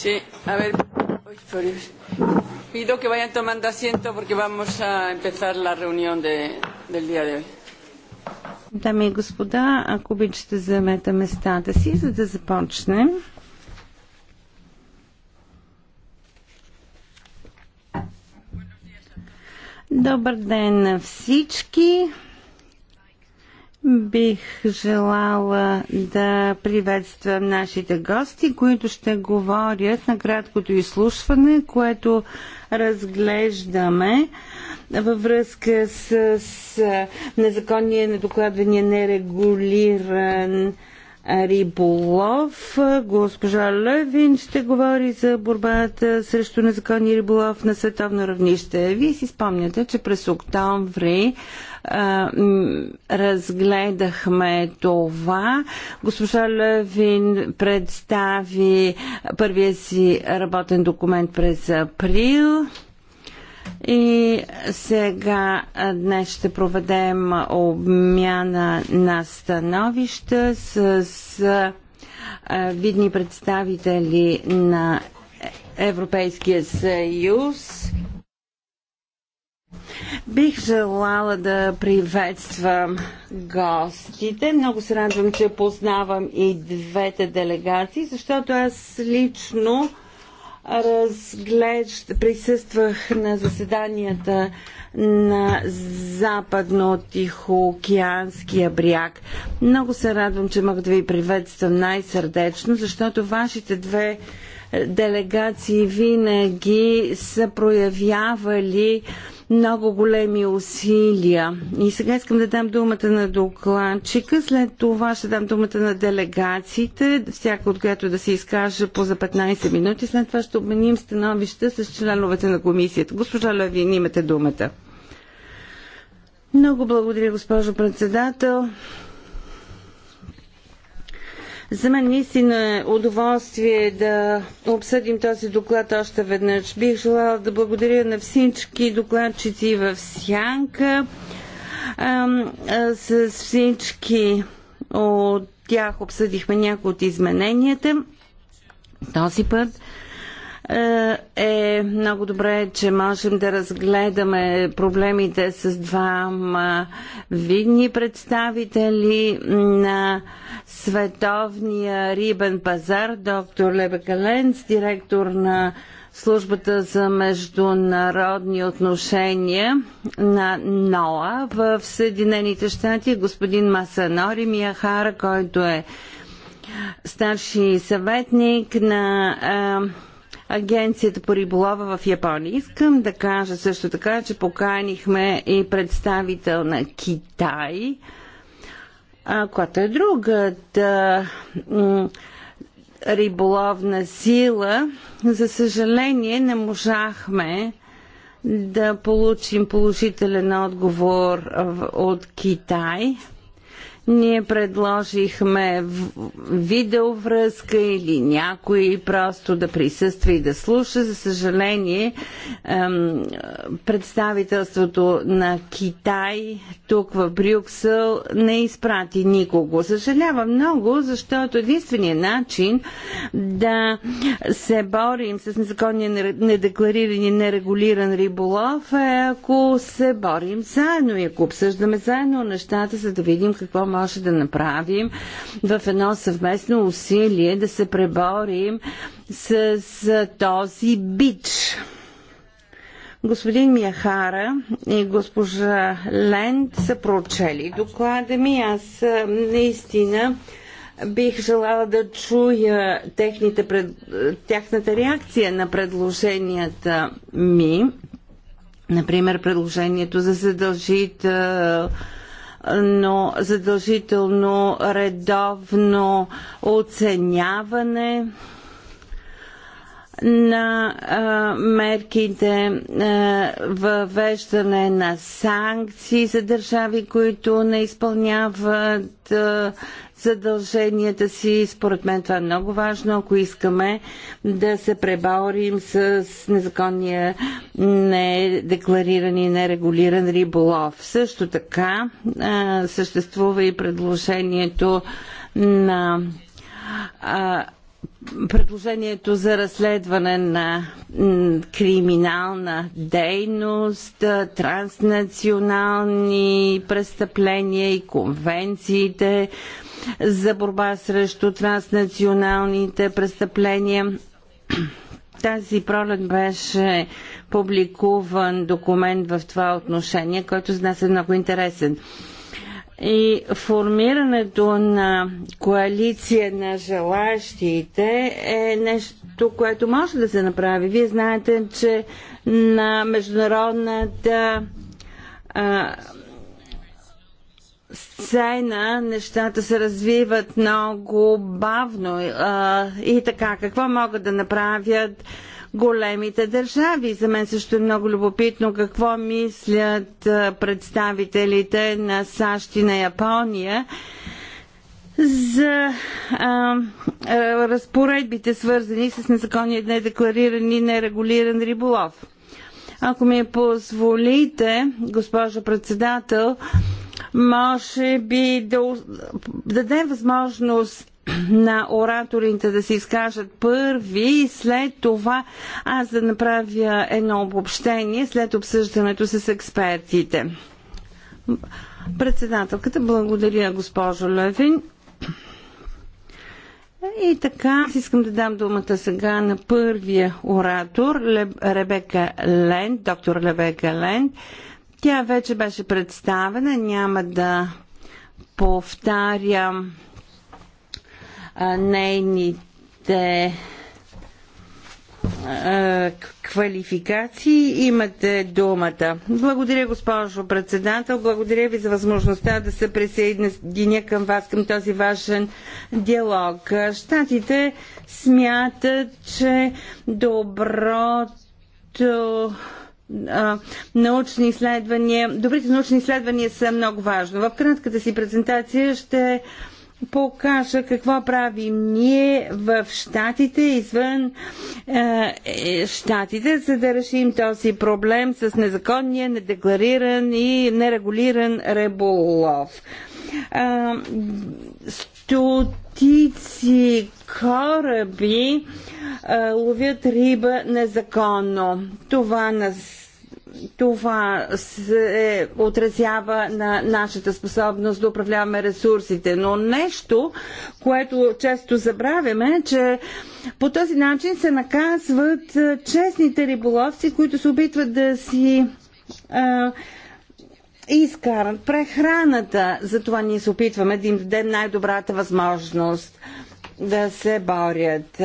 Sí, a ver. Pido que vayan tomando asiento porque vamos a empezar la reunión de, del día de hoy. Дами и господа, ако обичате, заемете местата си, за да започнем. Добър ден на всички! Бих желала да приветствам нашите гости, които ще говорят на краткото изслушване, което разглеждаме във връзка с, незаконния, недокладвания, нерегулиран риболов. Госпожа Левин ще говори за борбата срещу незаконния риболов на световно равнище. Вие си спомняте, че през октомври разгледахме това. Госпожа Левин представи първия си работен документ през април. И сега днес ще проведем обмяна на становища с, с видни представители на Европейския съюз. Бих желала да приветствам гостите. Много се радвам, че познавам и двете делегации, защото аз лично Разглежда присъствах на заседанията на Западно-Тихоокеанския бряг. Много се радвам, че мога да ви приветствам най-сърдечно, защото вашите две е, делегации винаги са проявявали много големи усилия. И сега искам да дам думата на докладчика, след това ще дам думата на делегациите, всяка от която да се изкаже по за 15 минути, след това ще обменим становища с членовете на комисията. Госпожа Левин, имате думата. Много благодаря, госпожо председател. За мен наистина е удоволствие да обсъдим този доклад още веднъж. Бих желала да благодаря на всички докладчици в Сянка, с всички от тях обсъдихме някои от измененията. Този път е, е много добре, че можем да разгледаме проблемите с двама видни представители на световния рибен пазар, доктор Лебекаленц, директор на службата за международни отношения на НОА в Съединените щати, господин Масанори Мияхара, който е старши съветник на е, Агенцията по риболова в Япония. Искам да кажа също така, че поканихме и представител на Китай, а която е другата риболовна сила. За съжаление не можахме да получим положителен отговор от Китай. Ние предложихме видеовръзка или някой просто да присъства и да слуша. За съжаление, представителството на Китай тук в Брюксел не изпрати никого. Съжалявам много, защото единственият начин да се борим с незаконния недеклариран и нерегулиран риболов е ако се борим заедно и ако обсъждаме заедно нещата, за да видим какво може да направим в едно съвместно усилие да се преборим с, с този бич. Господин Мияхара и госпожа Ленд са прочели доклада ми. Аз наистина бих желала да чуя техните, пред... тяхната реакция на предложенията ми. Например, предложението за задължител но задължително редовно оценяване на а, мерките, а, въвеждане на санкции за държави, които не изпълняват а, задълженията си. Според мен това е много важно, ако искаме да се преборим с незаконния, недеклариран и нерегулиран риболов. Също така а, съществува и предложението на а, предложението за разследване на криминална дейност, транснационални престъпления и конвенциите за борба срещу транснационалните престъпления. Тази пролет беше публикуван документ в това отношение, който за нас е много интересен и формирането на коалиция на желащите е нещо, което може да се направи. Вие знаете, че на международната а, сцена нещата се развиват много бавно а, и така. Какво могат да направят големите държави. За мен също е много любопитно какво мислят представителите на САЩ и на Япония за а, а, разпоредбите, свързани с незаконния недеклариран и нерегулиран риболов. Ако ми позволите, госпожо председател, може би да дадем възможност на ораторите да се изкажат първи, и след това аз да направя едно обобщение след обсъждането с експертите. Председателката, благодаря госпожо Левин. И така, искам да дам думата сега на първия оратор, Ребека Ленд, доктор Ребека Ленд. Тя вече беше представена, няма да повтарям нейните квалификации. Имате думата. Благодаря, госпожо председател. Благодаря ви за възможността да се присъединя към вас, към този важен диалог. Штатите смятат, че доброто научни изследвания, добрите научни изследвания са много важно. В кратката си презентация ще покажа какво правим ние в щатите, извън е, щатите, е, за да решим този проблем с незаконния, недеклариран и нерегулиран риболов. А, е, стотици кораби а, е, ловят риба незаконно. Това нас това се отразява на нашата способност да управляваме ресурсите. Но нещо, което често забравяме, е, че по този начин се наказват честните риболовци, които се опитват да си а, изкарат прехраната. Затова ние се опитваме да им дадем най-добрата възможност. А, да се борят.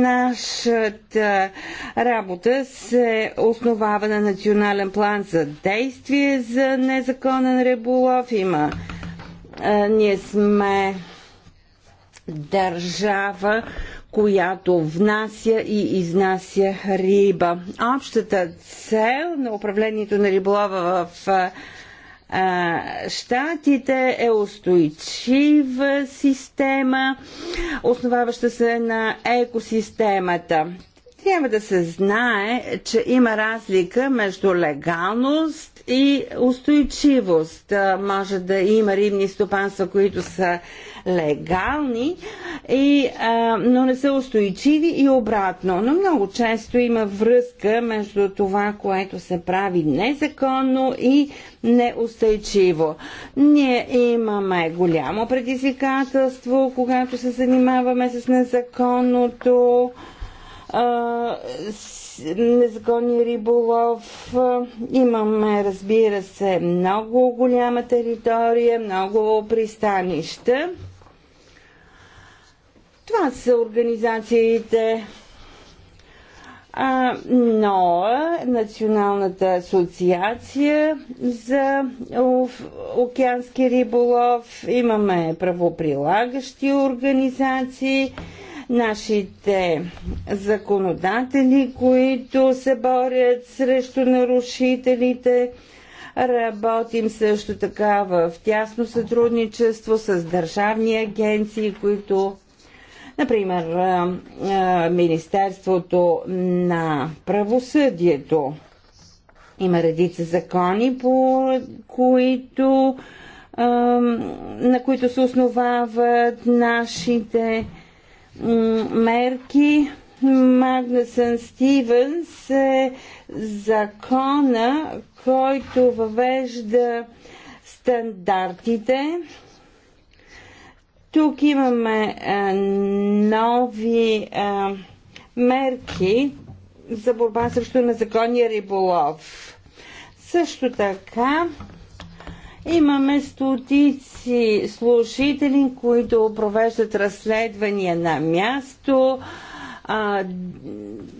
Нашата работа се основава на национален план за действие за незаконен риболов. Има. Ние сме държава, която внася и изнася риба. Общата цел на управлението на риболова в а, щатите е устойчива система, основаваща се на екосистемата. Трябва да се знае, че има разлика между легалност и устойчивост. Може да има рибни стопанства, които са легални, и, а, но не са устойчиви и обратно. Но много често има връзка между това, което се прави незаконно и неустойчиво. Ние имаме голямо предизвикателство, когато се занимаваме с незаконното. А, незаконни риболов. Имаме, разбира се, много голяма територия, много пристанища. Това са организациите а, НОА, Националната асоциация за океански риболов. Имаме правоприлагащи организации нашите законодатели, които се борят срещу нарушителите. Работим също така в тясно сътрудничество с държавни агенции, които Например, Министерството на правосъдието има редица закони, по които, на които се основават нашите мерки. Магнесън Стивенс е закона, който въвежда стандартите. Тук имаме а, е, нови а, е, мерки за борба срещу незаконния риболов. Също така Имаме стотици слушатели, които провеждат разследвания на място. А,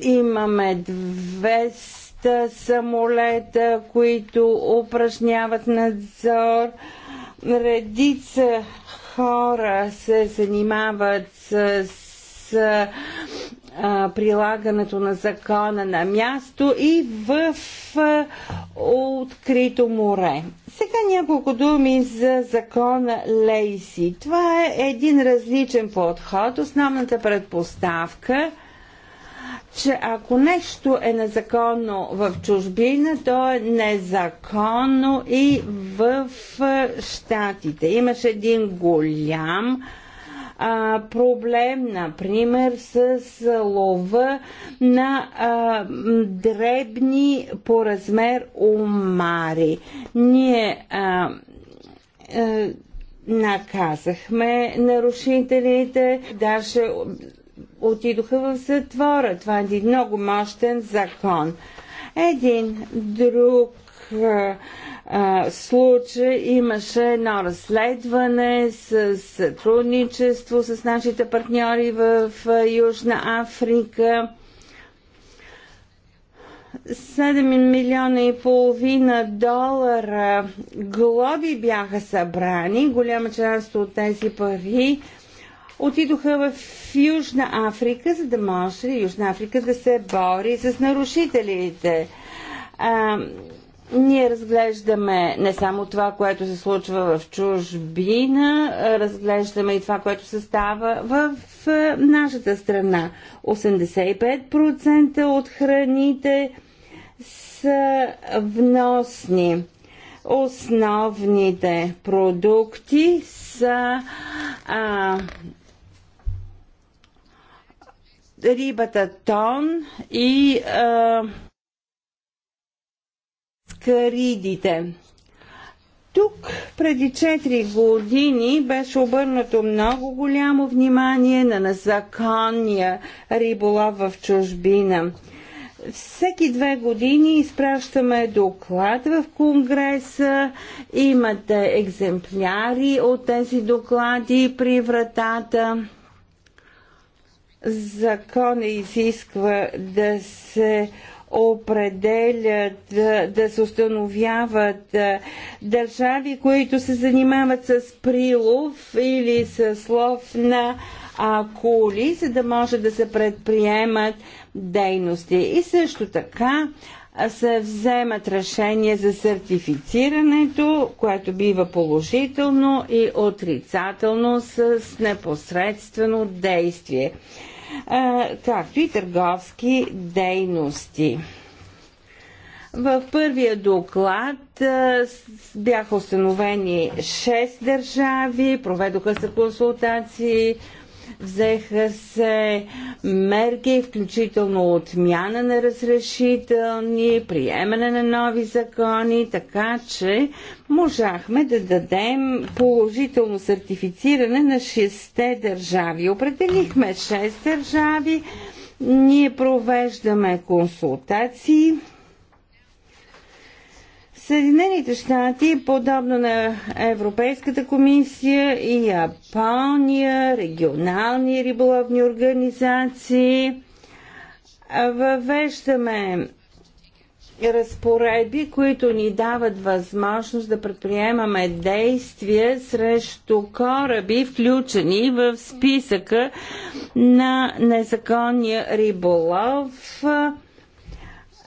имаме 200 самолета, които упражняват надзор. Редица хора се занимават с, с прилагането на закона на място и в а, открито море. Сега няколко думи за закона Лейси. Това е един различен подход. Основната предпоставка че ако нещо е незаконно в чужбина, то е незаконно и в щатите. Имаше един голям а, проблем, например, с лова на а, дребни по размер омари. Ние а, а, наказахме нарушителите, даже отидоха в затвора. Това е един много мощен закон. Един друг случай имаше едно разследване с сътрудничество с нашите партньори в Южна Африка. 7 милиона и половина долара глоби бяха събрани. Голяма част от тези пари отидоха в Южна Африка, за да може Южна Африка да се бори с нарушителите. Ние разглеждаме не само това, което се случва в чужбина, разглеждаме и това, което се става в е, нашата страна. 85% от храните са вносни. Основните продукти са а, рибата тон и а, Каридите. Тук преди 4 години беше обърнато много голямо внимание на незаконния риболов в чужбина. Всеки две години изпращаме доклад в Конгреса. Имате екземпляри от тези доклади при вратата. Закон изисква да се определят, да се установяват държави, които се занимават с прилов или с лов на акули, за да може да се предприемат дейности. И също така се вземат решения за сертифицирането, което бива положително и отрицателно с непосредствено действие както и търговски дейности. В първия доклад бяха установени 6 държави, проведоха се консултации Взеха се мерки, включително отмяна на разрешителни, приемане на нови закони, така че можахме да дадем положително сертифициране на 6 държави. Определихме 6 държави. Ние провеждаме консултации Съединените щати, подобно на Европейската комисия и Япония, регионални риболовни организации, въвеждаме разпоредби, които ни дават възможност да предприемаме действия срещу кораби, включени в списъка на незаконния риболов.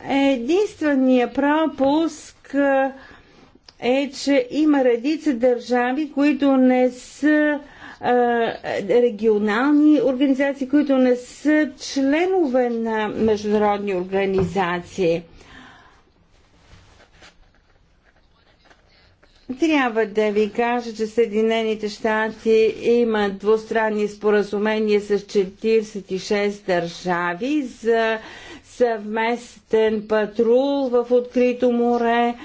Единственият пропуск риск е, че има редица държави, които не са регионални организации, които не са членове на международни организации. Трябва да ви кажа, че Съединените щати имат двустранни споразумения с 46 държави за съвместен патрул в открито море.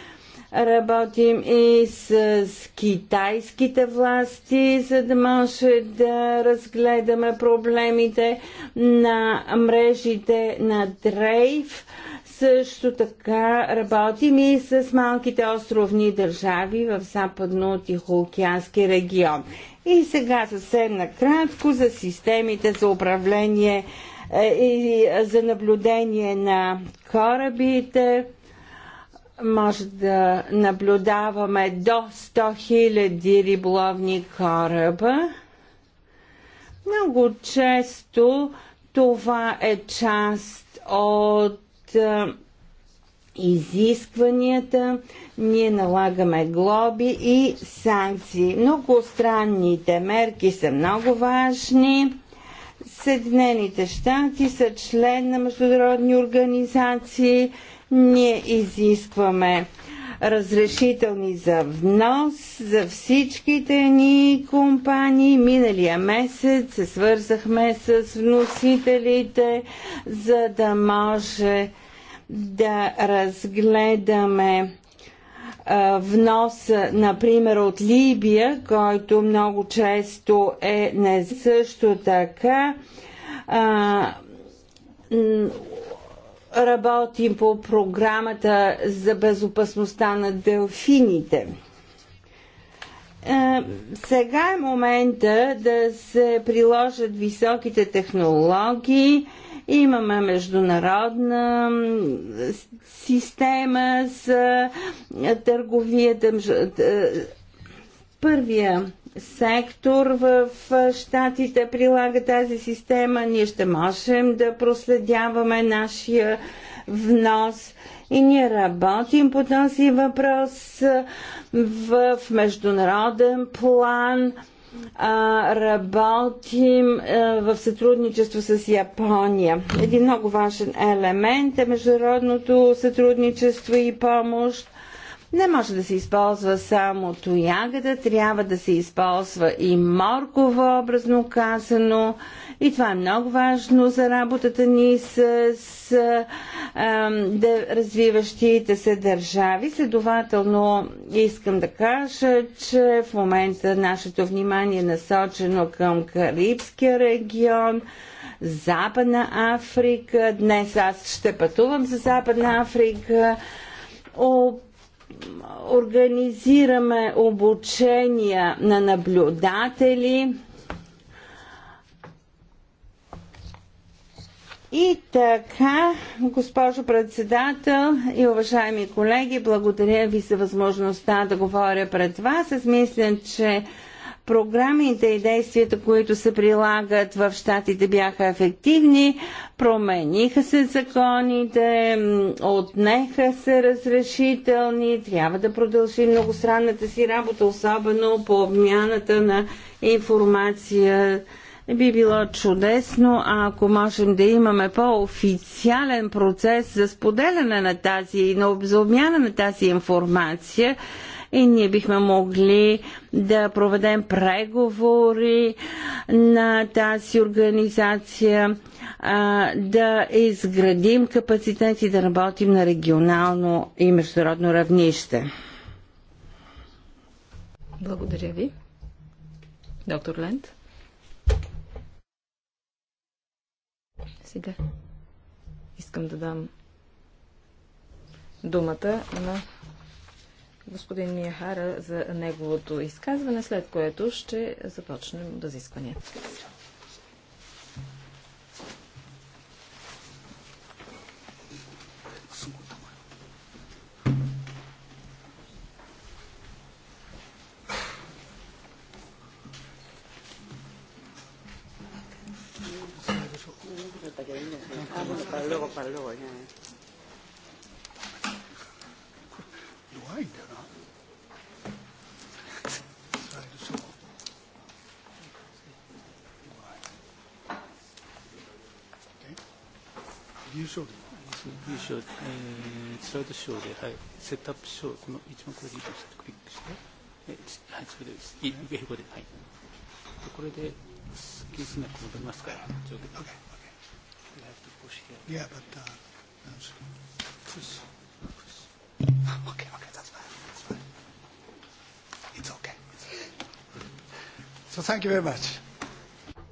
Работим и с, китайските власти, за да може да разгледаме проблемите на мрежите на Дрейв. Също така работим и с малките островни държави в Западно-Тихоокеански регион. И сега съвсем накратко за системите за управление е, и за наблюдение на корабите. Може да наблюдаваме до 100 000 риболовни кораба. Много често това е част от е, изискванията, ние налагаме глоби и санкции. Многостранните мерки са много важни. Съединените щати са член на международни организации. Ние изискваме разрешителни за внос за всичките ни компании. Миналия месец се свързахме с вносителите, за да може да разгледаме внос, например, от Либия, който много често е не също така. А, работим по програмата за безопасността на делфините. А, сега е момента да се приложат високите технологии Имаме международна система за търговията. Първия сектор в Штатите прилага тази система. Ние ще можем да проследяваме нашия внос. И ние работим по този въпрос в международен план а, работим а, в сътрудничество с Япония. Един много важен елемент е международното сътрудничество и помощ. Не може да се използва само тоягата, трябва да се използва и морково, образно казано, и това е много важно за работата ни с, с а, да, развиващите се държави. Следователно, искам да кажа, че в момента нашето внимание е насочено към Карибския регион. Западна Африка. Днес аз ще пътувам за Западна Африка. О, организираме обучения на наблюдатели И така, госпожо председател и уважаеми колеги, благодаря ви за възможността да говоря пред вас. Аз мисля, че програмите и действията, които се прилагат в щатите бяха ефективни, промениха се законите, отнеха се разрешителни, трябва да продължи многостранната си работа, особено по обмяната на информация би било чудесно, ако можем да имаме по-официален процес за споделяне на тази, на обзомяна на тази информация и ние бихме могли да проведем преговори на тази организация, да изградим капацитет и да работим на регионално и международно равнище. Благодаря ви. Доктор Лент. Сега искам да дам думата на господин Мияхара за неговото изказване, след което ще започнем разискванията. είναι. luego, para luego. Ya, hay, Yeah, but uh, that's, that's, okay, okay, that's fine, that's fine. It's okay. So thank you very much.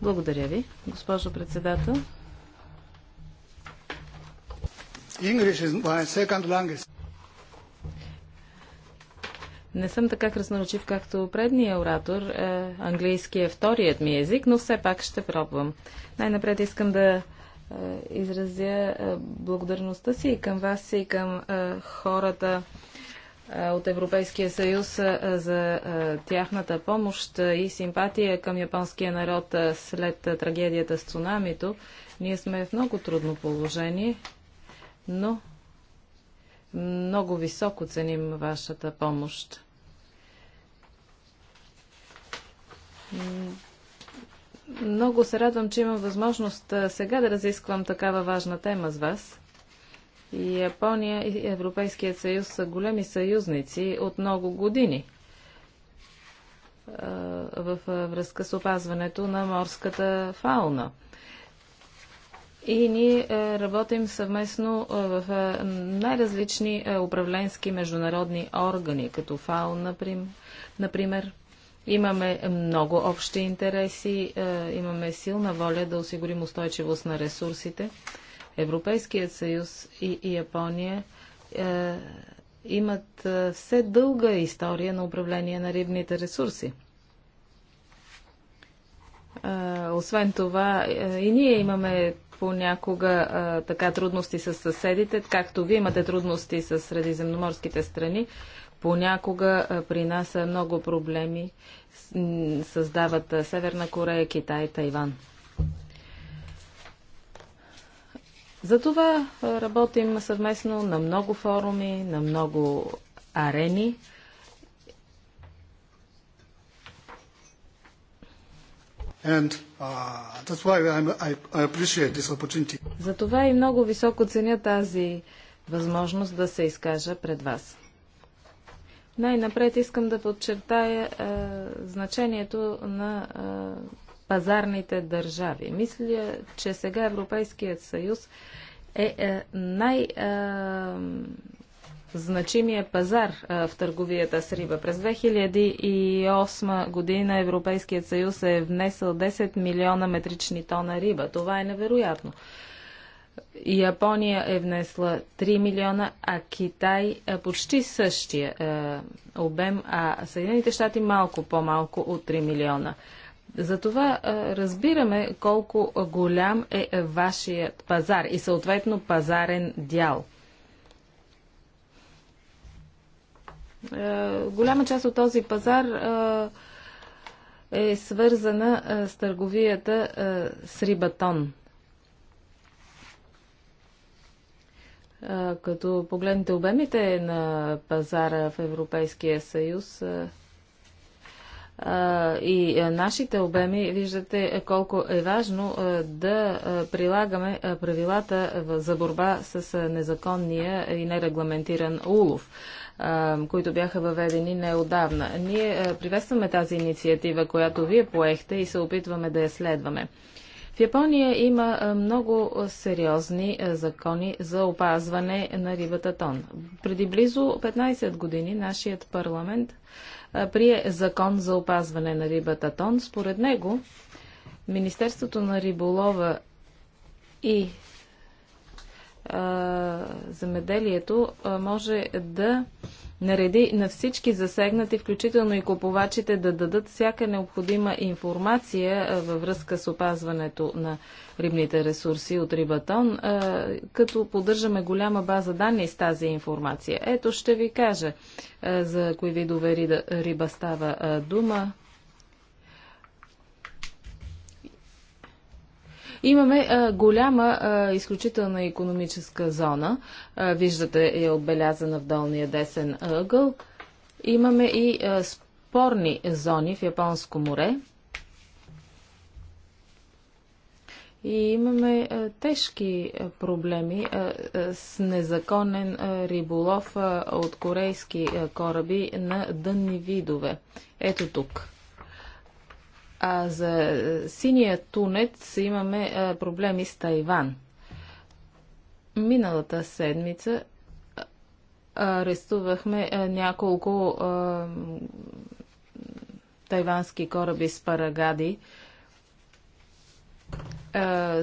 Благодаря ви, госпожо председател. English is my second language. Не съм така красноречив, както предния оратор. Е, английски е вторият ми език, но все пак ще пробвам. Най-напред искам да е, изразя е, благодарността си и към вас и към е, хората от Европейския съюз за тяхната помощ и симпатия към японския народ след трагедията с цунамито. Ние сме в много трудно положение, но много високо ценим вашата помощ. Много се радвам, че имам възможност сега да разисквам такава важна тема с вас. И Япония и Европейският съюз са големи съюзници от много години в връзка с опазването на морската фауна. И ние работим съвместно в най-различни управленски международни органи, като фауна, например, Имаме много общи интереси, е, имаме силна воля да осигурим устойчивост на ресурсите. Европейският съюз и Япония е, имат е, все дълга история на управление на рибните ресурси. освен това, и ние имаме понякога така трудности с съседите, както вие имате трудности с средиземноморските страни, понякога при нас са много проблеми създават Северна Корея, Китай, Тайван. Затова работим съвместно на много форуми, на много арени. And, uh, I, I Затова и много високо ценя тази възможност да се изкажа пред вас. Най-напред искам да подчертая е, значението на е, пазарните държави. Мисля, че сега Европейският съюз е, е най- е, значимия пазар а, е, в търговията с риба. През 2008 година Европейският съюз е внесъл 10 милиона метрични тона риба. Това е невероятно. Япония е внесла 3 милиона, а Китай е почти същия е, обем, а Съединените щати малко по-малко от 3 милиона. Затова е, разбираме колко голям е вашият пазар и съответно пазарен дял. Е, голяма част от този пазар е, е свързана е, с търговията е, с рибатон. Като погледнете обемите на пазара в Европейския съюз и нашите обеми, виждате колко е важно да прилагаме правилата за борба с незаконния и нерегламентиран улов които бяха въведени неодавна. Ние приветстваме тази инициатива, която вие поехте и се опитваме да я следваме. В Япония има много сериозни закони за опазване на рибата тон. Преди близо 15 години нашият парламент прие закон за опазване на рибата тон. Според него Министерството на риболова и а, земеделието а, може да а, нареди на всички засегнати, включително и купувачите, да дадат всяка необходима информация във връзка с опазването на рибните ресурси от Рибатон, като поддържаме голяма база данни с тази информация. Ето ще ви кажа за кои видове риба става дума. Имаме а, голяма, а, изключителна економическа зона. А, виждате, е отбелязана в долния десен ъгъл. Имаме и а, спорни зони в Японско море. И имаме а, тежки а, проблеми а, с незаконен риболов от корейски кораби на дънни видове. Ето тук. А за е, синия тунец имаме е, проблеми с Тайван. Миналата седмица е, арестувахме няколко тайвански кораби с парагади.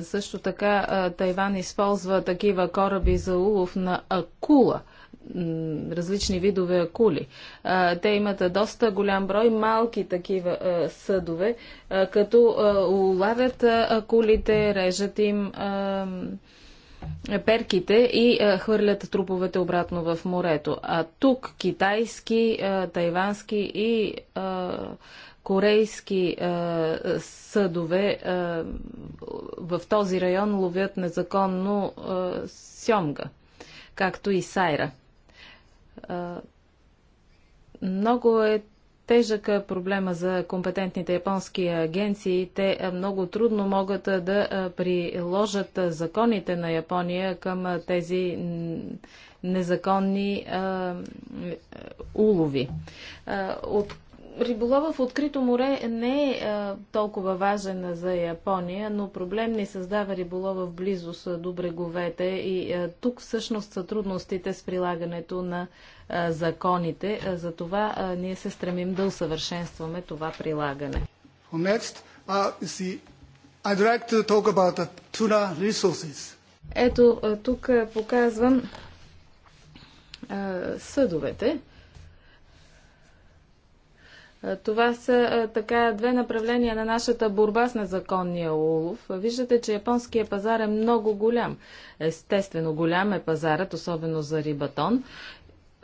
също така Тайван използва такива кораби за улов на акула – различни видове акули. Те имат доста голям брой малки такива съдове, като улавят акулите, режат им перките и хвърлят труповете обратно в морето. А тук китайски, тайвански и корейски съдове в този район ловят незаконно сьомга, както и сайра. Много е тежък проблема за компетентните японски агенции. Те много трудно могат да приложат законите на Япония към тези незаконни улови. От риболова в открито море не е а, толкова важен за Япония, но проблем не създава риболова в близост до бреговете и а, тук всъщност са трудностите с прилагането на а, законите. А, за това а, ние се стремим да усъвършенстваме това прилагане. Next, uh, I'd like to talk about tuna resources. Ето, тук показвам а, съдовете. Това са така две направления на нашата борба с незаконния улов. Виждате, че японския пазар е много голям. Естествено, голям е пазарът, особено за рибатон.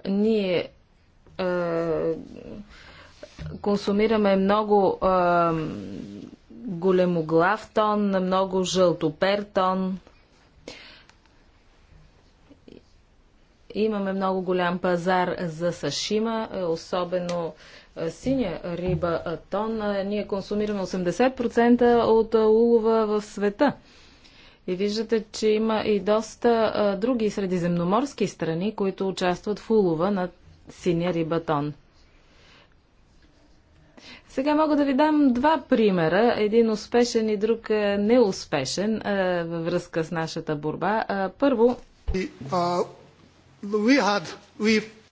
Ние е, консумираме много е, големоглав тон, много жълтопер тон. Имаме много голям пазар за сашима, особено е, синя риба тон, ние консумираме 80% от улова в света. И виждате, че има и доста други средиземноморски страни, които участват в улова на синя рибатон. Сега мога да ви дам два примера, един успешен и друг неуспешен във връзка с нашата борба. първо,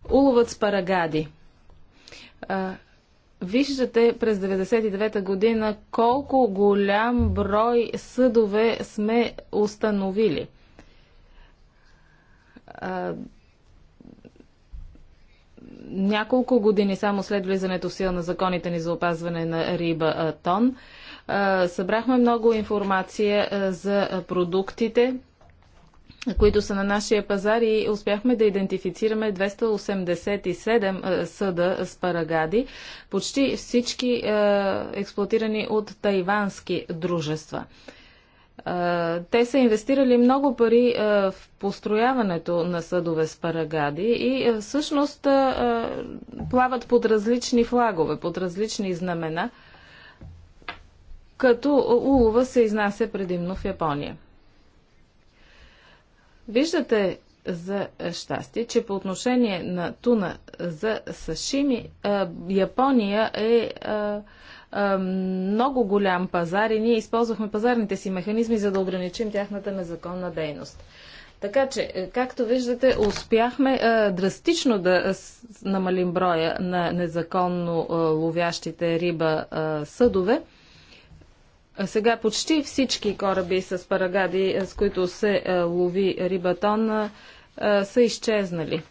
уловът с парагади. Виждате през 1999 година колко голям брой съдове сме установили. А, няколко години само след влизането в сила на законите ни за опазване на риба тон, събрахме много информация за продуктите, които са на нашия пазар и успяхме да идентифицираме 287 съда с парагади, почти всички експлуатирани от тайвански дружества. те са инвестирали много пари в построяването на съдове с парагади и всъщност плават под различни флагове, под различни знамена, като улова се изнася предимно в Япония. Виждате за щастие, че по отношение на туна за сашими, Япония е много голям пазар и ние използвахме пазарните си механизми, за да ограничим тяхната незаконна дейност. Така че, е, както виждате, успяхме а, драстично да намалим броя на незаконно а, ловящите риба а, съдове. Сега почти всички кораби с парагади, е, с които се е, лови рибатон, е, са изчезнали.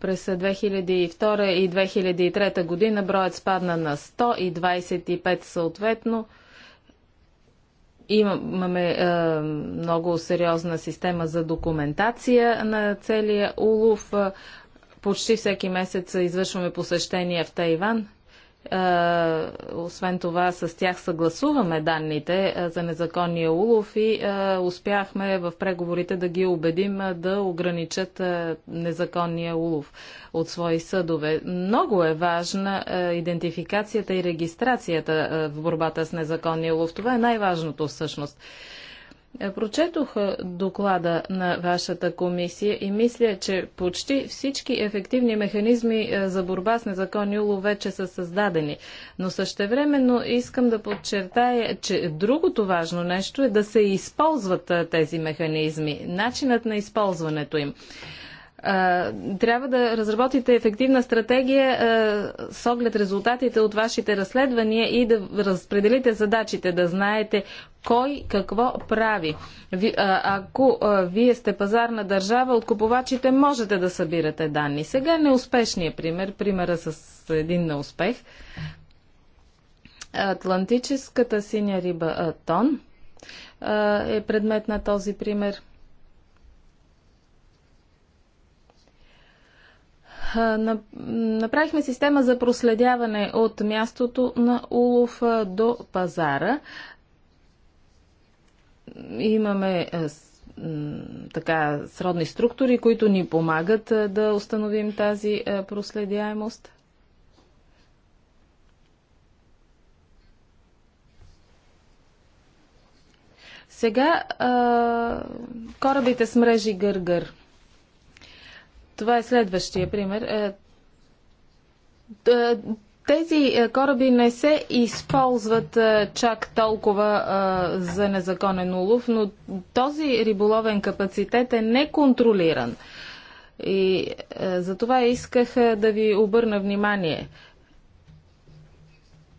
През 2002 и 2003 година броят спадна на 125 съответно. Имаме е, много сериозна система за документация на целия улов. Почти всеки месец извършваме посещения в Тайван. Освен това, с тях съгласуваме данните за незаконния улов и успяхме в преговорите да ги убедим да ограничат незаконния улов от свои съдове. Много е важна идентификацията и регистрацията в борбата с незаконния улов. Това е най-важното всъщност. Е, прочетох е, доклада на вашата комисия и мисля, че почти всички ефективни механизми е, за борба с незаконни улов вече са създадени. Но същевременно искам да подчертая, че другото важно нещо е да се използват тези механизми, начинът на използването им трябва да разработите ефективна стратегия с оглед резултатите от вашите разследвания и да разпределите задачите, да знаете кой какво прави. Ако вие сте пазарна държава, от купувачите можете да събирате данни. Сега неуспешният пример, примера с един неуспех. Атлантическата синя риба Тон е предмет на този пример – Направихме система за проследяване от мястото на улов до пазара. Имаме така сродни структури, които ни помагат да установим тази проследяемост. Сега а, корабите с мрежи гъргър. -гър. Това е следващия пример. Е, е, тези е, кораби не се използват чак толкова за незаконен улов, но този риболовен капацитет е неконтролиран. И за това исках да ви обърна внимание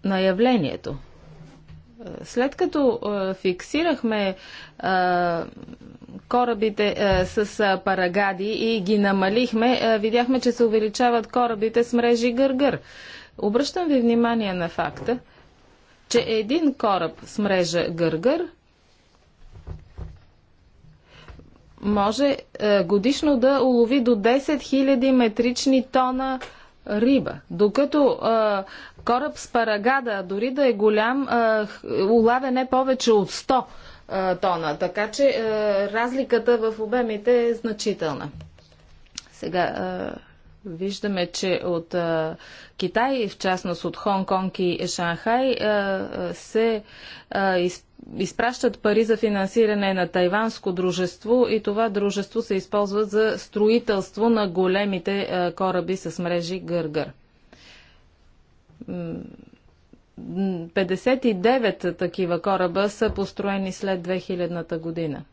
на явлението. След като фиксирахме корабите а, е, с е, парагади и ги намалихме, а, е, видяхме, че се увеличават корабите с мрежи гъргър. Обръщам ви внимание на факта, че един кораб с мрежа гъргър може годишно да улови до 10 000 метрични тона риба. Докато а, кораб с парагада, дори да е голям, а, улавя не повече от 100 тона. Така че разликата в обемите е значителна. Сега виждаме, че от Китай, в частност от Хонг-Конг и Шанхай, се изпращат пари за финансиране на тайванско дружество и това дружество се използва за строителство на големите кораби с мрежи Гъргър. 59 такива кораба са построени след 2000-та година.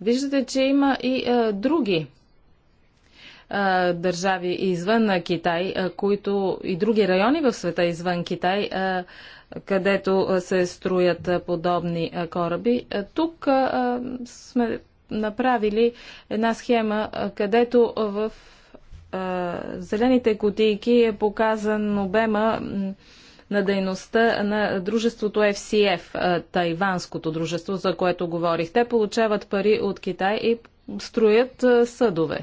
Виждате, че има и а, други а, държави извън а, Китай, а, които и други райони в света извън Китай, а, където а, се строят а, подобни а, кораби. А, тук а, сме направили една схема, а, където в зелените кутийки е показан обема на дейността на дружеството FCF, тайванското дружество, за което говорих. Те получават пари от Китай и строят съдове.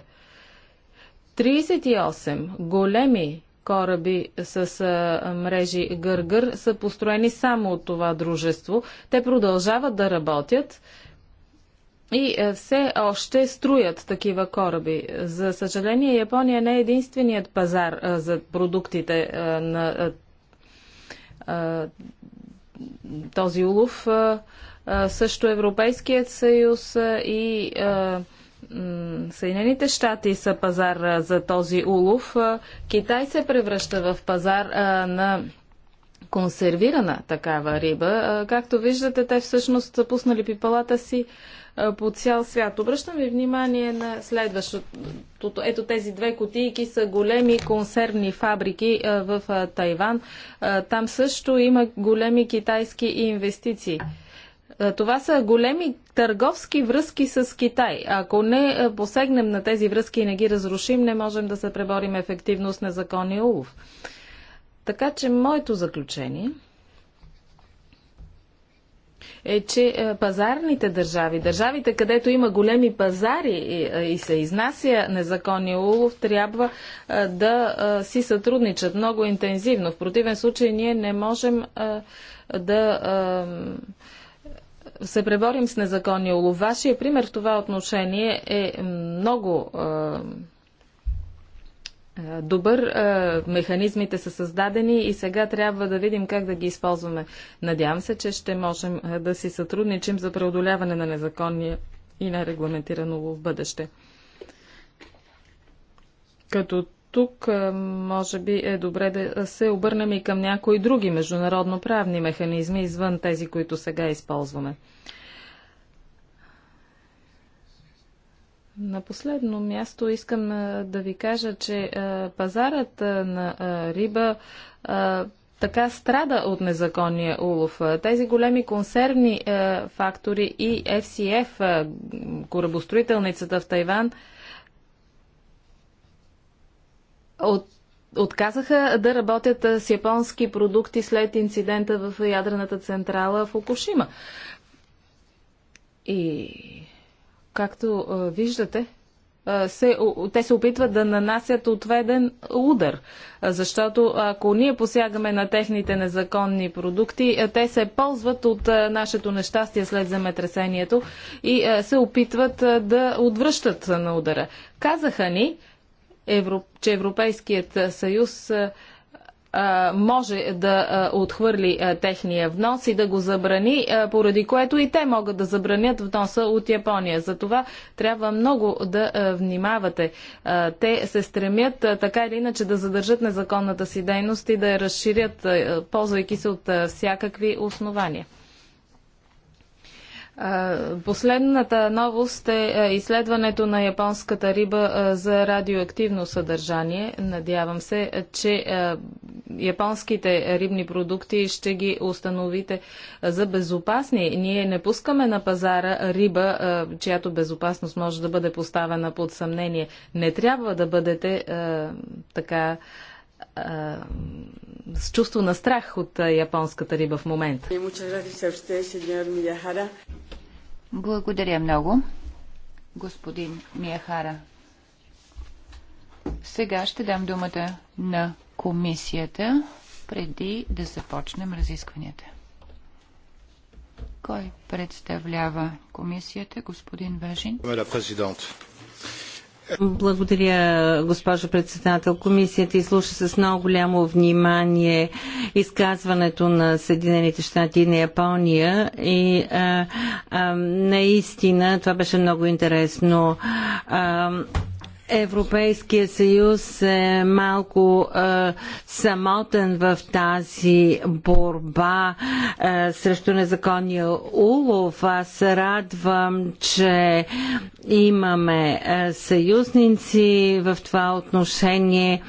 38 големи кораби с а, мрежи Гъргър са построени само от това дружество. Те продължават да работят и е, все още строят такива кораби. За съжаление, Япония не е единственият пазар е, за продуктите е, на този улов. Също Европейският съюз и Съединените щати са пазар за този улов. Китай се превръща в пазар на консервирана такава риба. Както виждате, те всъщност са пуснали пипалата си по цял свят. Обръщам ви внимание на следващото. Ето тези две кутийки са големи консервни фабрики в Тайван. Там също има големи китайски инвестиции. Това са големи търговски връзки с Китай. Ако не посегнем на тези връзки и не ги разрушим, не можем да се преборим ефективно с незаконния улов. Така че моето заключение – е, че е, пазарните държави, държавите, където има големи пазари и, е, и се изнася незаконния улов, трябва е, да си сътрудничат много интензивно. В противен случай ние не можем да се преборим с незаконния улов. Вашия пример в това отношение е много добър. Механизмите са създадени и сега трябва да видим как да ги използваме. Надявам се, че ще можем да си сътрудничим за преодоляване на незаконния и нерегламентирано в бъдеще. Като тук може би е добре да се обърнем и към някои други международно правни механизми извън тези, които сега използваме. На последно място искам да ви кажа, че пазарът на риба така страда от незаконния улов. Тези големи консервни фактори и FCF, корабостроителницата в Тайван, от отказаха да работят с японски продукти след инцидента в ядрената централа в Окушима. И както виждате, се, те се опитват да нанасят отведен удар. Защото ако ние посягаме на техните незаконни продукти, те се ползват от нашето нещастие след земетресението и се опитват да отвръщат на удара. Казаха ни, че Европейският съюз може да отхвърли техния внос и да го забрани, поради което и те могат да забранят вноса от Япония. За това трябва много да внимавате. Те се стремят така или иначе да задържат незаконната си дейност и да я разширят, ползвайки се от всякакви основания. Последната новост е изследването на японската риба за радиоактивно съдържание. Надявам се, че японските рибни продукти ще ги установите за безопасни. Ние не пускаме на пазара риба, чиято безопасност може да бъде поставена под съмнение. Не трябва да бъдете така с чувство на страх от японската риба в момента. Благодаря много, господин Мияхара. Сега ще дам думата на комисията, преди да започнем разискванията. Кой представлява комисията, господин Важин? Благодаря, госпожо председател. Комисията изслуша с много голямо внимание изказването на Съединените щати и на Япония и а, а, наистина това беше много интересно. А, Европейския съюз е малко е, самотен в тази борба е, срещу незаконния улов. Аз се радвам, че имаме е, съюзници в това отношение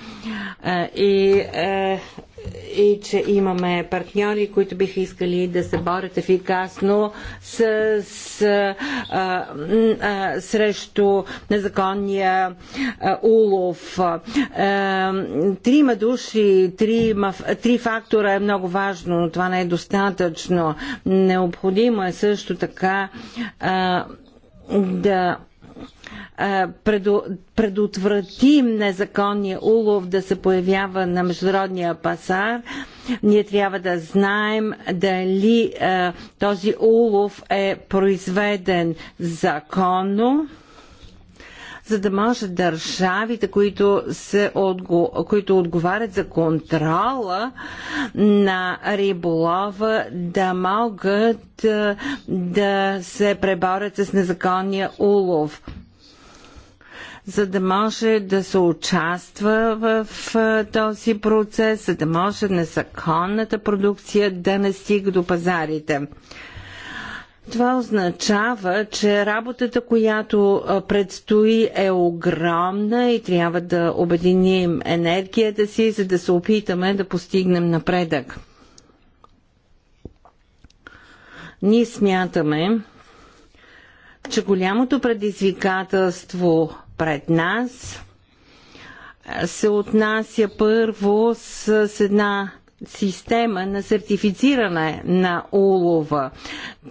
е, и е, и че имаме партньори, които биха искали да се борят ефикасно с, с, а, а, срещу незаконния а, улов. А, трима души, три, три фактора е много важно, но това не е достатъчно. Необходимо е също така а, да предотвратим незаконния улов да се появява на международния пазар, ние трябва да знаем дали този улов е произведен законно за да може държавите, които, се отго... които отговарят за контрола на риболова, да могат да се преборят с незаконния улов за да може да се участва в този процес, за да може незаконната продукция да не стига до пазарите. Това означава, че работата, която предстои е огромна и трябва да обединим енергията си, за да се опитаме да постигнем напредък. Ние смятаме, че голямото предизвикателство пред нас се отнася първо с една система на сертифициране на улова.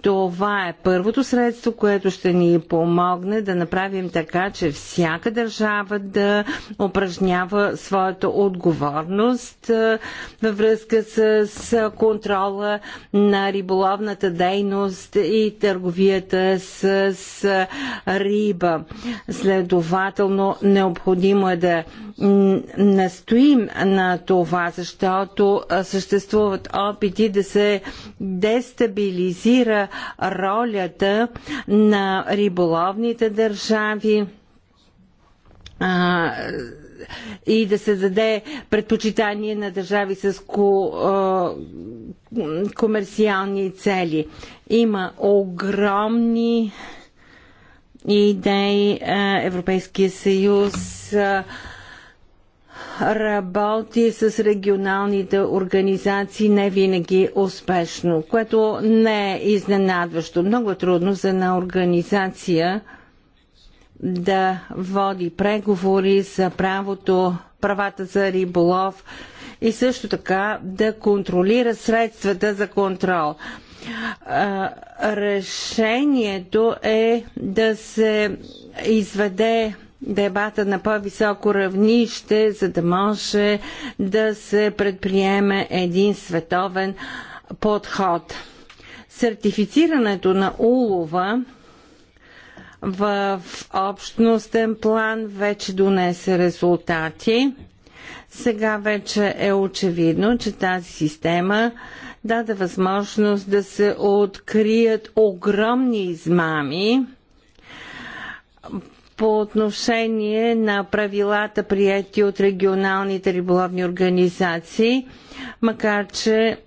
Това е първото средство, което ще ни помогне да направим така, че всяка държава да упражнява своята отговорност е, във връзка с контрола на риболовната дейност и търговията с риба. Следователно, необходимо е да настоим на това, защото е, съществуват опити да се дестабилизира ролята на риболовните държави и да се даде предпочитание на държави с ко, комерциални цели. Има огромни идеи. Европейския съюз работи с регионалните организации не винаги успешно, което не е изненадващо. Много е трудно за една организация да води преговори за правото, правата за риболов и също така да контролира средствата за контрол. Решението е да се изведе дебата на по-високо равнище, за да може да се предприеме един световен подход. Сертифицирането на улова в общностен план вече донесе резултати. Сега вече е очевидно, че тази система даде възможност да се открият огромни измами по отношение на правилата, прияти от регионалните риболовни организации, макар че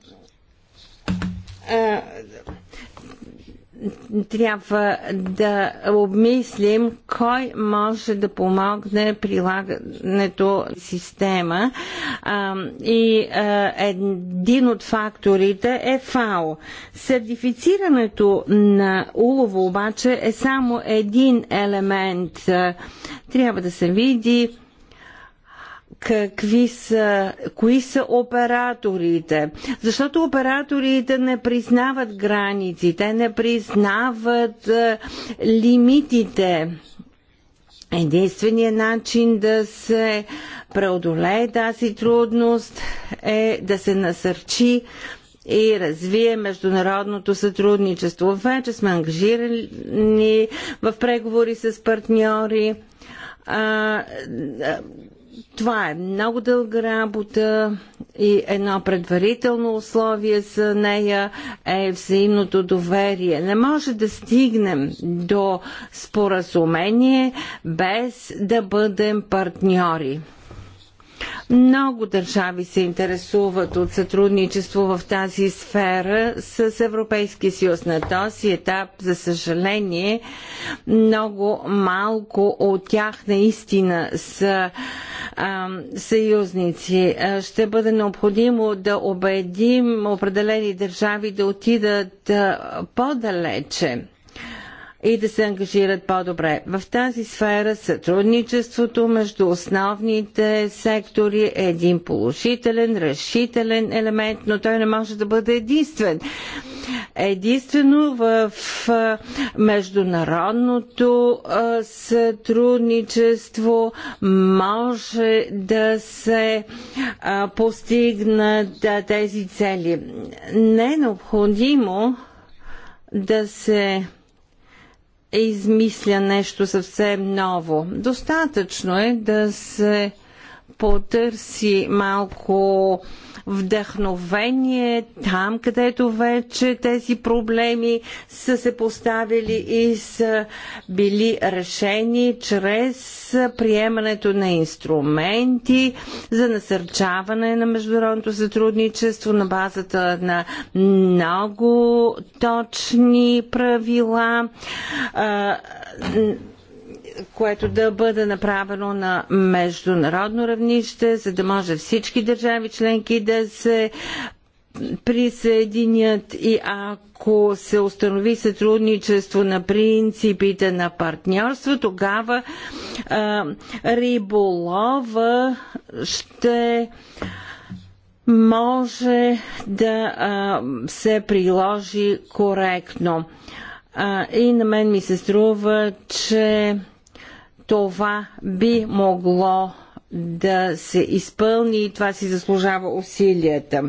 трябва да обмислим кой може да помогне прилагането система. А, и а, един от факторите е ФАО. Сертифицирането на улово обаче е само един елемент. Трябва да се види какви са, кои са операторите. Защото операторите не признават граници, те не признават е, лимитите. Единственият начин да се преодолее тази трудност е да се насърчи и развие международното сътрудничество. Вече сме ангажирани в преговори с партньори. А, това е много дълга работа и едно предварително условие за нея е взаимното доверие. Не може да стигнем до споразумение без да бъдем партньори. Много държави се интересуват от сътрудничество в тази сфера с Европейския съюз. На този етап, за съжаление, много малко от тях наистина са а, съюзници. Ще бъде необходимо да убедим определени държави да отидат по-далече и да се ангажират по-добре. В тази сфера сътрудничеството между основните сектори е един положителен, решителен елемент, но той не може да бъде единствен. Единствено в международното сътрудничество може да се постигнат тези цели. Не е необходимо да се е измисля нещо съвсем ново. Достатъчно е да се потърси малко а, вдъхновение там, където вече тези проблеми са се поставили и са били решени чрез приемането на инструменти за насърчаване на международното сътрудничество на базата на много точни правила което да бъде направено на международно равнище, за да може всички държави членки да се присъединят и ако се установи сътрудничество на принципите на партньорство, тогава а, риболова ще може да а, се приложи коректно. А, и на мен ми се струва, че това би могло да се изпълни и това си заслужава усилията.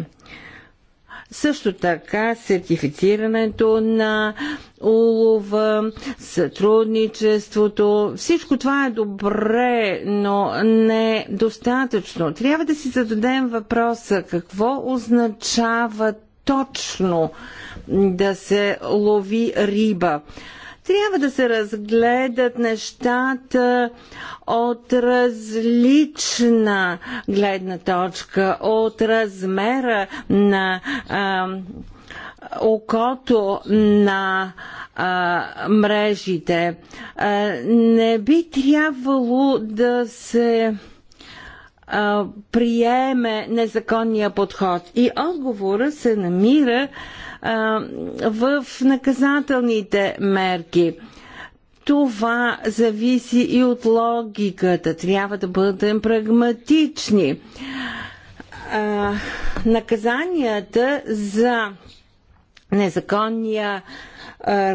Също така сертифицирането на улова, сътрудничеството, всичко това е добре, но не е достатъчно. Трябва да си зададем въпроса какво означава точно да се лови риба. Трябва да се разгледат нещата от различна гледна точка, от размера на а, окото на а, мрежите. А, не би трябвало да се приеме незаконния подход. И отговора се намира в наказателните мерки. Това зависи и от логиката. Трябва да бъдем прагматични. наказанията за незаконния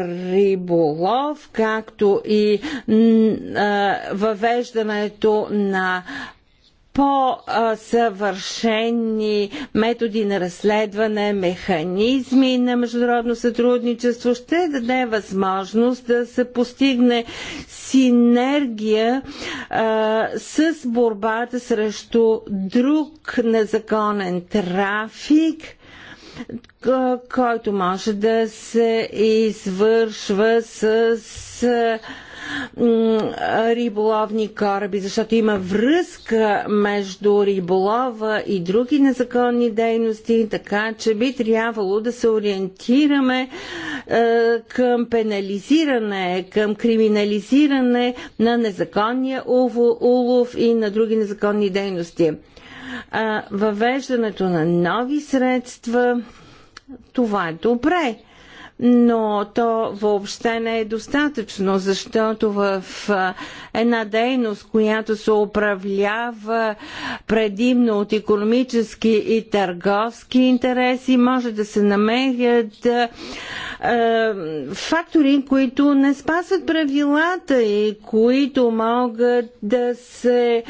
риболов, както и въвеждането на по-съвършени методи на разследване, механизми на международно сътрудничество, ще даде възможност да се постигне синергия а, с борбата срещу друг незаконен трафик който може да се извършва с риболовни кораби, защото има връзка между риболова и други незаконни дейности, така че би трябвало да се ориентираме е, към пенализиране, към криминализиране на незаконния улов и на други незаконни дейности. Е, въвеждането на нови средства това е добре но то въобще не е достатъчно, защото в една дейност, която се управлява предимно от економически и търговски интереси, може да се намерят е, фактори, които не спазват правилата и които могат да се е,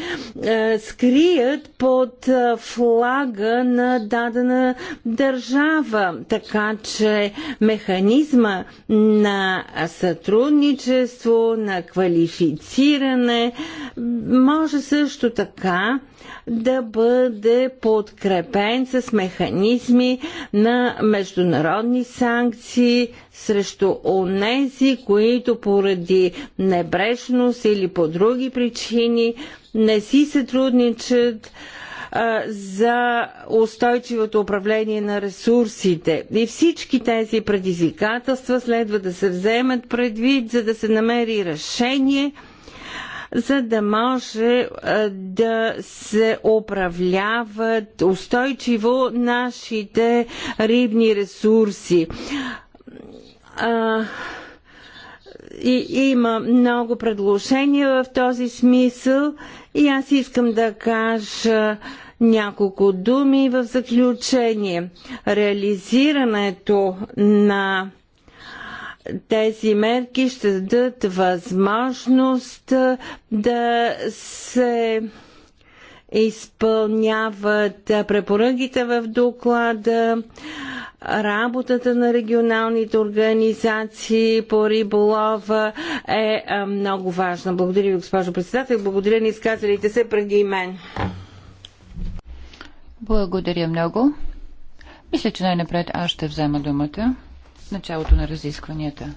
скрият под флага на дадена държава. Така че механизма на сътрудничество, на квалифициране може също така да бъде подкрепен с механизми на международни санкции срещу онези, които поради небрежност или по други причини не си сътрудничат за устойчивото управление на ресурсите. И всички тези предизвикателства следва да се вземат предвид, за да се намери решение – за да може да се управляват устойчиво нашите рибни ресурси. и има много предложения в този смисъл и аз искам да кажа няколко думи в заключение. Реализирането на тези мерки ще дадат възможност да се изпълняват препоръките в доклада, работата на регионалните организации по риболова е много важна. Благодаря ви, госпожо председател. Благодаря на изказалите се преди мен. Благодаря много. Мисля, че най-напред аз ще взема думата началото на разискванията.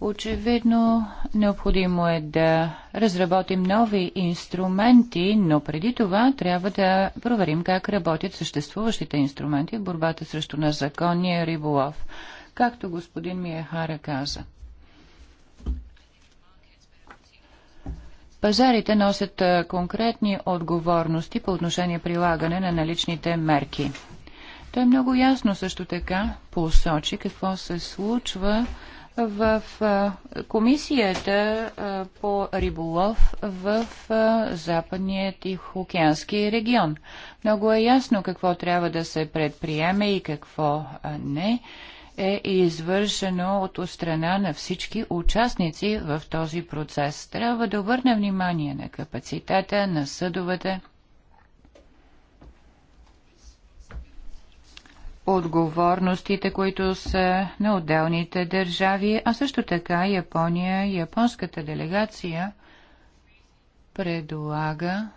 Очевидно, необходимо е да разработим нови инструменти, но преди това трябва да проверим как работят съществуващите инструменти в борбата срещу незаконния риболов, както господин Миехара каза. Пазарите носят конкретни отговорности по отношение прилагане на наличните мерки. Той много ясно също така посочи какво се случва в комисията по риболов в западния Тихоокеански регион. Много е ясно какво трябва да се предприеме и какво не е извършено от страна на всички участници в този процес. Трябва да обърне внимание на капацитета на съдовете, отговорностите, които са на отделните държави, а също така Япония, японската делегация предлага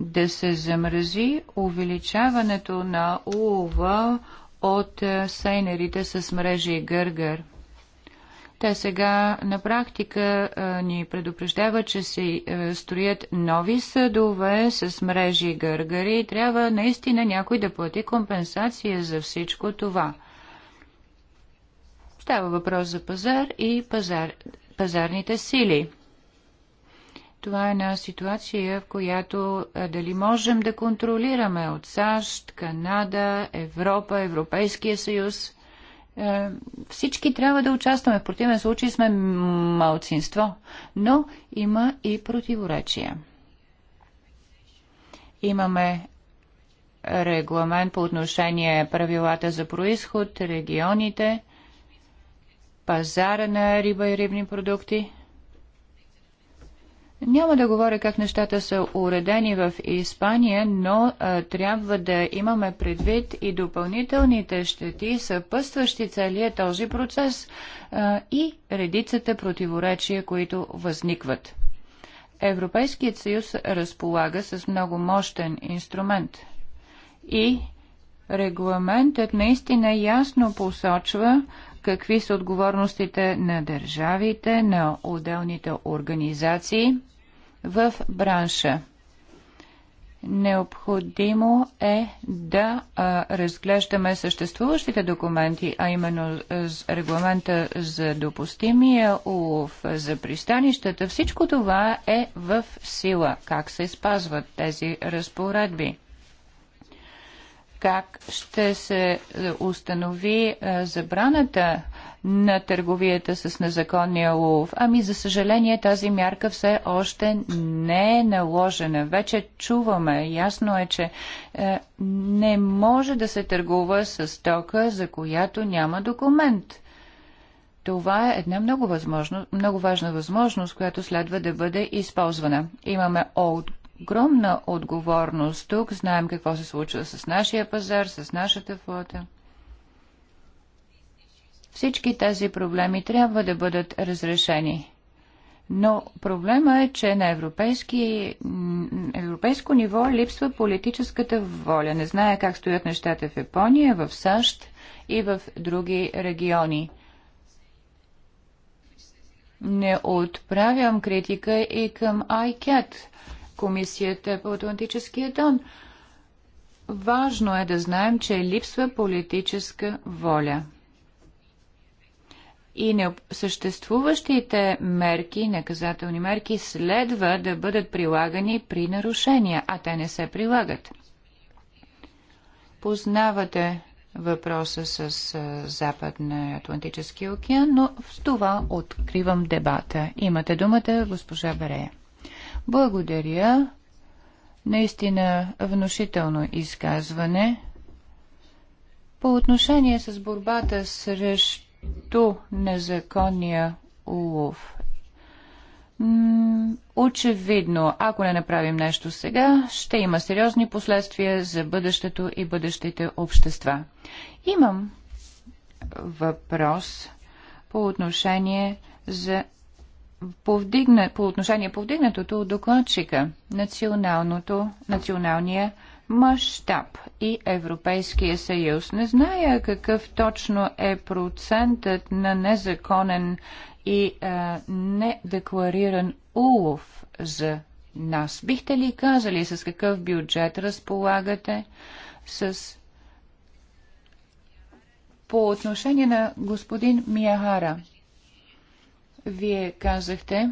да се замрази увеличаването на улова от сейнерите с мрежи и гъргър. Те сега на практика ни предупреждава, че се строят нови съдове с мрежи и гъргари и трябва наистина някой да плати компенсация за всичко това. Става въпрос за пазар и пазар, пазарните сили. Това е една ситуация, в която дали можем да контролираме от САЩ, Канада, Европа, Европейския съюз – е, всички трябва да участваме. В противен случай сме малцинство. Но има и противоречия. Имаме регламент по отношение правилата за происход, регионите, пазара на риба и рибни продукти. Няма да говоря как нещата са уредени в Испания, но а, трябва да имаме предвид и допълнителните щети, съпъстващи целият този процес а, и редицата противоречия, които възникват. Европейският съюз разполага с много мощен инструмент и регламентът наистина ясно посочва какви са отговорностите на държавите, на отделните организации в бранша. Необходимо е да а, разглеждаме съществуващите документи, а именно с регламента за допустимия улов, за пристанищата. Всичко това е в сила. Как се спазват тези разпоредби? как ще се е, установи е, забраната на търговията с незаконния лов. Ами, за съжаление, тази мярка все още не е наложена. Вече чуваме, ясно е, че е, не може да се търгува с стока, за която няма документ. Това е една много, възможно, много важна възможност, която следва да бъде използвана. Имаме От огромна отговорност тук. Знаем какво се случва с нашия пазар, с нашата флота. Всички тези проблеми трябва да бъдат разрешени. Но проблема е, че на европейски, европейско ниво липсва политическата воля. Не знае как стоят нещата в Япония, в САЩ и в други региони. Не отправям критика и към ICAT Комисията по Атлантическия дон. Важно е да знаем, че липсва политическа воля. И не съществуващите мерки, наказателни мерки, следва да бъдат прилагани при нарушения, а те не се прилагат. Познавате въпроса с Западния Атлантически океан, но с това откривам дебата. Имате думата, госпожа Берея. Благодаря. Наистина внушително изказване. По отношение с борбата срещу незаконния улов. Очевидно, ако не направим нещо сега, ще има сериозни последствия за бъдещето и бъдещите общества. Имам въпрос по отношение за повдигна, по отношение повдигнатото от докладчика, националното, националния мащаб и Европейския съюз. Не зная какъв точно е процентът на незаконен и а, недеклариран улов за нас. Бихте ли казали с какъв бюджет разполагате? С... По отношение на господин Мияхара – вие казахте,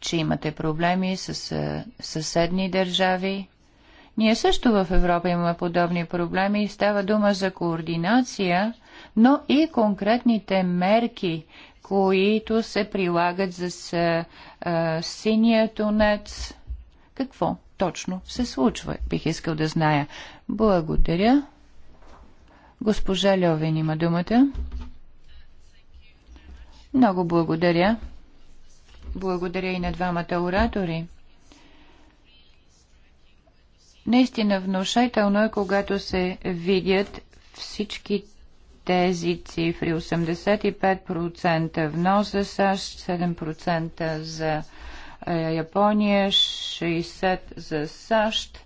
че имате проблеми с съседни държави. Ние също в Европа имаме подобни проблеми и става дума за координация, но и конкретните мерки, които се прилагат за синия тунец. Какво точно се случва, бих искал да зная. Благодаря. Госпожа Льовин има думата. Много благодаря. Благодаря и на двамата оратори. Наистина внушително е, когато се видят всички тези цифри. 85% внос за САЩ, 7% за Япония, 60% за САЩ.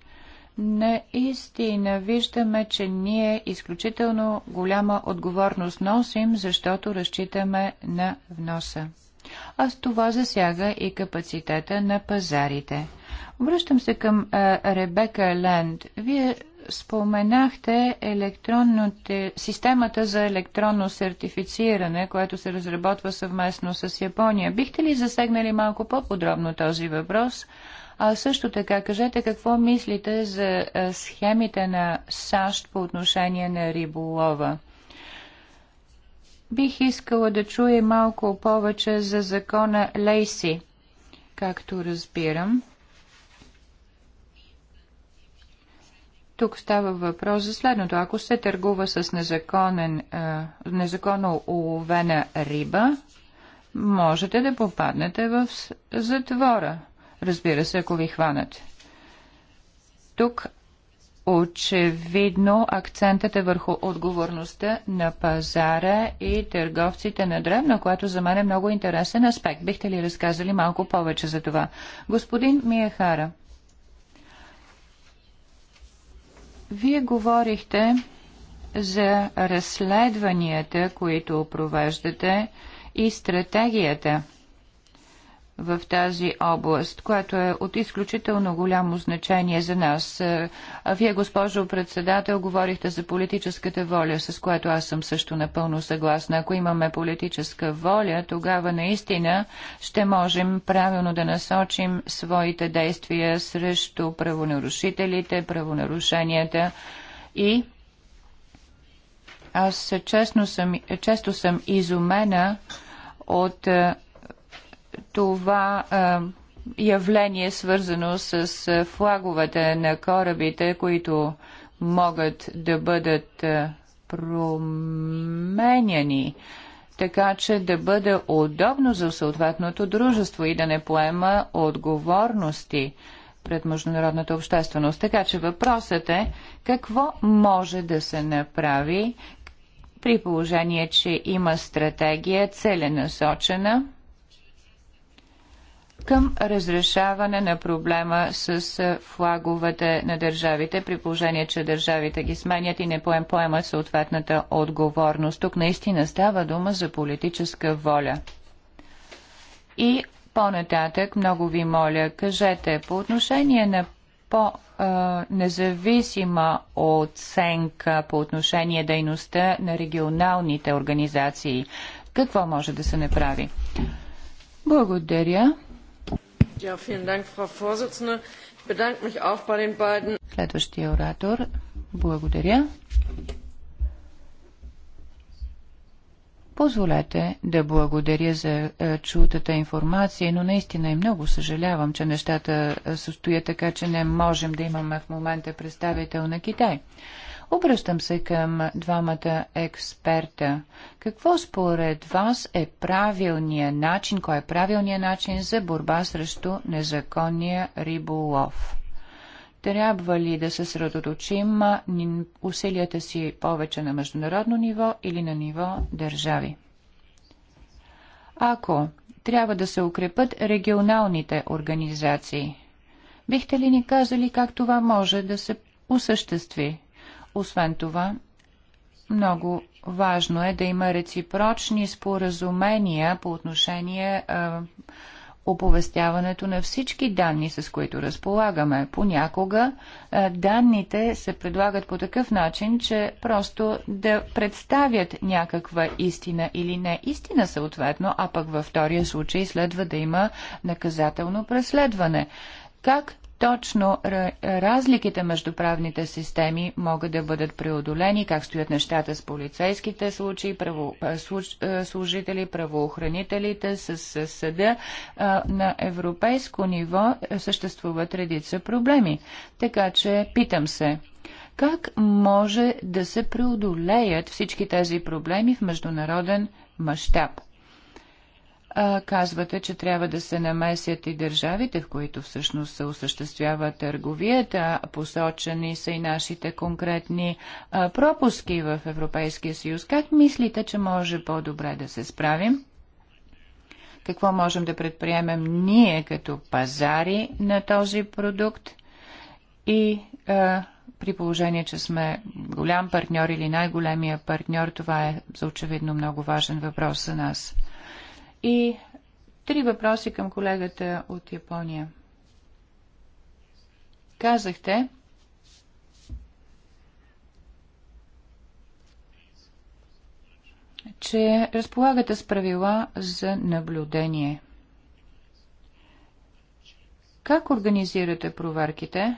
Наистина виждаме, че ние изключително голяма отговорност носим, защото разчитаме на вноса. А с това засяга и капацитета на пазарите. Обръщам се към а, Ребека Ленд. Вие споменахте електронните, системата за електронно сертифициране, което се разработва съвместно с Япония. Бихте ли засегнали малко по-подробно този въпрос? А също така, кажете какво мислите за схемите на САЩ по отношение на риболова? Бих искала да чуя малко повече за закона Лейси, както разбирам. Тук става въпрос за следното. Ако се търгува с незаконен, а, незаконно уловена риба, можете да попаднете в затвора разбира се, ако ви хванат. Тук очевидно акцентът е върху отговорността на пазара и търговците на древно, което за мен е много интересен аспект. Бихте ли разказали малко повече за това? Господин Миехара, вие говорихте за разследванията, които провеждате и стратегията – в тази област, което е от изключително голямо значение за нас. А вие, госпожо председател, говорихте за политическата воля, с което аз съм също напълно съгласна. Ако имаме политическа воля, тогава наистина ще можем правилно да насочим своите действия срещу правонарушителите, правонарушенията и аз честно съм, често съм изумена от това а, явление, свързано с флаговете на корабите, които могат да бъдат променяни, така че да бъде удобно за съответното дружество и да не поема отговорности пред международната общественост. Така че въпросът е какво може да се направи при положение, че има стратегия целенасочена – към разрешаване на проблема с флаговете на държавите, при положение, че държавите ги сменят и не поем поемат съответната отговорност. Тук наистина става дума за политическа воля. И по-нататък, много ви моля, кажете по отношение на по-независима оценка по отношение дейността на регионалните организации. Какво може да се направи? Благодаря. Следващия оратор. Благодаря. Позволете да благодаря за е, чутата информация, но наистина и много съжалявам, че нещата е, състоят така, че не можем да имаме в момента представител на Китай. Обръщам се към двамата експерта. Какво според вас е правилният начин, кой е правилният начин за борба срещу незаконния риболов? Трябва ли да се средоточим усилията си повече на международно ниво или на ниво държави? Ако трябва да се укрепят регионалните организации, бихте ли ни казали как това може да се осъществи? Освен това, много важно е да има реципрочни споразумения по отношение а, оповестяването на всички данни, с които разполагаме. Понякога а, данните се предлагат по такъв начин, че просто да представят някаква истина или не истина съответно, а пък във втория случай следва да има наказателно преследване. Как точно разликите между правните системи могат да бъдат преодолени, как стоят нещата с полицейските случаи, право, служители, правоохранителите, с, с съда. На европейско ниво съществуват редица проблеми. Така че питам се, как може да се преодолеят всички тези проблеми в международен мащаб? а, казвате, че трябва да се намесят и държавите, в които всъщност се осъществява търговията. Посочени са и нашите конкретни а, пропуски в Европейския съюз. Как мислите, че може по-добре да се справим? Какво можем да предприемем ние като пазари на този продукт? И а, при положение, че сме голям партньор или най-големия партньор, това е за очевидно много важен въпрос за нас. И три въпроси към колегата от Япония. Казахте, че разполагате с правила за наблюдение. Как организирате проверките?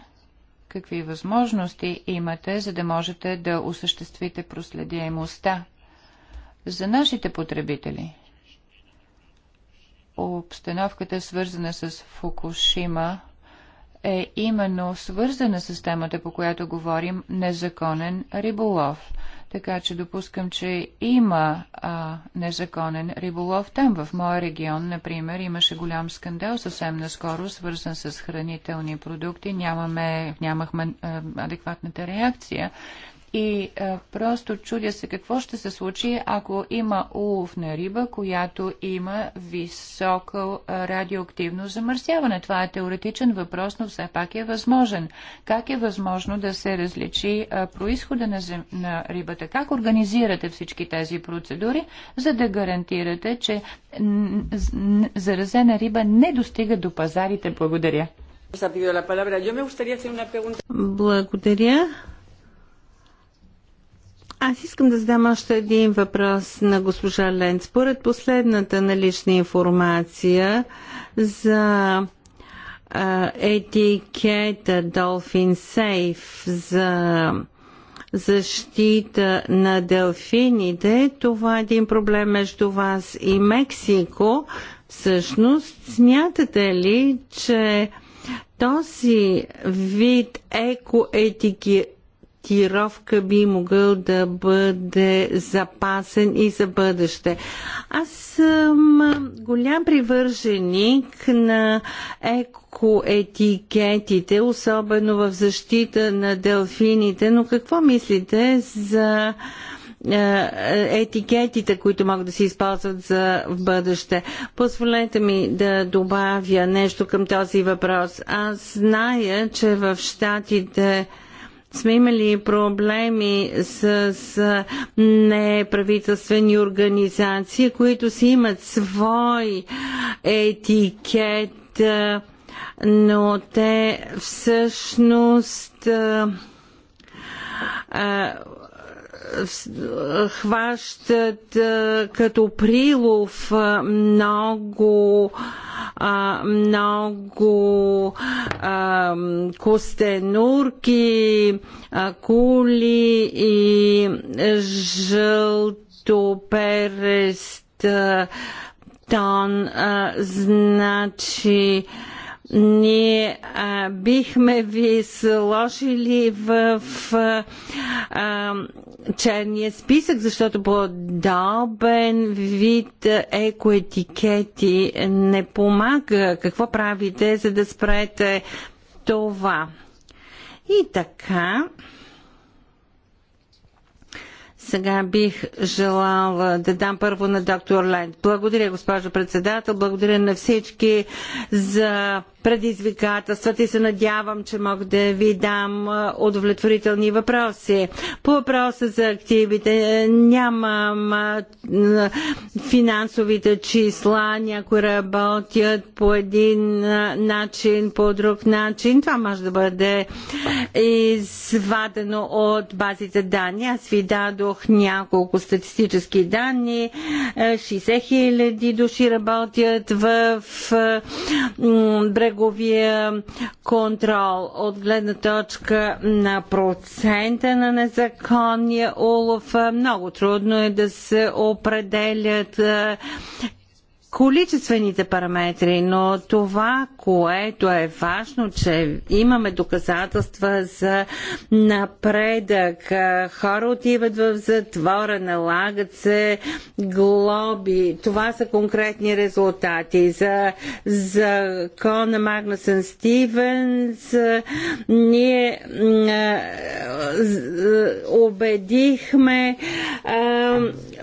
Какви възможности имате, за да можете да осъществите проследяемостта за нашите потребители – обстановката, свързана с Фукушима, е именно свързана с темата, по която говорим незаконен риболов. Така че допускам, че има а, незаконен риболов там. В моя регион, например, имаше голям скандал съвсем наскоро, свързан с хранителни продукти. Нямаме, нямахме а, адекватната реакция и а, е, просто чудя се какво ще се случи, ако има улов на риба, която има високо е, радиоактивно замърсяване. Това е теоретичен въпрос, но все пак е възможен. Как е възможно да се различи а, е, происхода на, зем... на рибата? Как организирате всички тези процедури, за да гарантирате, че заразена риба не достига до пазарите? Благодаря. Благодаря. Аз искам да задам още един въпрос на госпожа Ленц. Според последната налична информация за етикета Dolphin Safe за защита на делфините. Това е един проблем между вас и Мексико. Всъщност, смятате ли, че този вид екоетики ориентировка би могъл да бъде запасен и за бъдеще. Аз съм голям привърженик на екоетикетите, особено в защита на делфините, но какво мислите за е, етикетите, които могат да се използват за в бъдеще. Позволете ми да добавя нещо към този въпрос. Аз зная, че в щатите сме имали проблеми с, с неправителствени организации, които си имат свой етикет, но те всъщност хващат като прилов много много костенурки, кули и жълто перест тон, значи ние а, бихме ви сложили в а, а, черния списък, защото подобен вид екоетикети не помага. Какво правите, за да спрете това? И така, сега бих желала да дам първо на доктор Лайнд. Благодаря, госпожо председател. Благодаря на всички за предизвикателствата и се надявам, че мога да ви дам удовлетворителни въпроси. По въпроса за активите нямам финансовите числа, някои работят по един начин, по друг начин. Това може да бъде извадено от базите данни. Аз ви дадох дадох няколко статистически данни. 60 е, хиляди души работят в бреговия контрол от гледна точка на процента на незаконния улов. Е, много трудно е да се определят е, количествените параметри, но това, което е важно, че имаме доказателства за напредък. Хора отиват в затвора, налагат се глоби. Това са конкретни резултати. За закона Магнусен Стивенс ние убедихме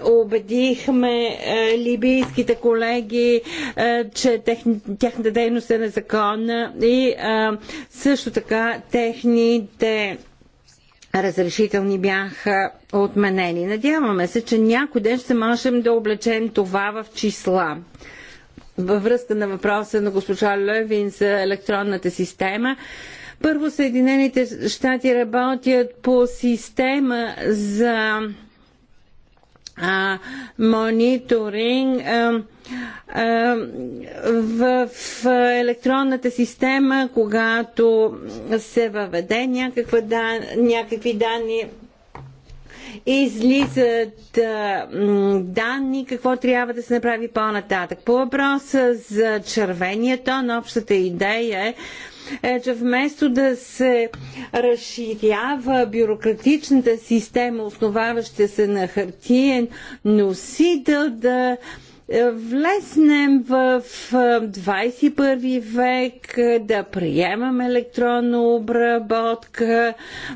убедихме е, либийските колеги, е, че тяхната дейност е незаконна и е, също така техните разрешителни бяха отменени. Надяваме се, че някой ден ще можем да облечем това в числа. Във връзка на въпроса на госпожа Левин за електронната система, първо Съединените щати работят по система за а, мониторинг в, в електронната система, когато се въведе някаква да, някакви данни излизат а, данни, какво трябва да се направи по-нататък. По въпроса за червения тон, общата идея е, е, че вместо да се разширява бюрократичната система, основаваща се на хартиен носител, да е, влезнем в 21 е, век, да приемам електронна обработка,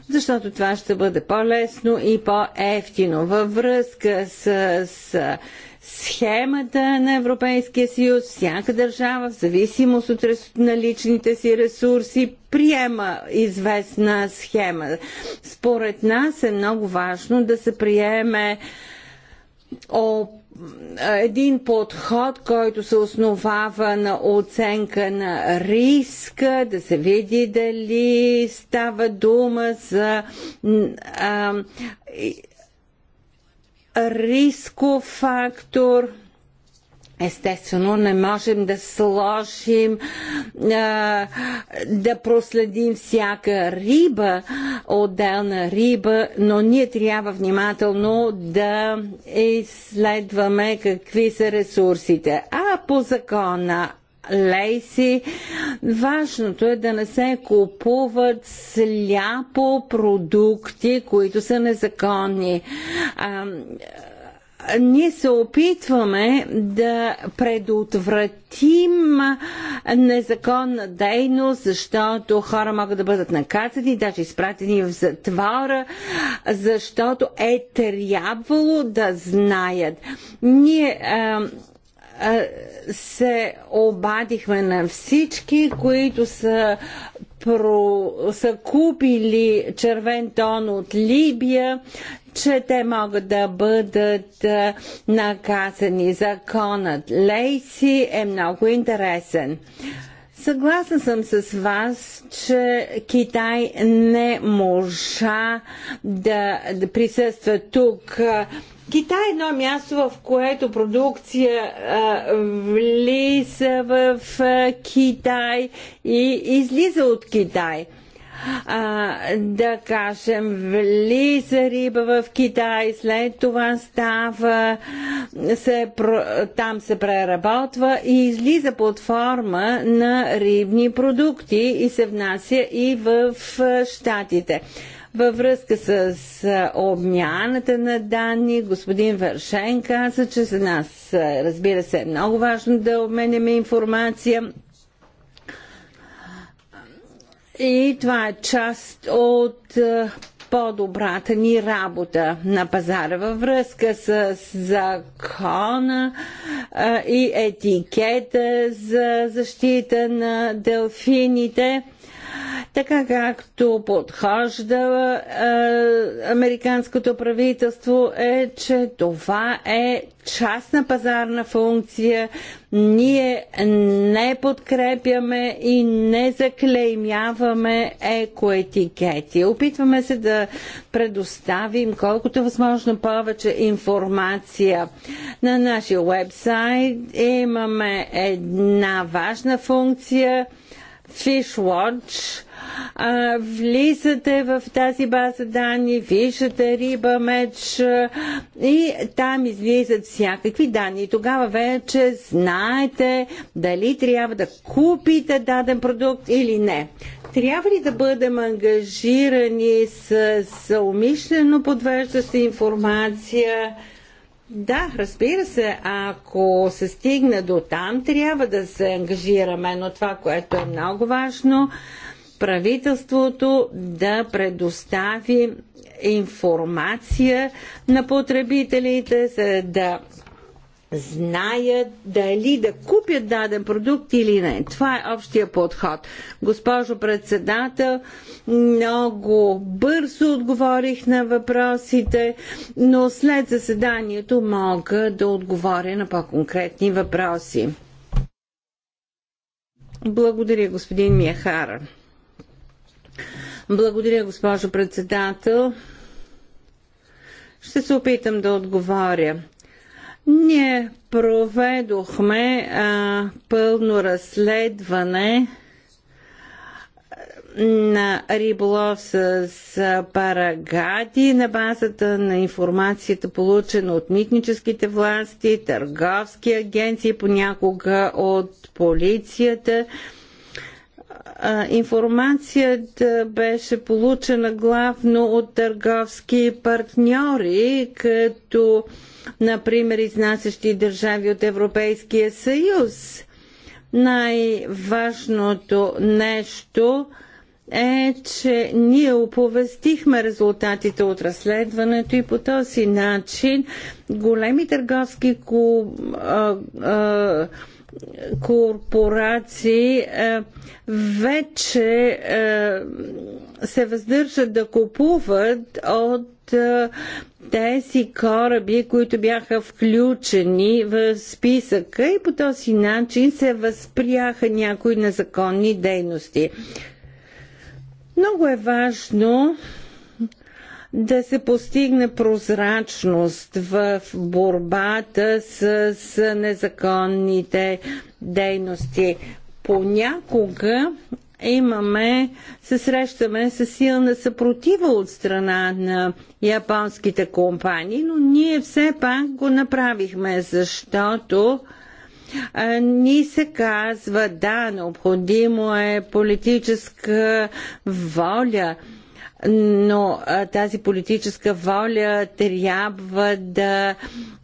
защото това ще бъде по-лесно и по-ефтино. Във връзка с, с схемата на Европейския съюз, всяка държава, в зависимост от наличните си ресурси, приема известна схема. Според нас е много важно да се приеме един подход, който се основава на оценка на риска, да се види дали става дума за а, рисков фактор. Естествено, не можем да сложим, да проследим всяка риба, отделна риба, но ние трябва внимателно да изследваме какви са ресурсите. А по закона, Лейси. Важното е да не се купуват сляпо продукти, които са незаконни. А, ние се опитваме да предотвратим незаконна дейност, защото хора могат да бъдат наказани, даже изпратени в затвора, защото е трябвало да знаят. Ние а, се обадихме на всички, които са, про, са купили червен тон от Либия, че те могат да бъдат наказани. Законът Лейси е много интересен. Съгласна съм с вас, че Китай не можа да, да присъства тук. Китай е едно място, в което продукция а, влиза в а, Китай и излиза от Китай. А, да кажем, влиза риба в Китай, след това става, се, там се преработва и излиза под форма на рибни продукти и се внася и в Штатите. Във връзка с обмяната на данни, господин Вършен каза, че за нас, разбира се, е много важно да обменяме информация. И това е част от е, по-добрата ни работа на пазара във връзка с закона е, и етикета за защита на делфините така както подхожда е, американското правителство е, че това е частна пазарна функция. Ние не подкрепяме и не заклеймяваме екоетикети. Опитваме се да предоставим колкото е възможно повече информация. На нашия вебсайт имаме една важна функция Fishwatch – а, влизате в тази база данни, виждате риба, меч и там излизат всякакви данни. И тогава вече знаете дали трябва да купите даден продукт или не. Трябва ли да бъдем ангажирани с, с умишлено подвеждаща информация? Да, разбира се, ако се стигне до там, трябва да се ангажираме, но това, което е много важно, правителството да предостави информация на потребителите, за да знаят дали да купят даден продукт или не. Това е общия подход. Госпожо председател, много бързо отговорих на въпросите, но след заседанието мога да отговоря на по-конкретни въпроси. Благодаря, господин Мияхара. Благодаря, госпожо председател. Ще се опитам да отговоря. Ние проведохме а, пълно разследване на риболов с парагади на базата на информацията получена от митническите власти, търговски агенции, понякога от полицията информацията беше получена главно от търговски партньори, като, например, изнасящи държави от Европейския съюз. Най-важното нещо е, че ние оповестихме резултатите от разследването и по този начин големи търговски ку, а, а, корпорации е, вече е, се въздържат да купуват от е, тези кораби, които бяха включени в списъка и по този начин се възприяха някои незаконни дейности. Много е важно да се постигне прозрачност в борбата с, незаконните дейности. Понякога имаме, се срещаме с силна съпротива от страна на японските компании, но ние все пак го направихме, защото ни се казва, да, необходимо е политическа воля, но тази политическа воля трябва да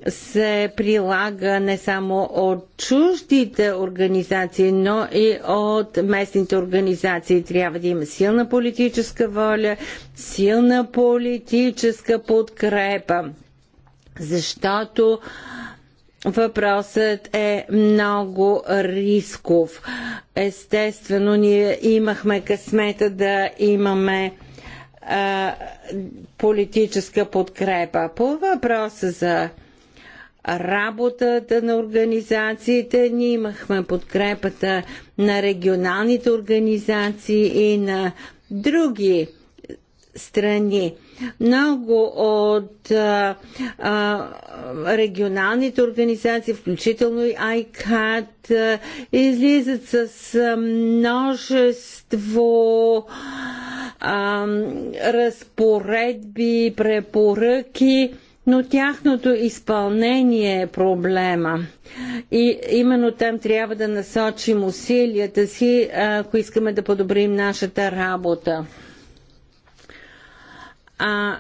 се прилага не само от чуждите организации, но и от местните организации. Трябва да има силна политическа воля, силна политическа подкрепа, защото Въпросът е много рисков. Естествено, ние имахме късмета да имаме а, политическа подкрепа. По въпроса за работата на организациите, ние имахме подкрепата на регионалните организации и на други страни. Много от а, а, регионалните организации, включително и ICAT, а, излизат с множество а, разпоредби, препоръки но тяхното изпълнение е проблема. И именно там трябва да насочим усилията си, ако искаме да подобрим нашата работа. А,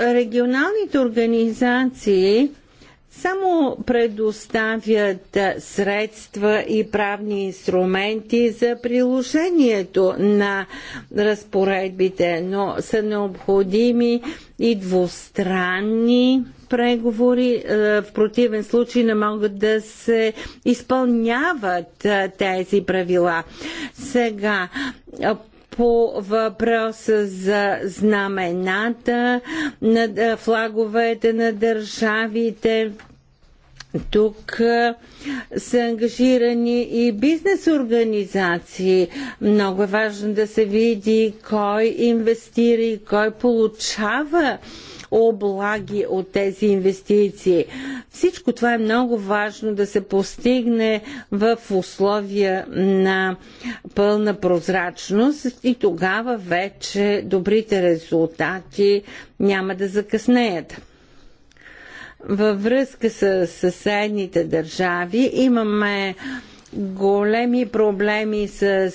регионалните организации само предоставят средства и правни инструменти за приложението на разпоредбите, но са необходими и двустранни преговори. В противен случай не могат да се изпълняват тези правила. Сега, по въпроса за знамената на флаговете на държавите. Тук са ангажирани и бизнес организации. Много е важно да се види кой инвестира и кой получава облаги от тези инвестиции. Всичко това е много важно да се постигне в условия на пълна прозрачност и тогава вече добрите резултати няма да закъснеят. Във връзка с съседните държави имаме големи проблеми с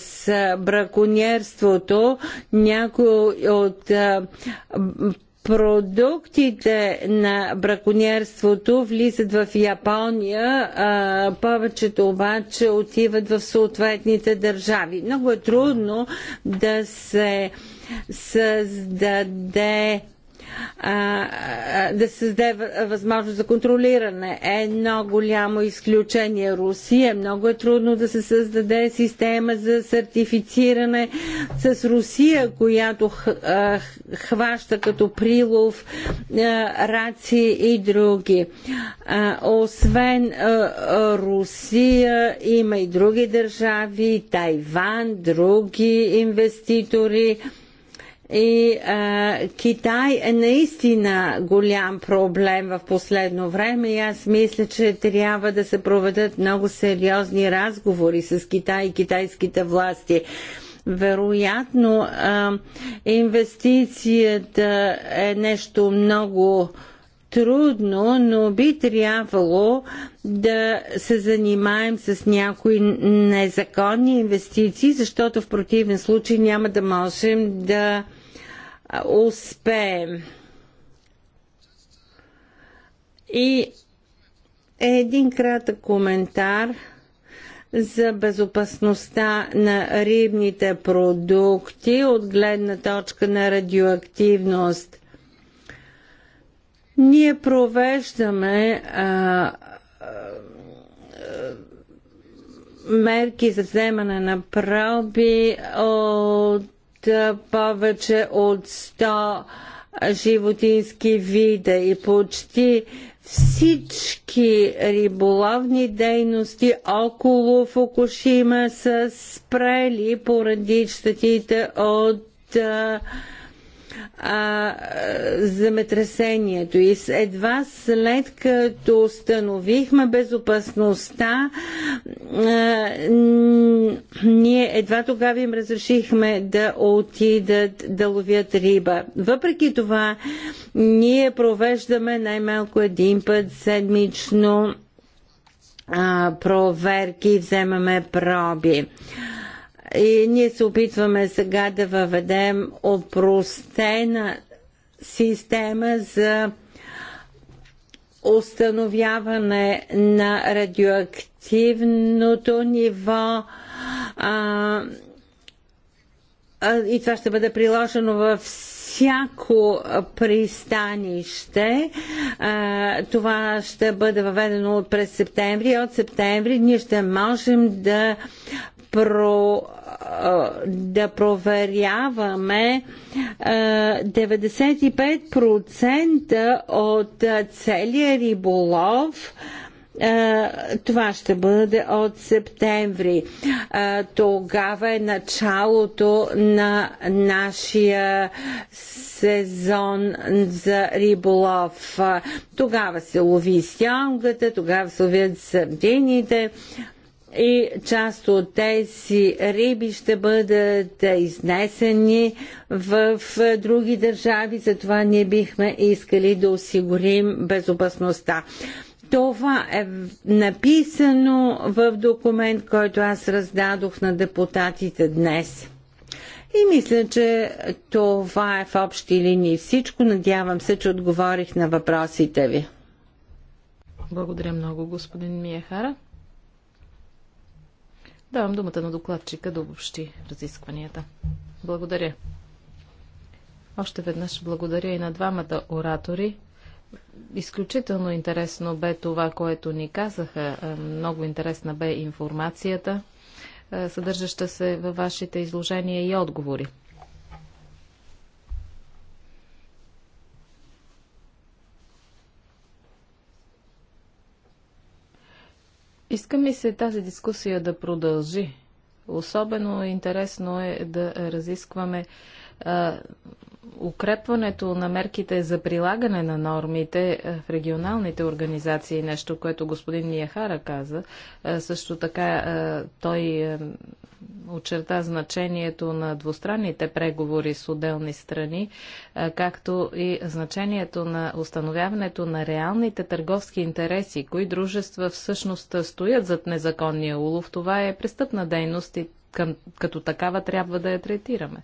браконьерството. Някои от продуктите на браконьерството влизат в Япония, а, повечето обаче отиват в съответните държави. Много е трудно да се създаде да създаде възможност за контролиране. Едно голямо изключение Русия. Много е трудно да се създаде система за сертифициране с Русия, която хваща като прилов раци и други. Освен Русия има и други държави, Тайван, други инвеститори и а, Китай е наистина голям проблем в последно време и аз мисля, че трябва да се проведат много сериозни разговори с Китай и китайските власти вероятно а, инвестицията е нещо много трудно, но би трябвало да се занимаем с някои незаконни инвестиции, защото в противен случай няма да можем да успеем. И един кратък коментар за безопасността на рибните продукти от гледна точка на радиоактивност. Ние провеждаме а, а, мерки за вземане на проби от повече от 100 животински вида и почти всички риболовни дейности около Фукушима са спрели поради щетите от а, а, земетресението и едва след като установихме безопасността, а, ние едва тогава им разрешихме да отидат да ловят риба. Въпреки това, ние провеждаме най-малко един път седмично а, проверки и вземаме проби. А, и ние се опитваме сега да въведем опростена система за установяване на радиоактивното ниво. А, и това ще бъде приложено във всяко пристанище. А, това ще бъде въведено от през септември. От септември ние ще можем да про, да проверяваме 95% от целия риболов това ще бъде от септември. Тогава е началото на нашия сезон за риболов. Тогава се лови сянката, тогава се ловят сърдините и част от тези риби ще бъдат изнесени в други държави, затова ние бихме искали да осигурим безопасността. Това е написано в документ, който аз раздадох на депутатите днес. И мисля, че това е в общи линии всичко. Надявам се, че отговорих на въпросите ви. Благодаря много, господин Миехара. Давам думата на докладчика да обобщи разискванията. Благодаря. Още веднъж благодаря и на двамата оратори. Изключително интересно бе това, което ни казаха. Е, много интересна бе информацията, е, съдържаща се във вашите изложения и отговори. Иска ми се тази дискусия да продължи. Особено интересно е да разискваме а, укрепването на мерките за прилагане на нормите е, в регионалните организации, нещо, което господин Ниехара каза, е, също така е, той очерта значението на двустранните преговори с отделни страни, както и значението на установяването на реалните търговски интереси, кои дружества всъщност стоят зад незаконния улов. Това е престъпна дейност и като такава трябва да я третираме.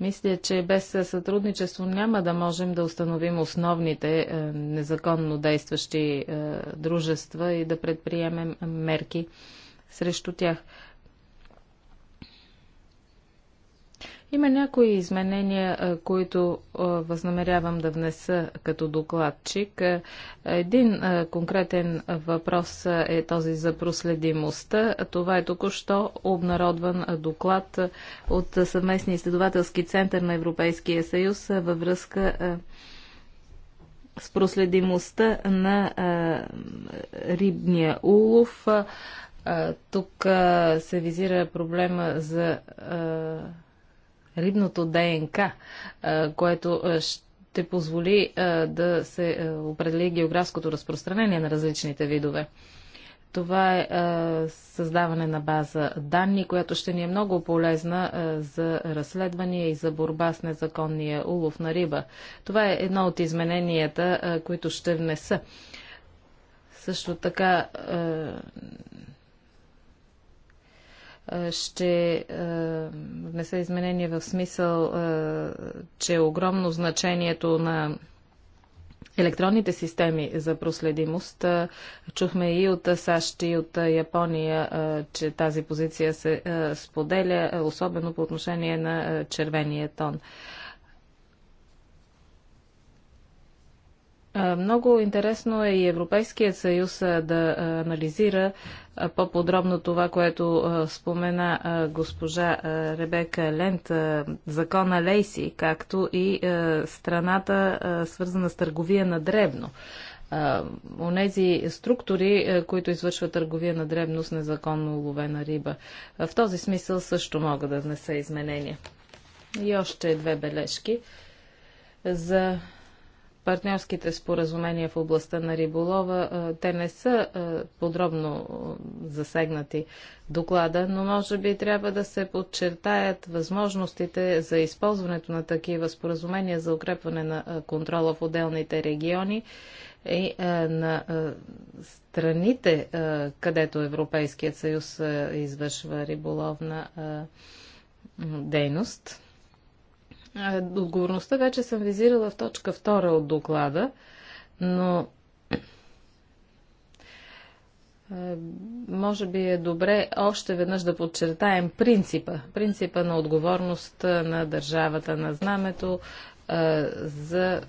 Мисля, че без сътрудничество няма да можем да установим основните е, незаконно действащи е, дружества и да предприемем мерки срещу тях. Има някои изменения, които възнамерявам да внеса като докладчик. Един конкретен въпрос е този за проследимостта. Това е току-що обнародван доклад от съвместния изследователски център на Европейския съюз във връзка с проследимостта на рибния улов. Тук се визира проблема за рибното ДНК, което ще позволи да се определи географското разпространение на различните видове. Това е, създаване на база данни, която ще ни е много полезна за разследвания и за борба с незаконния улов на риба. Това е едно от измененията, които ще внеса. Също така ще внеса изменение в смисъл, че е огромно значението на електронните системи за проследимост. Чухме и от САЩ и от Япония, че тази позиция се споделя, особено по отношение на червения тон. Много интересно е и Европейският съюз да анализира по-подробно това, което спомена госпожа Ребека Лент, закона Лейси, както и страната свързана с търговия на дребно. Онези структури, които извършват търговия на дребно с незаконно уловена риба. В този смисъл също могат да внеса изменения. И още две бележки за партньорските споразумения в областта на риболова, те не са подробно засегнати доклада, но може би трябва да се подчертаят възможностите за използването на такива споразумения за укрепване на контрола в отделните региони и на страните, където Европейският съюз извършва риболовна дейност. Отговорността вече съм визирала в точка 2 от доклада, но може би е добре още веднъж да подчертаем принципа. Принципа на отговорност на държавата на знамето, за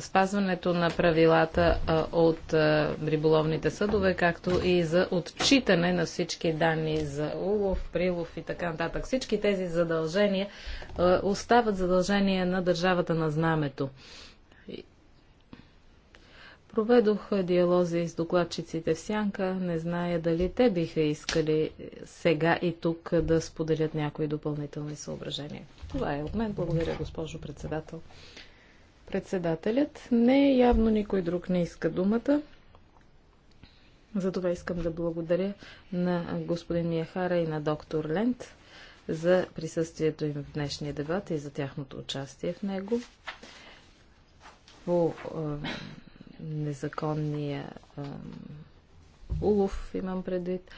спазването на правилата от риболовните съдове, както и за отчитане на всички данни за улов, прилов и така нататък. Всички тези задължения остават задължения на държавата на знамето. Проведох диалози с докладчиците в Сянка. Не зная дали те биха искали сега и тук да споделят някои допълнителни съображения. Това е от мен. Благодаря, госпожо председател. Председателят. Не, явно никой друг не иска думата. Затова искам да благодаря на господин Мияхара и на доктор Лент за присъствието им в днешния дебат и за тяхното участие в него. По е, незаконния е, улов, имам предвид.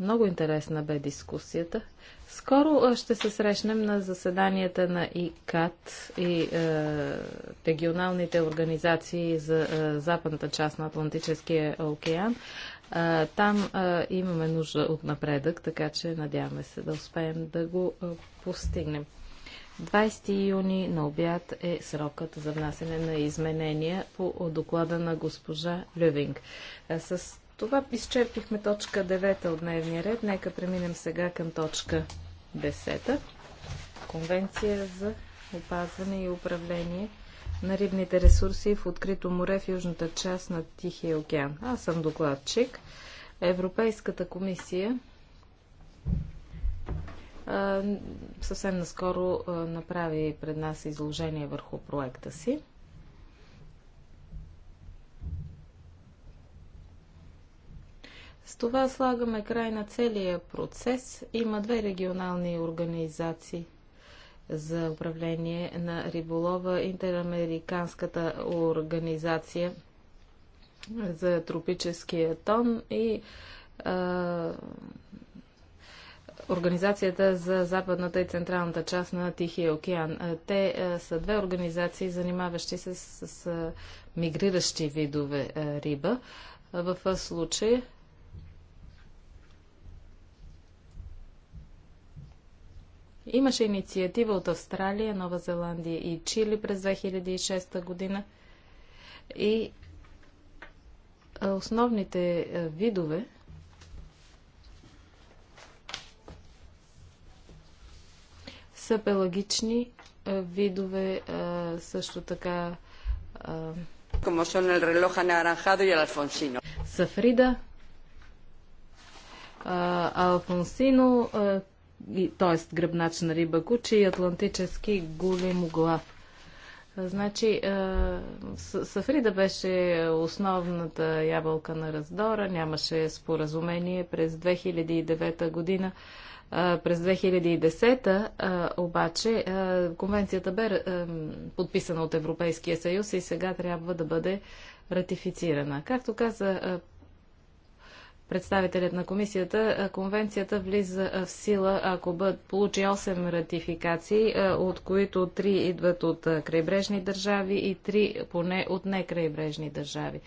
Много интересна бе дискусията. Скоро ще се срещнем на заседанията на ИКАТ и е, регионалните организации за е, западната част на Атлантическия океан. Е, там е, имаме нужда от напредък, така че надяваме се да успеем да го е, постигнем. 20 юни на обяд е срокът за внасене на изменения по доклада на госпожа Лювинг. С това изчерпихме точка 9 от дневния ред. Нека преминем сега към точка 10. Конвенция за опазване и управление на рибните ресурси в открито море в южната част на Тихия океан. Аз съм докладчик. Европейската комисия съвсем наскоро направи пред нас изложение върху проекта си. С това слагаме край на целия процес. Има две регионални организации за управление на риболова. Интерамериканската организация за тропическия тон и а, Организацията за западната и централната част на Тихия океан. Е, Те е, са две организации, занимаващи се с, с, с е, мигриращи видове риба. В случай имаше инициатива от Австралия, Нова Зеландия и Чили през 2006 година и основните видове са пелагични видове също така. Como son el reloj anaranjado y el alfonsino. Сафрида, алфонсино, т.е. гръбначна риба куче и атлантически големоглав. Значи, Сафрида беше основната ябълка на раздора, нямаше споразумение през 2009 година през 2010 обаче конвенцията бе подписана от Европейския съюз и сега трябва да бъде ратифицирана. Както каза представителят на комисията, конвенцията влиза в сила, ако бъд, получи 8 ратификации, от които 3 идват от крайбрежни държави и 3 поне от некрайбрежни държави.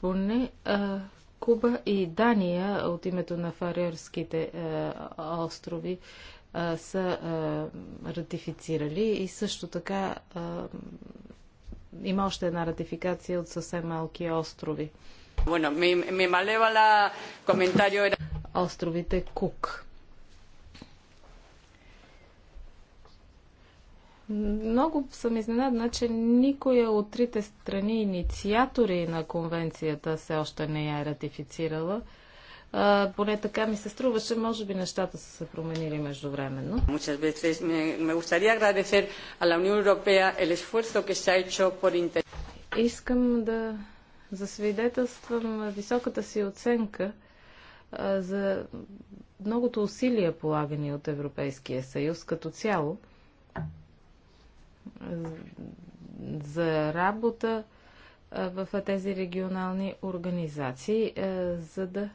Поне а, Куба и Дания от името на Фарерските е, острови е, са е, ратифицирали и също така има още една ратификация от съвсем малки острови. Bueno, Островите Кук. Много съм изненадна, че никоя от трите страни инициатори на конвенцията все още не я е ратифицирала. А, поне така ми се струваше, може би нещата са се променили междувременно. Muchas veces me, me gustaría agradecer a la Unión Europea el esfuerzo que se ha hecho por inter... Искам да засвидетелствам високата си оценка а, за многото усилия полагани от Европейския съюз като цяло – за работа в тези регионални организации, за да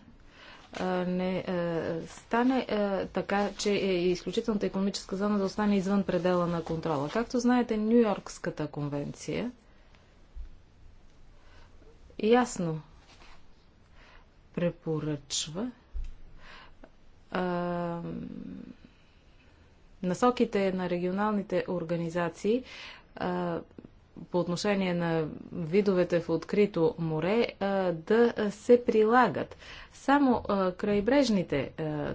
не стане така, че е изключителната економическа зона да остане извън предела на контрола. Както знаете, Нью-Йоркската конвенция ясно препоръчва насоките на регионалните организации а, по отношение на видовете в открито море а, да се прилагат. Само а, крайбрежните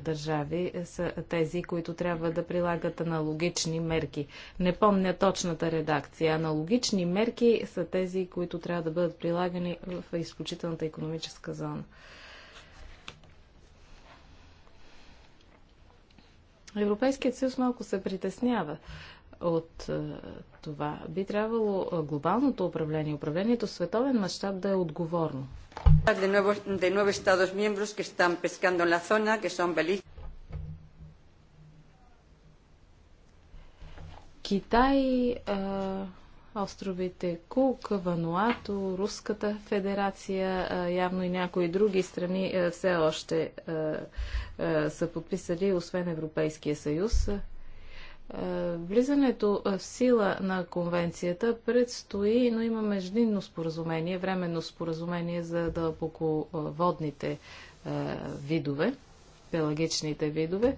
държави са тези, които трябва да прилагат аналогични мерки. Не помня точната редакция. Аналогични мерки са тези, които трябва да бъдат прилагани в изключителната економическа зона. Европейският съюз малко се притеснява от е, това. Би трябвало е, глобалното управление, управлението в световен мащаб да е отговорно. Китай, е, островите Кук, Вануато, Руската федерация, явно и някои други страни все още са подписали, освен Европейския съюз. Влизането в сила на конвенцията предстои, но има междинно споразумение, временно споразумение за дълбоководните видове, пелагичните видове.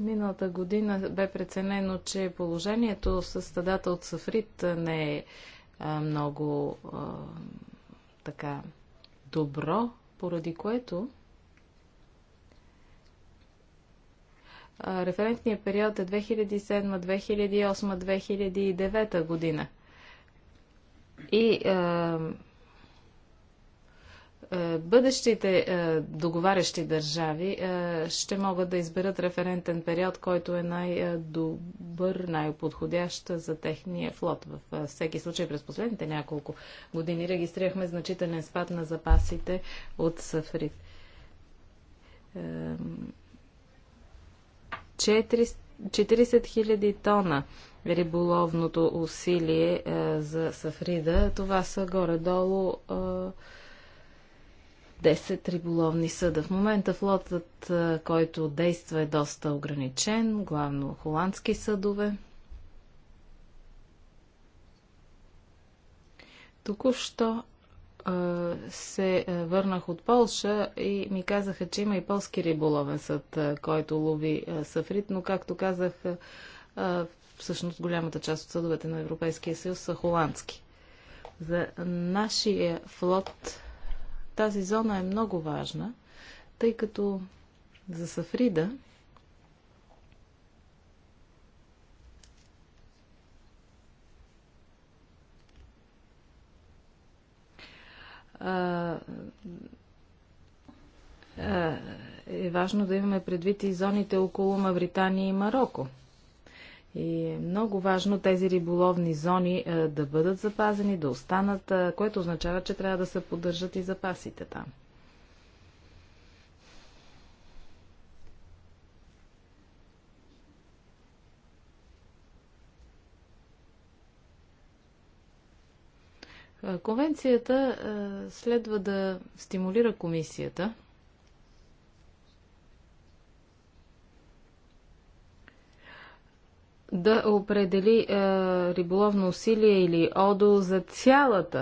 Миналата година бе преценено, че положението с стадата от Сафрит не е много а, така добро, поради което референтният период е 2007, 2008, 2009 година. И а, е, бъдещите е, договарящи държави е, ще могат да изберат референтен период, който е най-добър, най-подходящ за техния флот. В всеки случай през последните няколко години регистрирахме значителен спад на запасите от Сафрит. 40 000 тона риболовното усилие за Сафрида. Това са горе-долу 10 риболовни съда. В момента флотът, който действа, е доста ограничен, главно холандски съдове. Току-що се върнах от Полша и ми казаха, че има и полски риболовен съд, който лови сафрит, но както казах, всъщност голямата част от съдовете на Европейския съюз са холандски. За нашия флот тази зона е много важна, тъй като за Сафрида е важно да имаме предвид и зоните около Мавритания и Марокко – и е много важно тези риболовни зони е, да бъдат запазени, да останат, е, което означава, че трябва да се поддържат и запасите там. Е, конвенцията следва да стимулира комисията да определи е, риболовно усилие или ОДО за цялата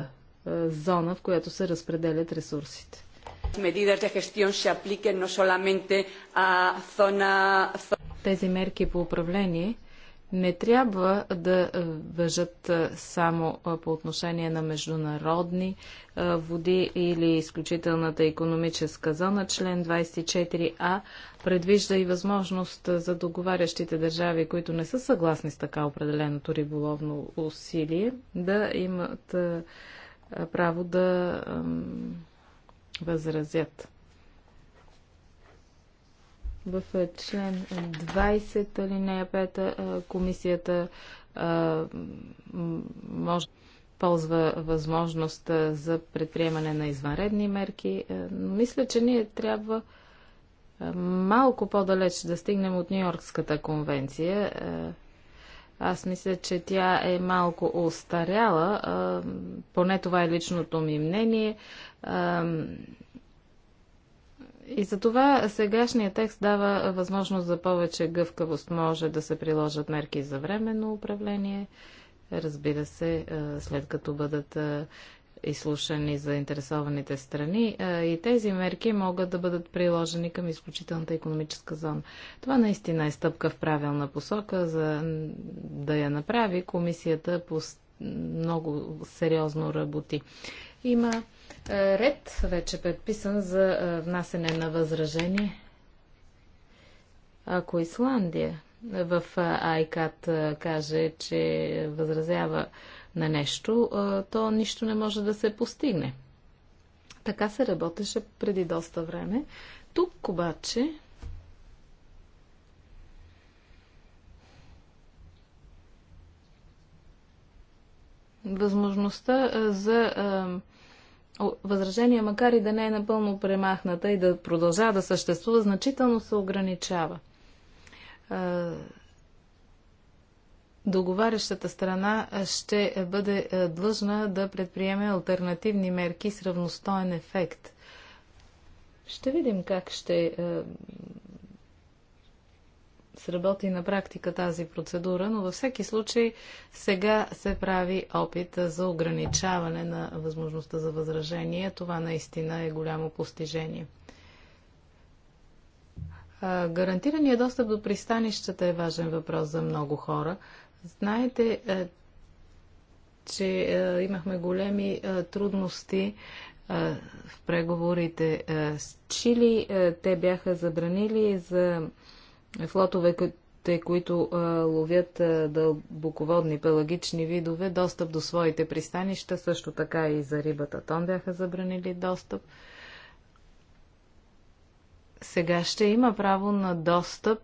е, зона, в която се разпределят ресурсите. Тези мерки по управление не трябва да е, въжат е, само е, по отношение на международни води или изключителната економическа зона. Член 24а предвижда и възможност за договарящите държави, които не са съгласни с така определеното риболовно усилие, да имат право да възразят. В е, член 20 алинея 5 е, комисията е, може ползва възможността за предприемане на извънредни мерки. Мисля, че ние трябва малко по-далеч да стигнем от Нью-Йоркската конвенция. Аз мисля, че тя е малко остаряла, поне това е личното ми мнение. И за това сегашният текст дава възможност за повече гъвкавост. Може да се приложат мерки за временно управление, разбира се, след като бъдат изслушани заинтересованите страни и тези мерки могат да бъдат приложени към изключителната економическа зона. Това наистина е стъпка в правилна посока. За да я направи, комисията по много сериозно работи. Има ред вече е предписан за внасене на възражение. Ако Исландия в Айкат каже, че възразява на нещо, то нищо не може да се постигне. Така се работеше преди доста време. Тук обаче възможността за възражение, макар и да не е напълно премахната и да продължава да съществува, значително се ограничава. Договарящата страна ще бъде длъжна да предприеме альтернативни мерки с равностоен ефект. Ще видим как ще сработи на практика тази процедура, но във всеки случай сега се прави опит за ограничаване на възможността за възражение. Това наистина е голямо постижение. Гарантираният достъп до пристанищата е важен въпрос за много хора. Знаете, че имахме големи трудности в преговорите с Чили. Те бяха забранили за флотовете, които ловят дълбоководни пелагични видове, достъп до своите пристанища, също така и за рибата тон бяха забранили достъп. Сега ще има право на достъп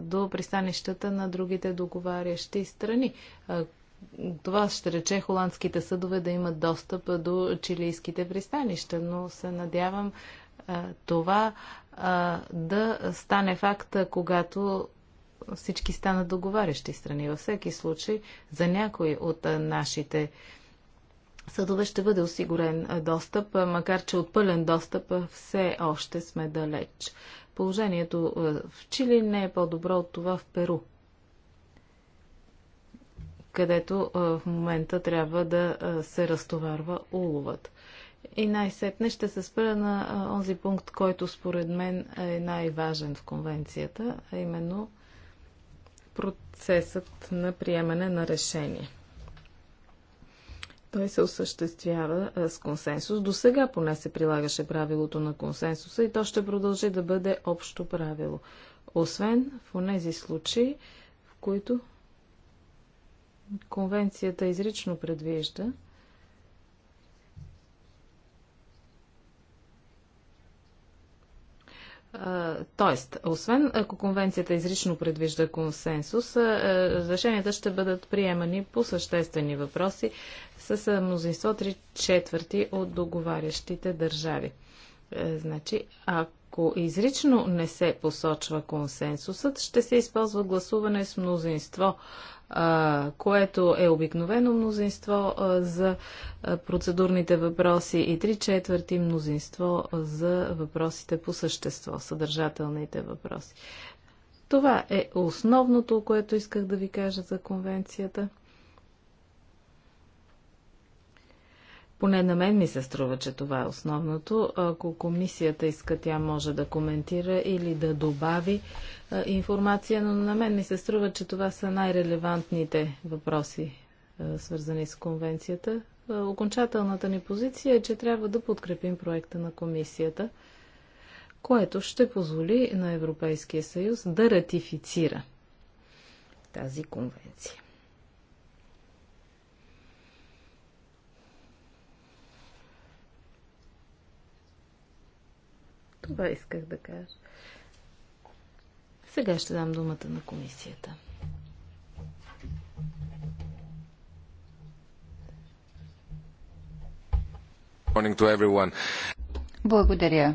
до пристанищата на другите договарящи страни. Това ще рече холандските съдове да имат достъп до чилийските пристанища, но се надявам това да стане факт, когато всички станат договарящи страни. Във всеки случай, за някои от нашите съдове ще бъде осигурен достъп, макар че от пълен достъп все още сме далеч. Положението в Чили не е по-добро от това в Перу, където в момента трябва да се разтоварва уловът. И най-сетне ще се спра на онзи пункт, който според мен е най-важен в конвенцията, а именно процесът на приемане на решение. Той се осъществява с консенсус. До сега поне се прилагаше правилото на консенсуса и то ще продължи да бъде общо правило. Освен в тези случаи, в които конвенцията изрично предвижда, Тоест, освен ако конвенцията изрично предвижда консенсус, решенията ще бъдат приемани по съществени въпроси с мнозинство 3 четвърти от договарящите държави. Е, значи, ако изрично не се посочва консенсусът, ще се използва гласуване с мнозинство което е обикновено мнозинство за процедурните въпроси и три четвърти мнозинство за въпросите по същество, съдържателните въпроси. Това е основното, което исках да ви кажа за конвенцията. Поне на мен ми се струва, че това е основното. Ако комисията иска, тя може да коментира или да добави информация, но на мен ми се струва, че това са най-релевантните въпроси, свързани с конвенцията. окончателната ни позиция е, че трябва да подкрепим проекта на комисията, което ще позволи на Европейския съюз да ратифицира тази конвенция. Това исках да кажа. Сега ще дам думата на комисията. Благодаря.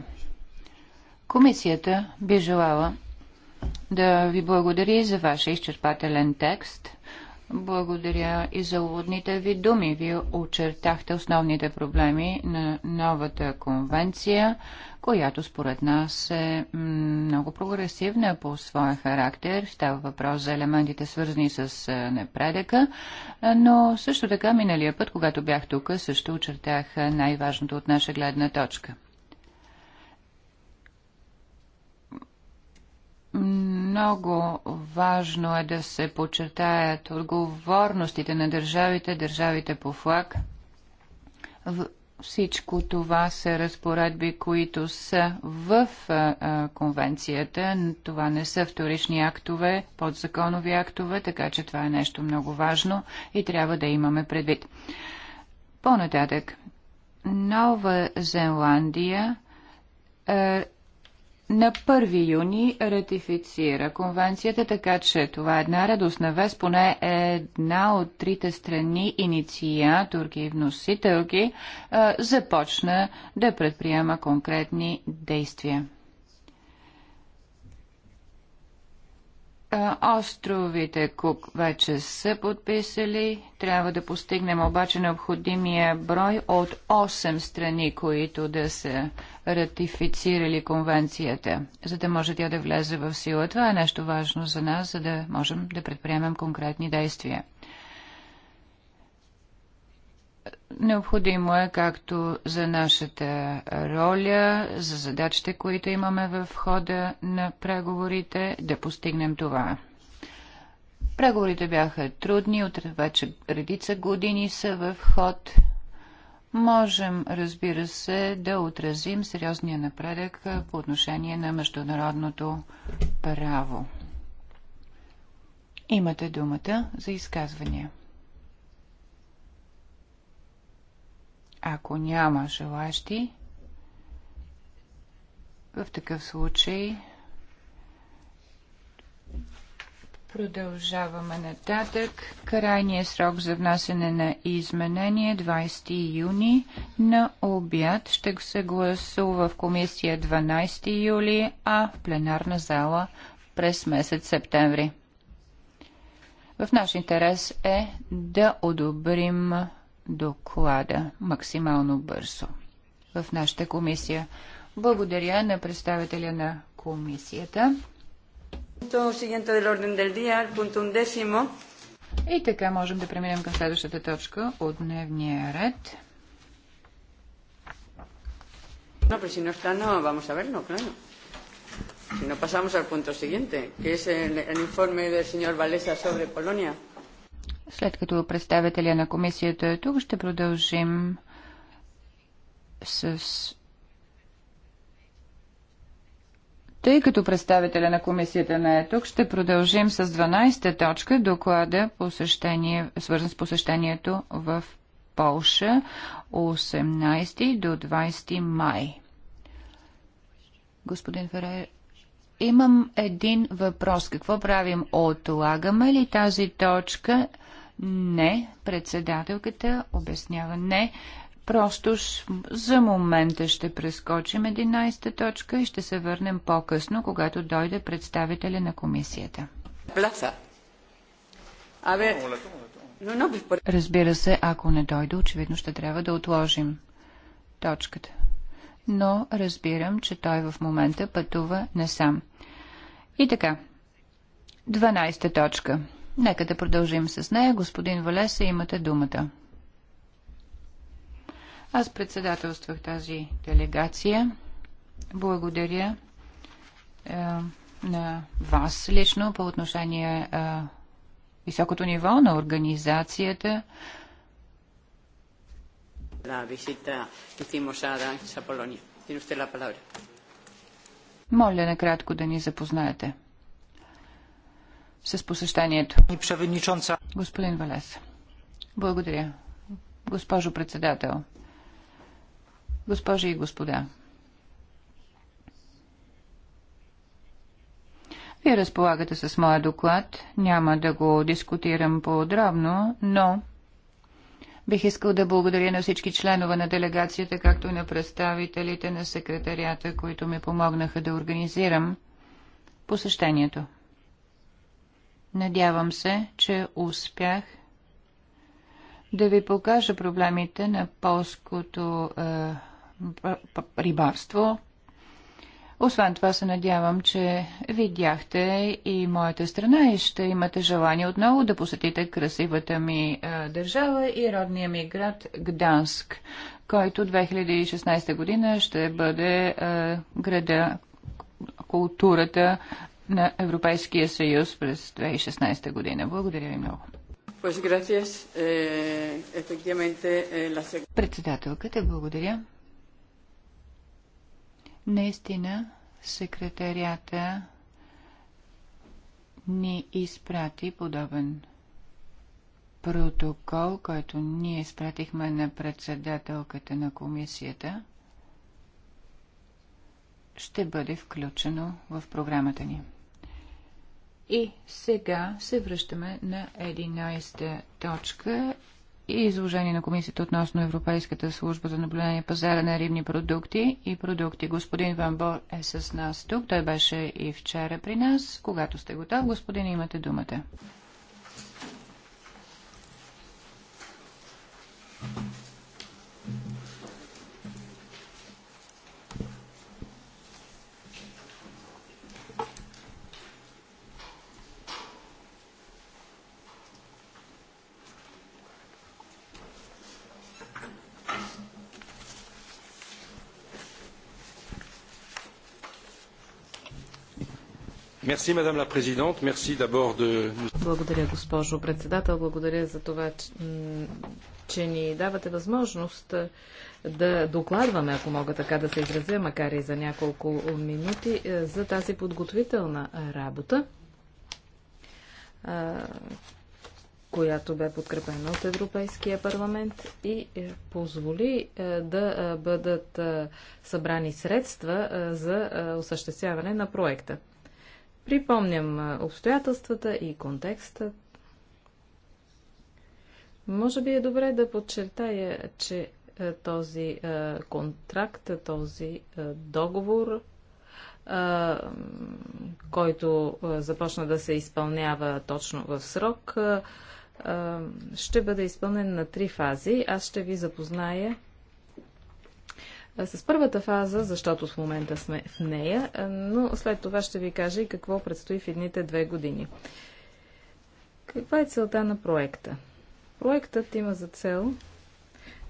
Комисията би желала да ви благодари за вашия изчерпателен текст благодаря и за уводните ви думи. Вие очертахте основните проблеми на новата конвенция, която според нас е много прогресивна по своя характер. Става въпрос за елементите свързани с е, напредъка, е, но също така миналия път, когато бях тук, също очертах е, най-важното от наша гледна точка – Много важно е да се подчертаят отговорностите на държавите, държавите по флаг. Всичко това са разпоредби, които са в а, конвенцията. Това не са вторични актове, подзаконови актове, така че това е нещо много важно и трябва да имаме предвид. По-нататък, Нова Зеландия е, на 1 юни ратифицира конвенцията, така че това е една радостна вест, поне е една от трите страни, инициаторки и вносителки, започна да предприема конкретни действия. Островите Кук вече са подписали. Трябва да постигнем обаче необходимия брой от 8 страни, които да са ратифицирали конвенцията, за да може тя да влезе в сила. Това е нещо важно за нас, за да можем да предприемем конкретни действия. Необходимо е както за нашата роля, за задачите, които имаме в хода на преговорите, да постигнем това. Преговорите бяха трудни, от вече редица години са в ход. Можем, разбира се, да отразим сериозния напредък по отношение на международното право. Имате думата за изказвания. Ако няма желащи, в такъв случай Продължаваме нататък. Крайният срок за внасене на изменение 20 е юни на обяд ще се гласува в комисия 12 юли, а в пленарна зала през месец септември. В наш интерес е да одобрим доклада максимално бързо в нашата комисия. Благодаря на представителя на комисията. И така можем да преминем към следващата точка от дневния ред. No, pero si no está, no vamos a verlo, claro. Si no pasamos al punto siguiente, que es el, el informe del señor Valesa sobre Polonia. След като представителя на комисията е тук, ще продължим с Тъй като представителя на комисията не е тук, ще продължим с 12-та точка доклада посещение, свързан с посещението в Полша 18 до 20 май. Господин Ферер, имам един въпрос. Какво правим? Отлагаме ли тази точка? Не, председателката обяснява не. Просто за момента ще прескочим 11-та точка и ще се върнем по-късно, когато дойде представителя на комисията. Абе. Разбира се, ако не дойде, очевидно ще трябва да отложим точката. Но разбирам, че той в момента пътува не сам. И така. 12 та точка. Нека да продължим с нея. Господин Валеса, имате думата. Аз председателствах тази делегация. Благодаря е, на вас лично по отношение е, високото ниво на организацията. La visita hicimos a Polonia. Tiene usted la palabra. Моля накратко да ни запознаете с посещението. Господин Валес. Благодаря. Госпожо председател. Госпожи и господа. Вие разполагате с моя доклад. Няма да го дискутирам подробно, но бих искал да благодаря на всички членове на делегацията, както и на представителите на секретарията, които ми помогнаха да организирам посещението. Надявам се, че успях да ви покажа проблемите на полското е, рибарство. Освен това се надявам, че видяхте и моята страна и ще имате желание отново да посетите красивата ми е, държава и родния ми град Гданск, който 2016 година ще бъде е, града културата на Европейския съюз през 2016 година. Благодаря ви много. Eh, eh, председателката, благодаря. Наистина, секретарията ни изпрати подобен протокол, който ние изпратихме на председателката на комисията, ще бъде включено в програмата ни. И сега се връщаме на 11 та точка и изложение на комисията относно Европейската служба за наблюдение пазара на рибни продукти и продукти. Господин Ван Бор е с нас тук. Той беше и вчера при нас. Когато сте готов, господин, имате думата. Благодаря, госпожо председател. Благодаря за това, че ни давате възможност да докладваме, ако мога така да се изразя, макар и за няколко минути, за тази подготвителна работа, която бе подкрепена от Европейския парламент и е, позволи е, да е, бъдат събрани средства за осъществяване на проекта. Припомням обстоятелствата и контекста. Може би е добре да подчертая, че този контракт, този договор, който започна да се изпълнява точно в срок, ще бъде изпълнен на три фази. Аз ще ви запозная е, с първата фаза, защото в момента сме в нея, е, но след това ще ви кажа и какво предстои в едните две години. Каква е целта на проекта? Проектът има за цел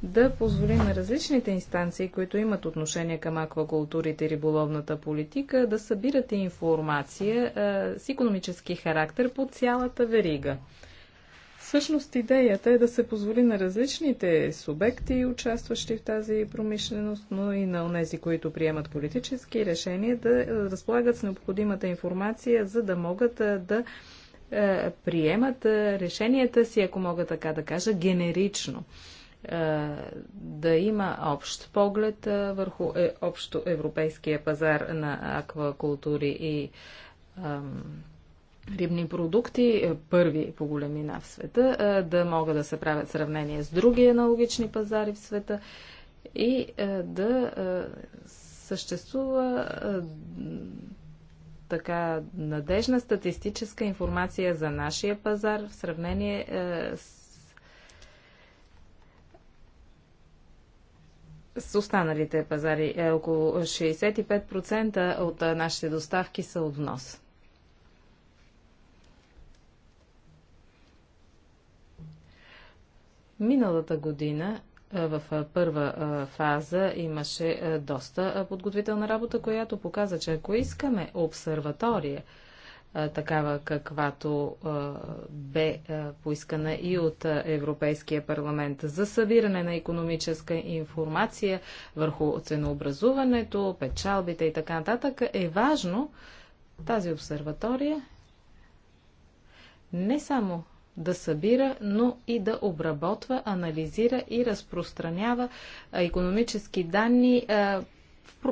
да позволи на различните инстанции, които имат отношение към аквакултурите и риболовната политика, да събирате информация е, с економически характер по цялата верига. Всъщност идеята е да се позволи на различните субекти, участващи в тази промишленост, но и на онези, които приемат политически решения, да разполагат с необходимата информация, за да могат да приемат решенията си, ако мога така да кажа, генерично. Да има общ поглед върху е, общо европейския пазар на аквакултури и рибни продукти, е, първи по големина в света, е, да могат да се правят сравнение с други аналогични пазари в света и е, да съществува така надежна статистическа информация за нашия пазар в сравнение с с останалите пазари. Около 65% от нашите доставки са от внос. Миналата година в първа фаза имаше доста подготвителна работа, която показа, че ако искаме обсерватория, такава каквато бе поискана и от Европейския парламент за събиране на економическа информация върху ценообразуването, печалбите и така нататък, е важно тази обсерватория не само да събира, но и да обработва, анализира и разпространява економически данни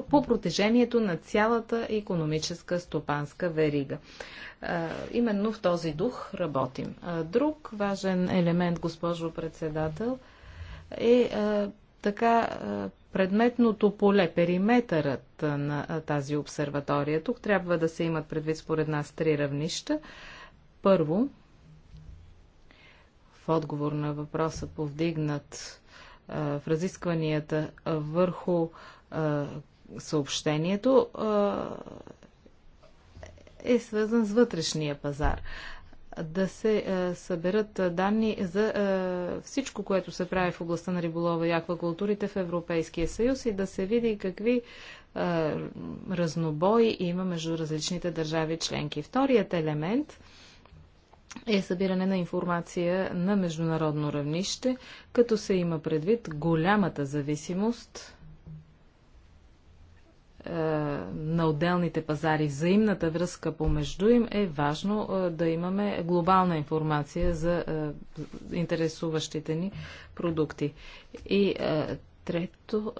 по протежението на цялата економическа стопанска верига. Именно в този дух работим. Друг важен елемент, госпожо председател, е така предметното поле, периметърът на тази обсерватория. Тук трябва да се имат предвид според нас три равнища. Първо, в отговор на въпроса повдигнат в разискванията върху съобщението е свързан с вътрешния пазар. Да се съберат данни за всичко, което се прави в областта на риболова и аквакултурите в Европейския съюз и да се види какви разнобои има между различните държави членки. Вторият елемент – е събиране на информация на международно равнище, като се има предвид голямата зависимост е, на отделните пазари. Взаимната връзка помежду им е важно е, да имаме глобална информация за е, интересуващите ни продукти. И трето,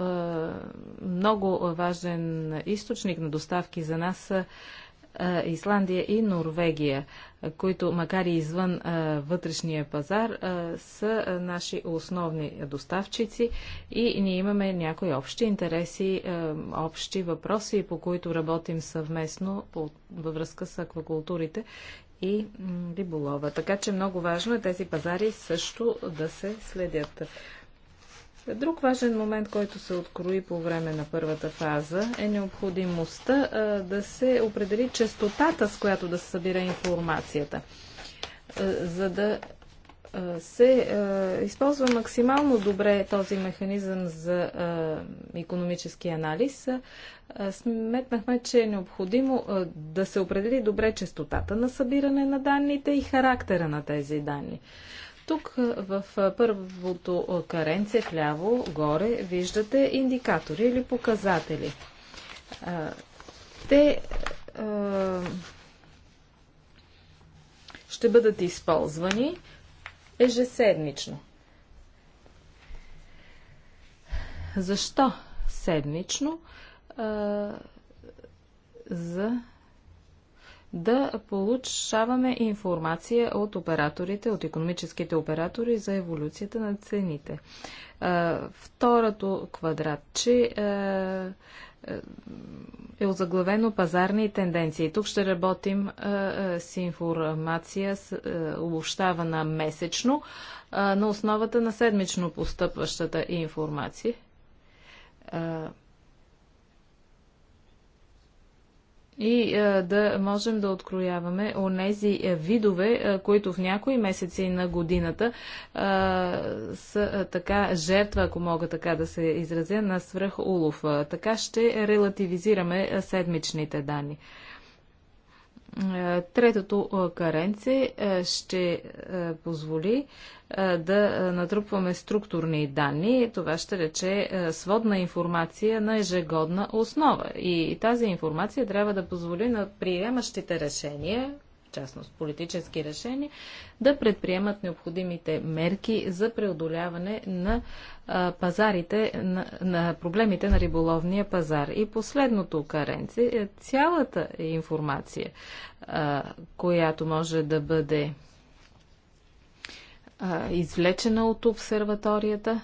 много важен източник на доставки за нас са Исландия и Норвегия, които, макар и извън вътрешния пазар, са наши основни доставчици и ние имаме някои общи интереси, общи въпроси, по които работим съвместно във връзка с аквакултурите и риболова. Така че много важно е тези пазари също да се следят. Друг важен момент, който се открои по време на първата фаза, е необходимостта а, да се определи частотата, с която да се събира информацията, а, за да а, се използва максимално добре този механизъм за економически анализ. Сметнахме, че е необходимо да се определи добре частотата на събиране на данните и характера на тези данни. Тук в първото каренце вляво горе виждате индикатори или показатели. Те ще бъдат използвани ежеседмично. Защо седмично? За да получаваме информация от операторите, от економическите оператори за еволюцията на цените. Второто квадратче е озаглавено пазарни тенденции. Тук ще работим с информация, обобщавана месечно, на основата на седмично постъпващата информация. и е, да можем да открояваме онези е, видове, е, които в някои месеци на годината са така жертва, ако мога така да се изразя, на свръх Улов. Така ще релативизираме седмичните данни. Третото каренце ще позволи да натрупваме структурни данни. Това ще рече сводна информация на ежегодна основа. И тази информация трябва да позволи на приемащите решения частност политически решения, да предприемат необходимите мерки за преодоляване на пазарите, на, на проблемите на риболовния пазар. И последното каренце е цялата информация, която може да бъде извлечена от обсерваторията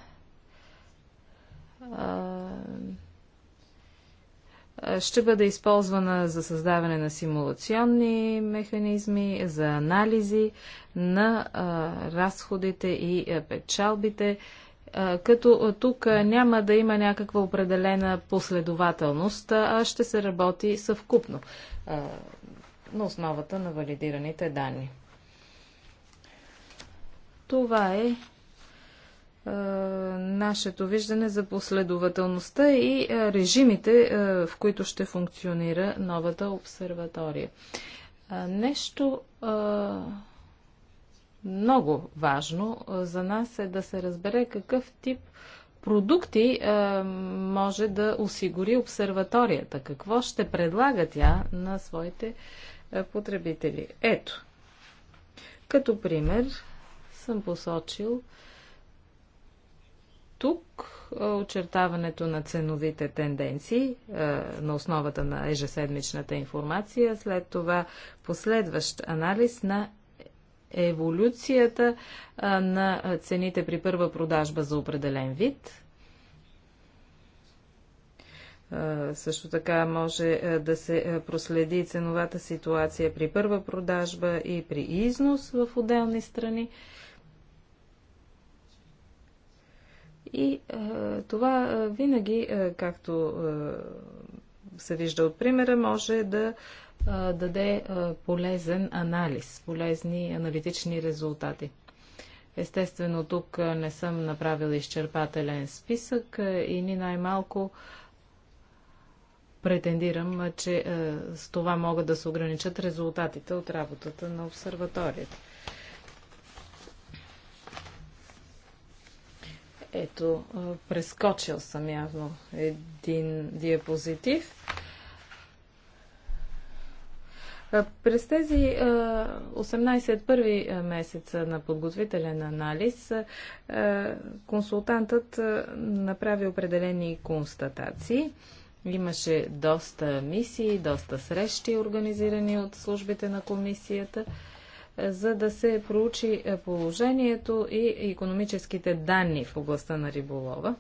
ще бъде използвана за създаване на симулационни механизми, за анализи на а, разходите и печалбите, а, като тук няма да има някаква определена последователност, а ще се работи съвкупно а, на основата на валидираните данни. Това е е, нашето виждане за последователността и е, режимите, е, в които ще функционира новата обсерватория. Нещо много важно за нас е да се разбере какъв тип продукти може да осигури обсерваторията, какво ще предлага тя на своите потребители. Ето, като пример съм посочил тук очертаването на ценовите тенденции на основата на ежеседмичната информация, след това последващ анализ на еволюцията на цените при първа продажба за определен вид. Също така може да се проследи ценовата ситуация при първа продажба и при износ в отделни страни. И а, е, това а, е, винаги, а, е, както а, се вижда от примера, може да а, даде а, полезен анализ, полезни аналитични резултати. Естествено, тук не съм направила изчерпателен списък и ни най-малко претендирам, че с това могат да се ограничат резултатите от работата на обсерваторията. Ето, прескочил съм явно един диапозитив. През тези 18 първи месеца на подготвителен анализ консултантът направи определени констатации. Имаше доста мисии, доста срещи, организирани от службите на комисията – за да се проучи е, положението и економическите данни в областта на риболова.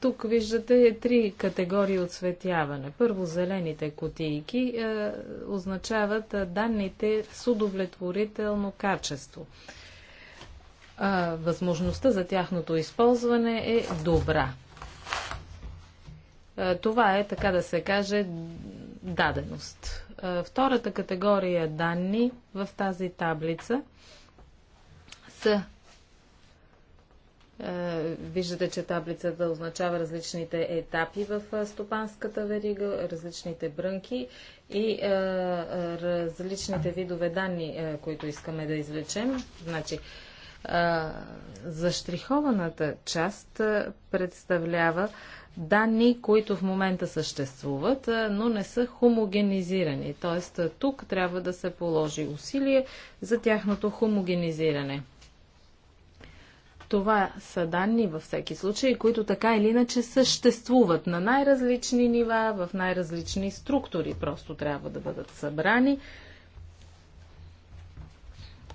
Тук виждате три категории оцветяване. Първо, зелените котийки е, означават е, данните с удовлетворително качество. Е, възможността за тяхното използване е добра. Е, това е, така да се каже, даденост. Е, втората категория данни в тази таблица са е, Виждате, че таблицата означава различните етапи в стопанската верига, различните брънки и различните видове данни, които искаме да извлечем. Значи, заштрихованата част представлява данни, които в момента съществуват, но не са хомогенизирани. Тоест, тук трябва да се положи усилие за тяхното хомогенизиране. Това са данни във всеки случай, които така или иначе съществуват на най-различни нива, в най-различни структури. Просто трябва да бъдат събрани.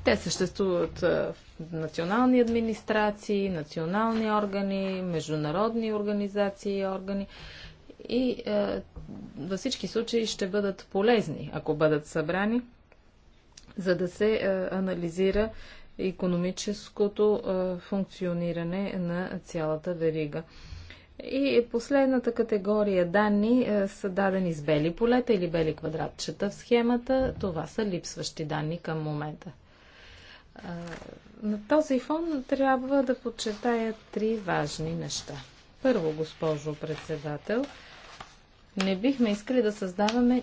Те съществуват в национални администрации, национални органи, международни организации и органи. И е, във всички случаи ще бъдат полезни, ако бъдат събрани, за да се е, анализира економическото е, функциониране на цялата верига. И последната категория данни е, са дадени с бели полета или бели квадратчета в схемата. Това са липсващи данни към момента. Е, на този фон трябва да подчертая три важни неща. Първо, госпожо председател, не бихме искали да създаваме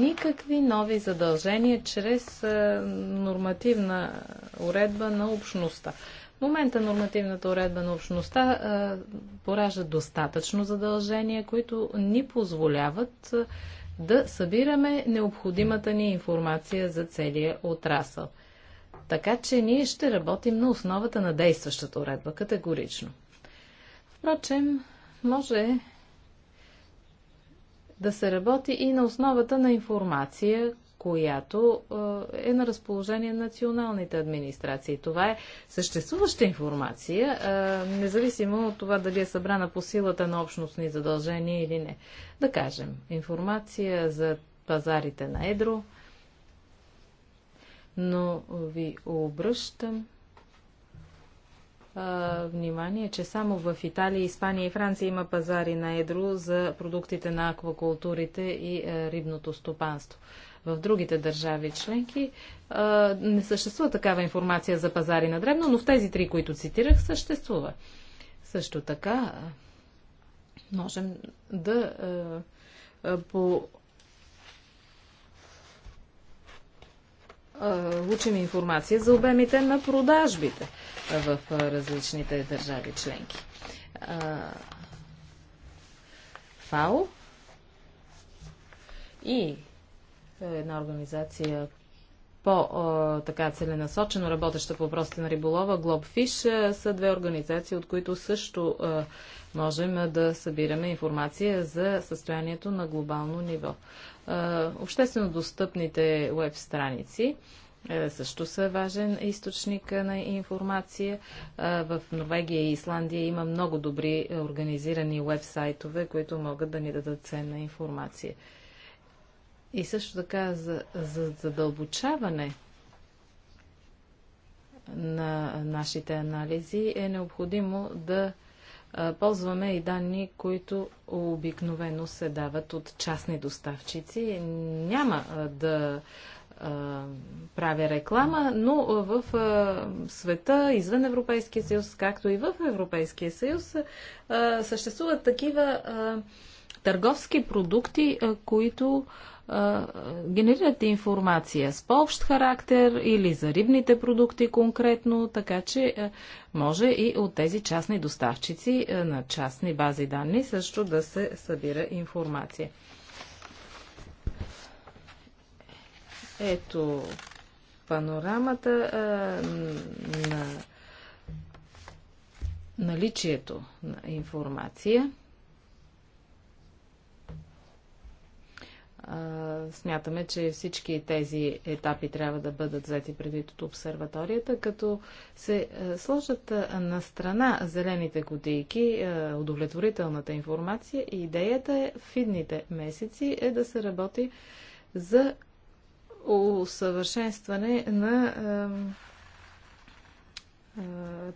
никакви нови задължения чрез е, нормативна уредба на общността. В момента нормативната уредба на общността поража е, поражда достатъчно задължения, които ни позволяват е, да събираме необходимата ни информация за целия отрасъл. Така че ние ще работим на основата на действащата уредба категорично. Впрочем, може да се работи и на основата на информация, която е, е на разположение на националните администрации. Това е съществуваща информация, е, независимо от това дали е събрана по силата на общностни задължения или не. Да кажем, информация за пазарите на едро, но ви обръщам а, внимание, че само в Италия, Испания и Франция има пазари на едро за продуктите на аквакултурите и а, рибното стопанство. В другите държави членки а, не съществува такава информация за пазари на дребно, но в тези три, които цитирах, съществува. Също така можем да по учим информация за обемите на продажбите в различните държави членки. ФАО и една организация, по-така целенасочено работеща по въпросите на риболова, Globfish, са две организации, от които също можем да събираме информация за състоянието на глобално ниво. Обществено достъпните веб страници е, също са важен източник на информация. В Норвегия и Исландия има много добри е, организирани веб-сайтове, които могат да ни дадат ценна информация. И също така за, за задълбочаване на нашите анализи е необходимо да ползваме и данни, които обикновено се дават от частни доставчици. Няма да правя реклама, но в света, извън Европейския съюз, както и в Европейския съюз, съществуват такива търговски продукти, които генерират информация с по-общ характер или за рибните продукти конкретно, така че може и от тези частни доставчици на частни бази данни също да се събира информация. Ето панорамата на наличието на информация. смятаме, че всички тези етапи трябва да бъдат взети предвид от обсерваторията, като се сложат на страна зелените кутийки, удовлетворителната информация и идеята е в идните месеци е да се работи за усъвършенстване на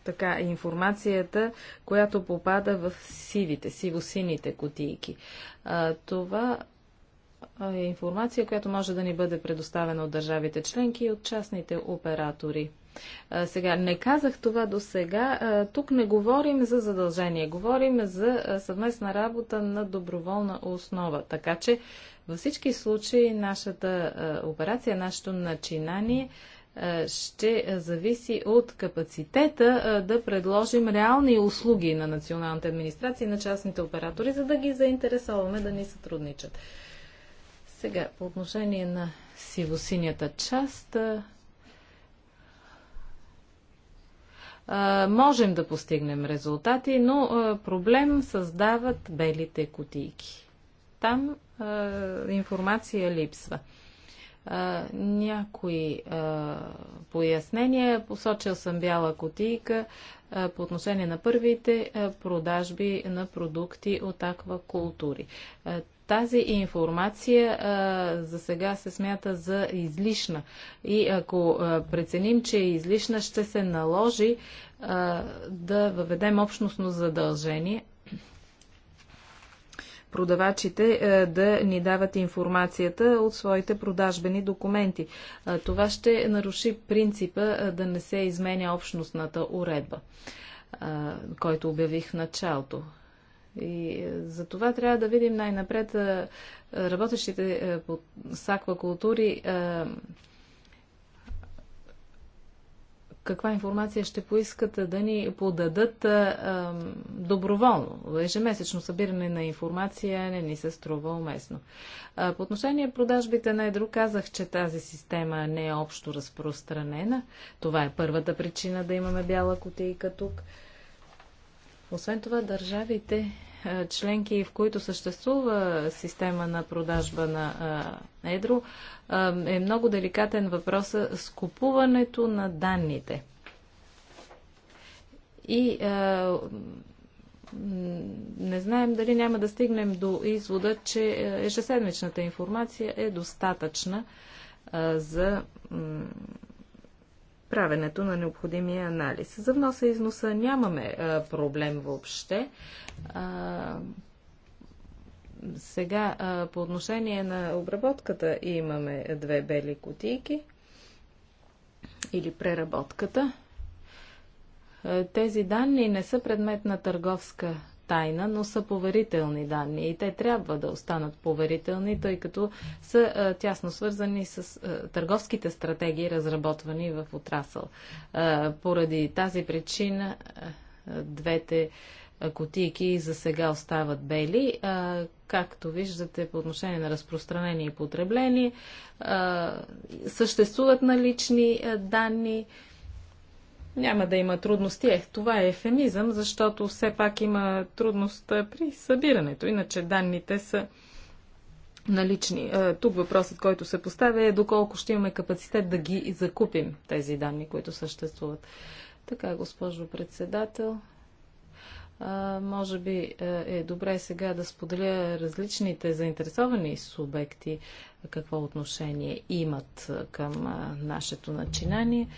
така, информацията, която попада в сивите, сивосините котийки. Това е информация, която може да ни бъде предоставена от държавите членки и от частните оператори. Сега, не казах това до сега. Тук не говорим за задължение, говорим за съвместна работа на доброволна основа. Така че във всички случаи нашата операция, нашето начинание ще зависи от капацитета да предложим реални услуги на националните администрации, на частните оператори, за да ги заинтересоваме да ни сътрудничат. Сега, по отношение на сивосинята част, можем да постигнем резултати, но проблем създават белите кутийки. Там информация липсва. Някои пояснения. Посочил съм бяла кутийка по отношение на първите продажби на продукти от аквакултури. Тази информация за сега се смята за излишна и ако преценим, че е излишна, ще се наложи да въведем общностно задължение продавачите да ни дават информацията от своите продажбени документи. Това ще наруши принципа да не се изменя общностната уредба, който обявих в началото. И е, за това трябва да видим най-напред е, работещите е, по култури каква информация ще поискат да ни подадат доброволно. Ежемесечно събиране на информация не ни се струва уместно. По отношение продажбите на едро казах, че тази система не е общо разпространена. Това е първата причина да имаме бяла котейка тук. Освен това, държавите членки, в които съществува система на продажба на едро, е много деликатен въпрос с купуването на данните. И а, не знаем дали няма да стигнем до извода, че ежеседмичната информация е достатъчна за правенето на необходимия анализ. За вноса и износа нямаме а, проблем въобще. А, сега а, по отношение на обработката имаме две бели кутийки или преработката. Тези данни не са предмет на търговска тайна, но са поверителни данни. И те трябва да останат поверителни, тъй като са а, тясно свързани с а, търговските стратегии, разработвани в отрасъл. А, поради тази причина двете котийки за сега остават бели. Както виждате по отношение на разпространение и потребление, съществуват налични данни, няма да има трудности. Е, това е ефемизъм, защото все пак има трудност при събирането. Иначе данните са налични. Тук въпросът, който се поставя е доколко ще имаме капацитет да ги закупим тези данни, които съществуват. Така, госпожо председател, може би е добре сега да споделя различните заинтересовани субекти какво отношение имат към нашето начинание.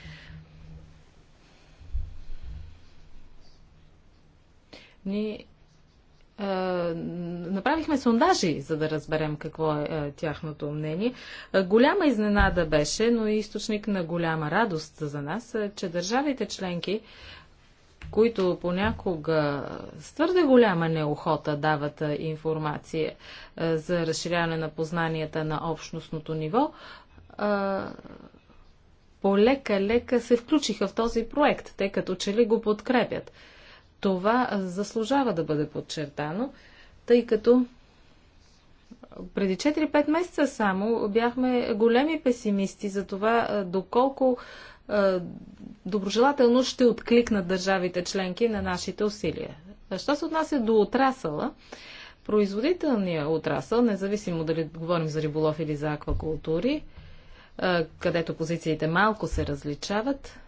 Ние а, направихме сондажи, за да разберем какво е, а, тяхното мнение. А, голяма изненада беше, но и източник на голяма радост за нас, а, че държавите членки, които понякога с твърде голяма неохота дават информация за разширяване на познанията на общностното ниво, е, полека-лека се включиха в този проект, тъй като че ли го подкрепят. Това заслужава да бъде подчертано, тъй като преди 4-5 месеца само бяхме големи песимисти за това доколко доброжелателно ще откликнат държавите членки на нашите усилия. Що се отнася до отрасъла, производителния отрасъл, независимо дали говорим за риболов или за аквакултури, където позициите малко се различават,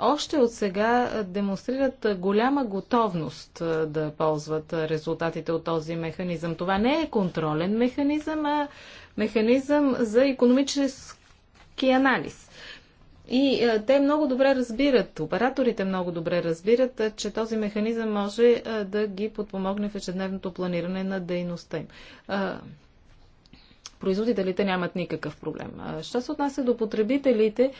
още от сега демонстрират голяма готовност да ползват резултатите от този механизъм. Това не е контролен механизъм, а механизъм за економически анализ. И те много добре разбират, операторите много добре разбират, че този механизъм може да ги подпомогне в ежедневното планиране на дейността им. производителите нямат никакъв проблем. Що се отнася до потребителите,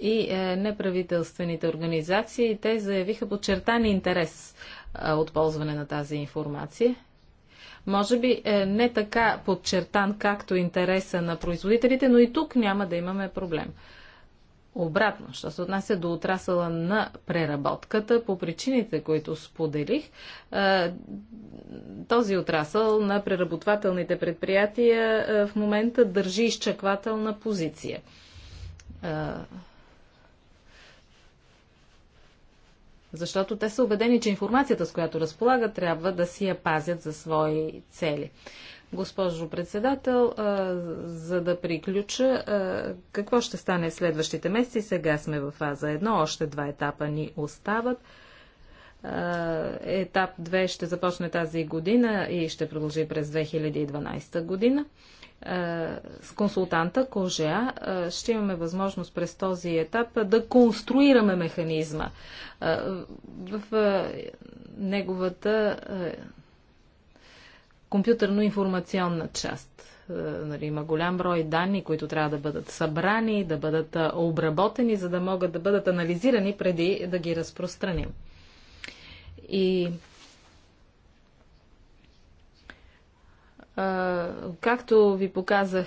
и е, неправителствените организации. Те заявиха подчертан интерес е, от ползване на тази информация. Може би е, не така подчертан, както интереса на производителите, но и тук няма да имаме проблем. Обратно, що се отнася до отрасъла на преработката, по причините, които споделих, този отрасъл на преработвателните предприятия в момента държи изчаквателна позиция Защото те са убедени, че информацията, с която разполагат, трябва да си я пазят за свои цели. Госпожо председател, за да приключа, какво ще стане в следващите месеци? Сега сме в фаза 1, още два етапа ни остават. Етап 2 ще започне тази година и ще продължи през 2012 година. Е, с консултанта Кожеа е, ще имаме възможност през този етап е, да конструираме механизма в неговата компютърно-информационна част. Нали, има голям брой данни, които трябва да бъдат събрани, да бъдат обработени, за да могат да бъдат анализирани преди да ги разпространим. И Както ви показах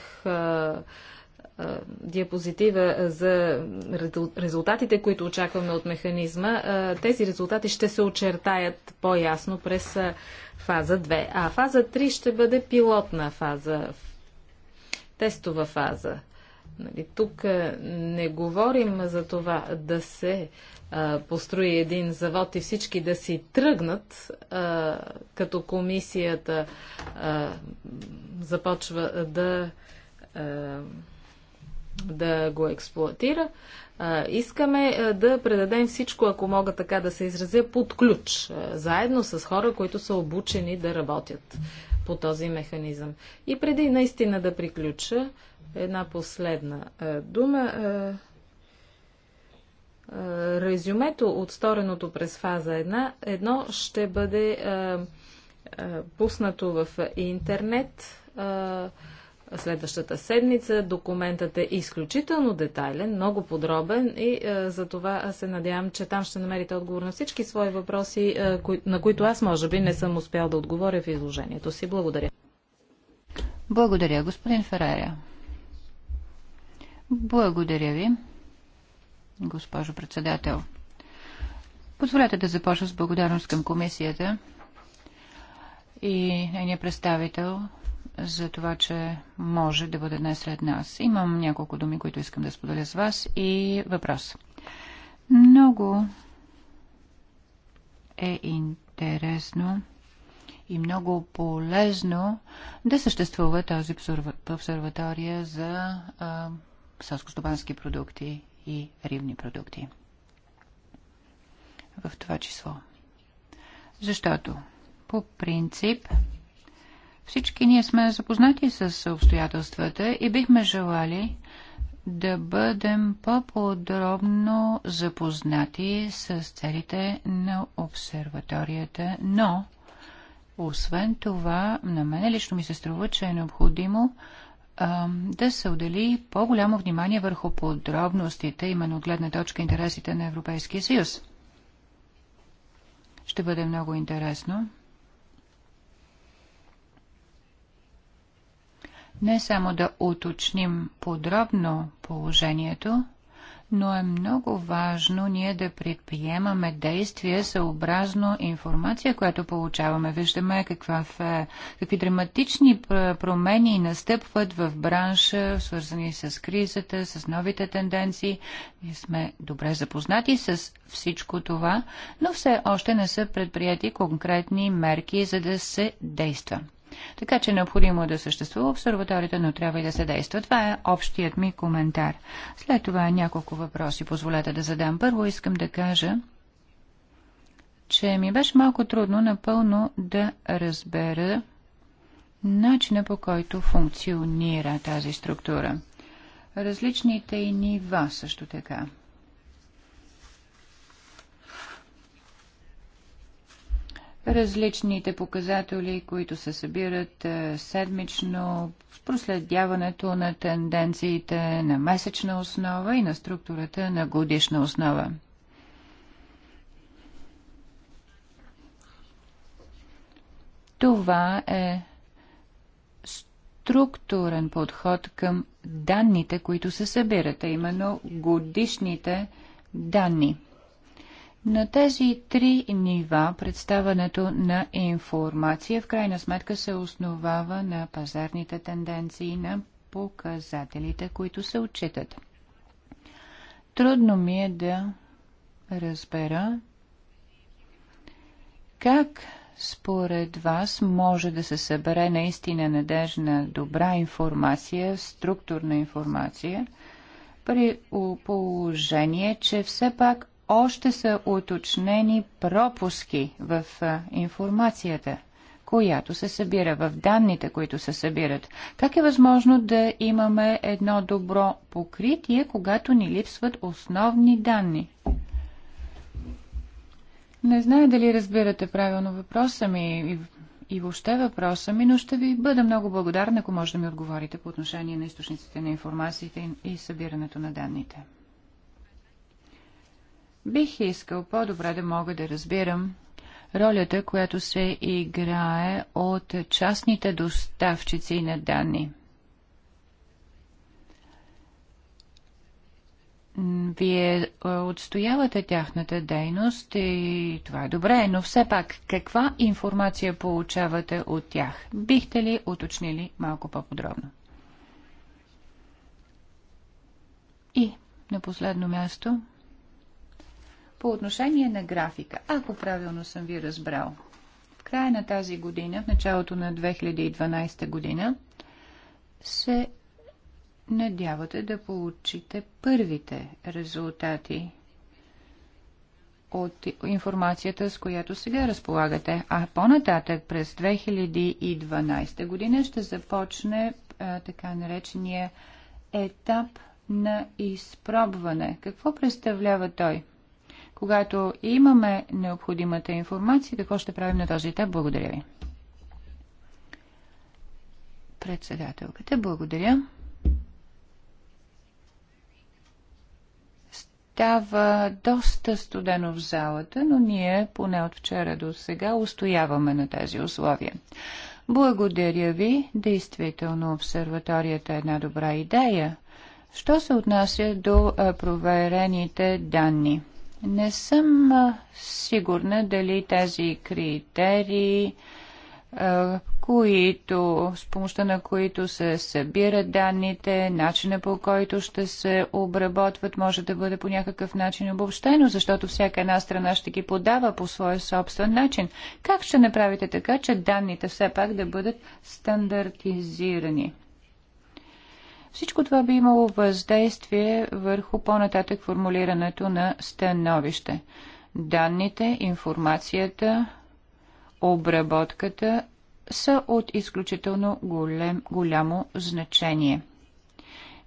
диапозитива за резултатите, които очакваме от механизма, тези резултати ще се очертаят по-ясно през фаза 2. А фаза 3 ще бъде пилотна фаза, тестова фаза. Нали, тук не говорим за това да се построи един завод и всички да си тръгнат, а, като комисията а, започва да, а, да го експлуатира. искаме да предадем всичко, ако мога така да се изразя, под ключ, заедно с хора, които са обучени да работят по този механизъм. И преди наистина да приключа, една последна дума. Е, резюмето от стореното през фаза 1, едно ще бъде а, е, а, е, пуснато в интернет а, следващата седмица. Документът е изключително детайлен, много подробен и за това се надявам, че там ще намерите отговор на всички свои въпроси, кои, на които аз може би не съм успял да отговоря в изложението си. Благодаря. Благодаря, господин Фераря. Благодаря ви госпожо председател. Позволете да започна с благодарност към комисията и нейния представител за това, че може да бъде днес сред нас. Имам няколко думи, които искам да споделя с вас и въпрос. Много е интересно и много полезно да съществува тази обсерватория за селскостопански продукти и рибни продукти. В това число. Защото по принцип всички ние сме запознати с обстоятелствата и бихме желали да бъдем по-подробно запознати с целите на обсерваторията, но освен това, на мен лично ми се струва, че е необходимо да се отдели по-голямо внимание върху подробностите, именно от гледна точка интересите на Европейския съюз. Ще бъде много интересно. Не само да уточним подробно положението, но е много важно ние да предприемаме действия съобразно информация, която получаваме. Виждаме каква, какви драматични промени настъпват в бранша, свързани с кризата, с новите тенденции. Ние сме добре запознати с всичко това, но все още не са предприяти конкретни мерки, за да се действа. Така че е необходимо да съществува обсерваторията, но трябва и да се действа. Това е общият ми коментар. След това няколко въпроси позволете да задам. Първо искам да кажа, че ми беше малко трудно напълно да разбера начина по който функционира тази структура. Различните и нива също така. различните показатели, които се събират е, седмично, проследяването на тенденциите на месечна основа и на структурата на годишна основа. Това е структурен подход към данните, които се събират, а именно годишните данни. На тези три нива представането на информация в крайна сметка се основава на пазарните тенденции на показателите, които се отчитат. Трудно ми е да разбера как според вас може да се събере наистина надежна, добра информация, структурна информация, при положение, че все пак още са уточнени пропуски в информацията, която се събира, в данните, които се събират. Как е възможно да имаме едно добро покритие, когато ни липсват основни данни? Не знае дали разбирате правилно въпроса ми и, и въобще въпроса ми, но ще ви бъда много благодарна, ако може да ми отговорите по отношение на източниците на информацията и, и събирането на данните. Бих искал по-добре да мога да разбирам ролята, която се играе от частните доставчици на данни. Вие е, отстоявате тяхната дейност и това е добре, но все пак каква информация получавате от тях? Бихте ли уточнили малко по-подробно? И на последно място по отношение на графика, ако правилно съм ви разбрал, в края на тази година, в началото на 2012 година, се надявате да получите първите резултати от информацията, с която сега разполагате. А по-нататък през 2012 година ще започне а, така наречения етап на изпробване. Какво представлява той? когато имаме необходимата информация, какво ще правим на този етап. Благодаря ви. Председателката, благодаря. Става доста студено в залата, но ние поне от вчера до сега устояваме на тези условия. Благодаря ви. Действително, обсерваторията е една добра идея. Що се отнася до проверените данни? Не съм сигурна дали тези критерии, които, с помощта на които се събират данните, начина по който ще се обработват, може да бъде по някакъв начин обобщено, защото всяка една страна ще ги подава по своя собствен начин. Как ще направите така, че данните все пак да бъдат стандартизирани? Всичко това би имало въздействие върху по-нататък формулирането на становище. Данните, информацията, обработката са от изключително голем, голямо значение.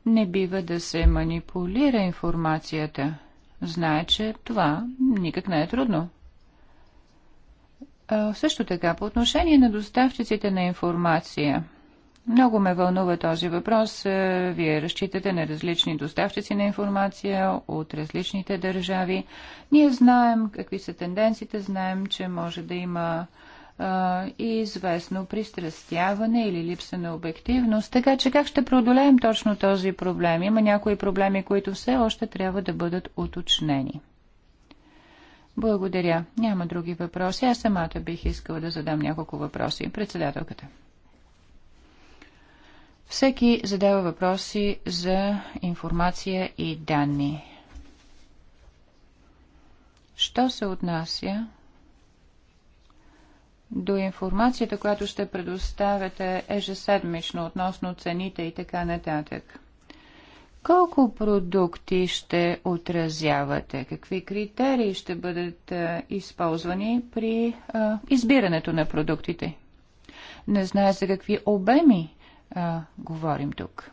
Не бива да се манипулира информацията. Знае, че това никак не е трудно. А, също така, по отношение на доставчиците на информация – много ме вълнува този въпрос. Е, Вие разчитате на различни доставчици на информация от различните държави. Ние знаем какви са тенденциите, знаем, че може да има а, и известно пристрастяване или липса на обективност. Така че как ще преодолеем точно този проблем? Има някои проблеми, които все още трябва да бъдат уточнени. Благодаря. Няма други въпроси. Аз самата бих искала да задам няколко въпроси. Председателката. Всеки задава въпроси за информация и данни. Що се отнася до информацията, която ще предоставяте ежеседмично относно цените и така нататък? Колко продукти ще отразявате? Какви критерии ще бъдат използвани при избирането на продуктите? Не знае за какви обеми а, говорим тук?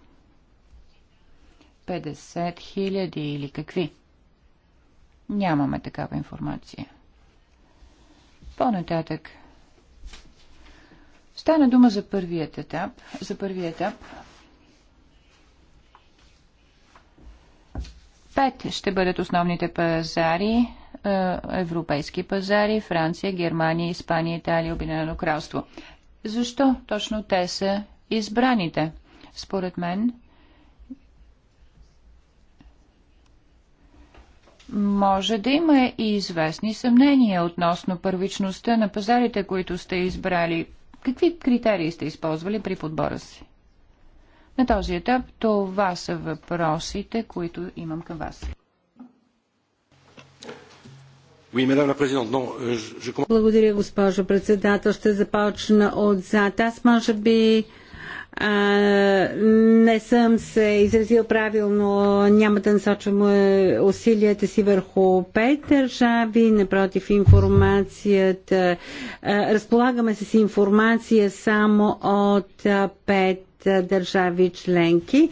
50 хиляди или какви? Нямаме такава информация. По-нататък. Стана дума за първият етап. За първият етап. Пет ще бъдат основните пазари. Европейски пазари. Франция, Германия, Испания, Италия, Обединено кралство. Защо точно те са избраните. Според мен, може да има и известни съмнения относно първичността на пазарите, които сте избрали. Какви критерии сте използвали при подбора си? На този етап това са въпросите, които имам към вас. Euh, Благодаря, госпожо председател. Ще започна отзад. Аз може би а, не съм се изразил правилно, няма да насочвам е, усилията си върху пет държави, напротив информацията. А, е, разполагаме с информация само от е, пет държави членки.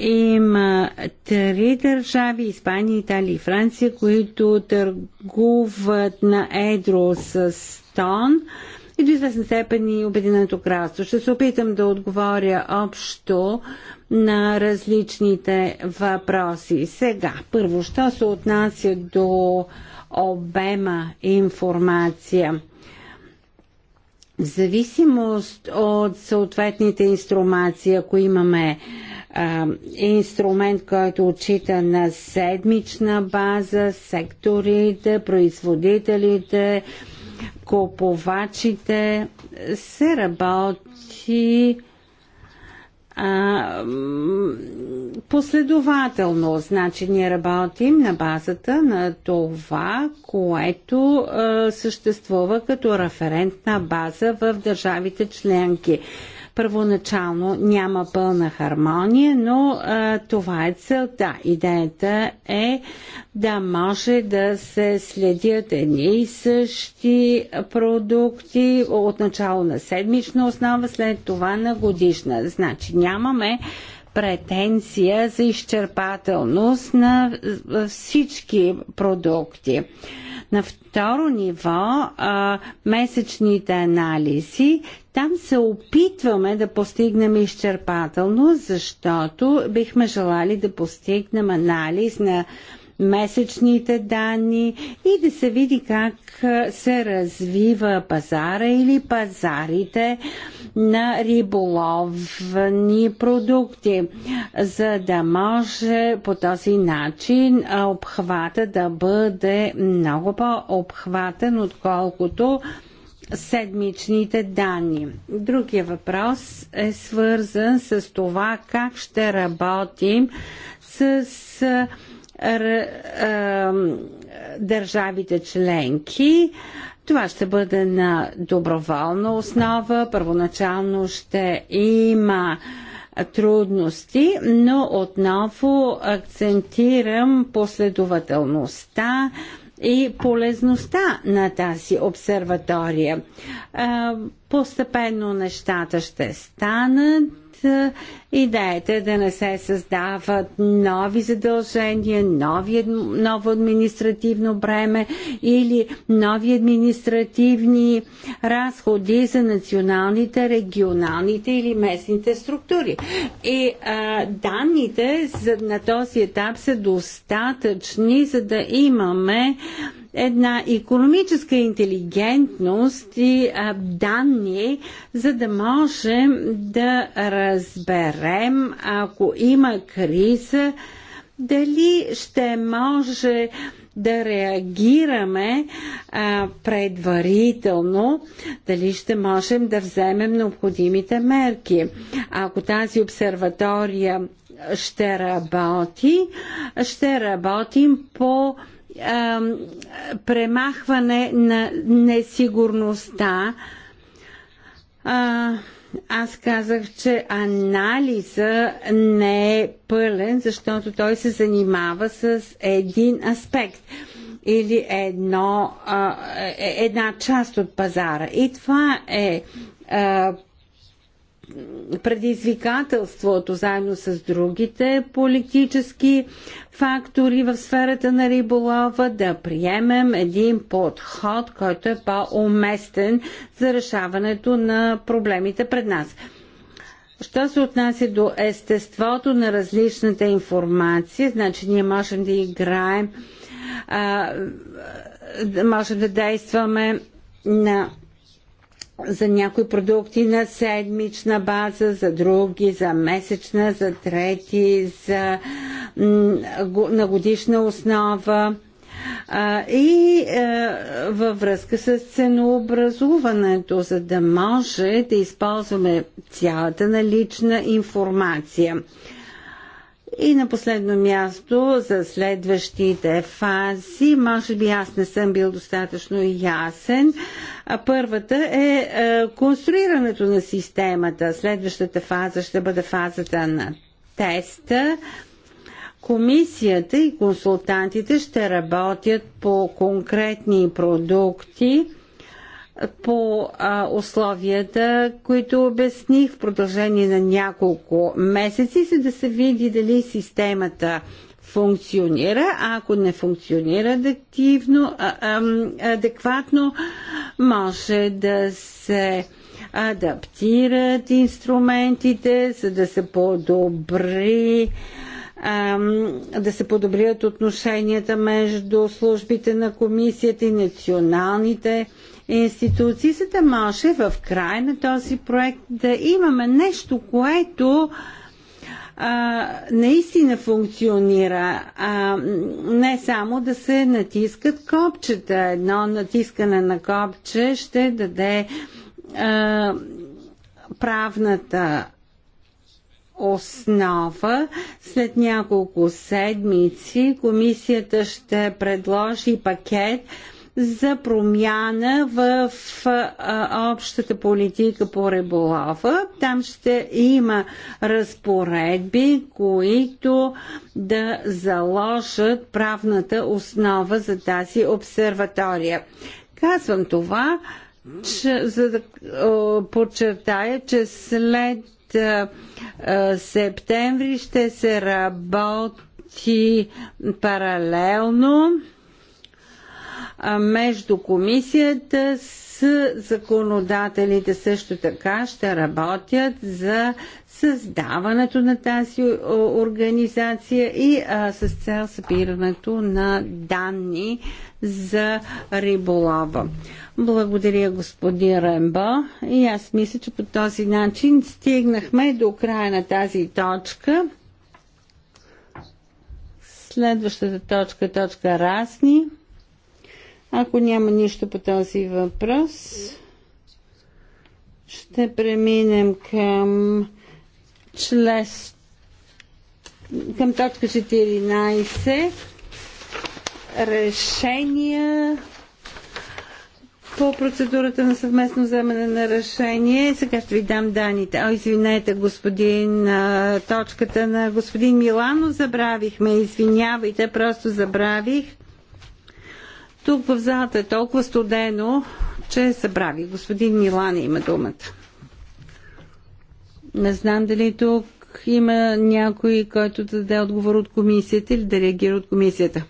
Има три държави Испания, Италия и Франция, които търгуват на едро с тон. А, и до известна степен и Обединеното кралство. Ще се опитам да отговоря общо на различните въпроси. Сега, първо, що се отнася до обема информация? В зависимост от съответните инструмации, ако имаме а, инструмент, който отчита на седмична база секторите, производителите, купувачите се работи а, последователно. Значи ние работим на базата на това, което а, съществува като референтна база в държавите членки. Първоначално няма пълна хармония, но а, това е целта. Идеята е да може да се следят едни и същи продукти от начало на седмична основа, след това на годишна. Значи нямаме претенция за изчерпателност на всички продукти. На второ ниво а, месечните анализи, там се опитваме да постигнем изчерпателно, защото бихме желали да постигнем анализ на месечните данни и да се види как се развива пазара или пазарите на риболовни продукти, за да може по този начин обхвата да бъде много по-обхватен, отколкото седмичните данни. Другия въпрос е свързан с това как ще работим с държавите членки. Това ще бъде на доброволна основа. Първоначално ще има трудности, но отново акцентирам последователността и полезността на тази обсерватория. Постепенно нещата ще станат Идеята е да не се създават нови задължения, нови, ново административно бреме или нови административни разходи за националните, регионалните или местните структури. И а, данните за, на този етап са достатъчни, за да имаме една економическа интелигентност и а, данни, за да можем да разберем, ако има криза, дали ще може да реагираме а, предварително, дали ще можем да вземем необходимите мерки. Ако тази обсерватория ще работи, ще работим по а, премахване на несигурността. А, аз казах, че анализа не е пълен, защото той се занимава с един аспект или едно, а, е, една част от пазара. И това е а, предизвикателството заедно с другите политически фактори в сферата на риболова да приемем един подход, който е по-уместен за решаването на проблемите пред нас. Що се отнася до естеството на различната информация, значи ние можем да играем, а, можем да действаме на за някои продукти на седмична база, за други за месечна, за трети за, на годишна основа и е, във връзка с ценообразуването, за да може да използваме цялата налична информация. И на последно място, за следващите фази, може би аз не съм бил достатъчно ясен. Първата е, е конструирането на системата. Следващата фаза ще бъде фазата на теста. Комисията и консултантите ще работят по конкретни продукти по а, условията, които обясних в продължение на няколко месеци, за да се види дали системата функционира, а ако не функционира адективно, а, а, адекватно, може да се адаптират инструментите, за да се подобри да се подобрят отношенията между службите на комисията и националните институции, за да може в края на този проект да имаме нещо, което а, наистина функционира, а не само да се натискат копчета. Едно натискане на копче ще даде а, правната основа. След няколко седмици комисията ще предложи пакет а, за промяна в общата политика по риболова. Там ще има разпоредби, които да заложат правната основа за тази обсерватория. Казвам това, че, за да подчертая, че след септември ще се работи паралелно между комисията с законодателите също така ще работят за създаването на тази организация и а, с цел събирането на данни за риболова. Благодаря господин Рембо и аз мисля, че по този начин стигнахме до края на тази точка. Следващата точка е точка Расни. Ако няма нищо по този въпрос, ще преминем към член към точка 14 решения по процедурата на съвместно вземане на решение. Сега ще ви дам даните. О, извинете, господин, точката на господин Миланов забравихме. Извинявайте, просто забравих. Тук в залата е толкова студено, че се прави. Господин Милан има думата. Не знам дали тук има някой, който да даде отговор от комисията или да реагира от комисията.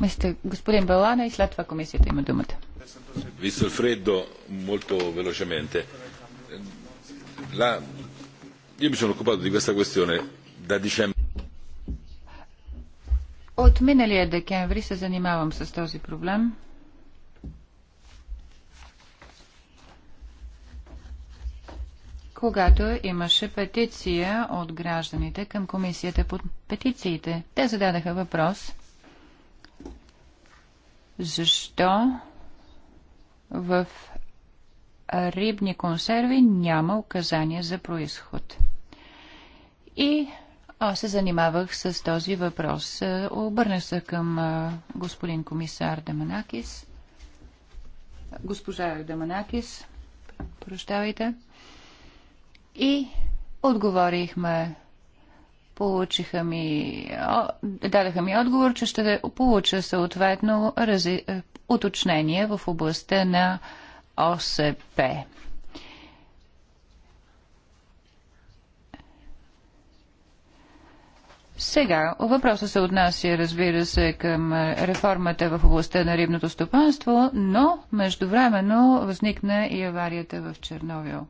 Мистер, господин Белана и след това комисията има думата. Visto il много molto velocemente, la... io mi sono тази di questa questione от миналия декември се занимавам с този проблем. когато имаше петиция от гражданите към комисията под петициите. Те зададаха въпрос защо в рибни консерви няма указания за происход. И аз се занимавах с този въпрос. Е, обърнах се към е, господин комисар Деманакис. Госпожа Деманакис, прощавайте. И отговорихме получиха ми, дадаха ми отговор, че ще получа съответно рази, е, уточнение в областта на ОСП. Сега, въпроса се отнася, разбира се, към реформата в областта на рибното стопанство, но междувременно възникна и аварията в Черновил.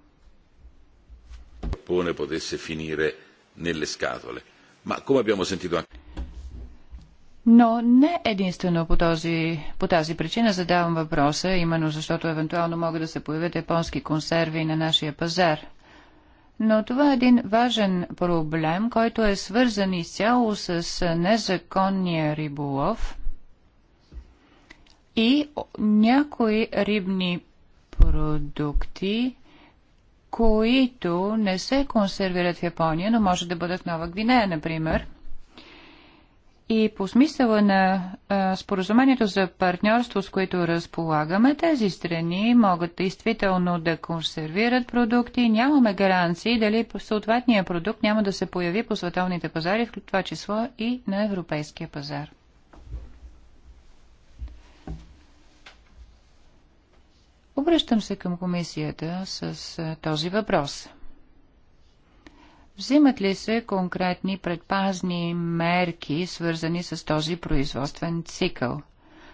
Поне potesse finire nelle scatole. Ma come abbiamo sentito anche... Но не единствено по, този, по тази причина задавам въпроса, именно защото евентуално могат да се появят японски консерви на нашия пазар – но това е един важен проблем, който е свързан изцяло с незаконния риболов и някои рибни продукти, които не се консервират в Япония, но може да бъдат Нова Гвинея, например – и по смисъла на а, споразумението за партньорство, с което разполагаме, тези страни могат действително да консервират продукти. Нямаме гаранции дали съответния продукт няма да се появи по световните пазари, в това число и на европейския пазар. Обръщам се към комисията с а, този въпрос. Взимат ли се конкретни предпазни мерки, свързани с този производствен цикъл?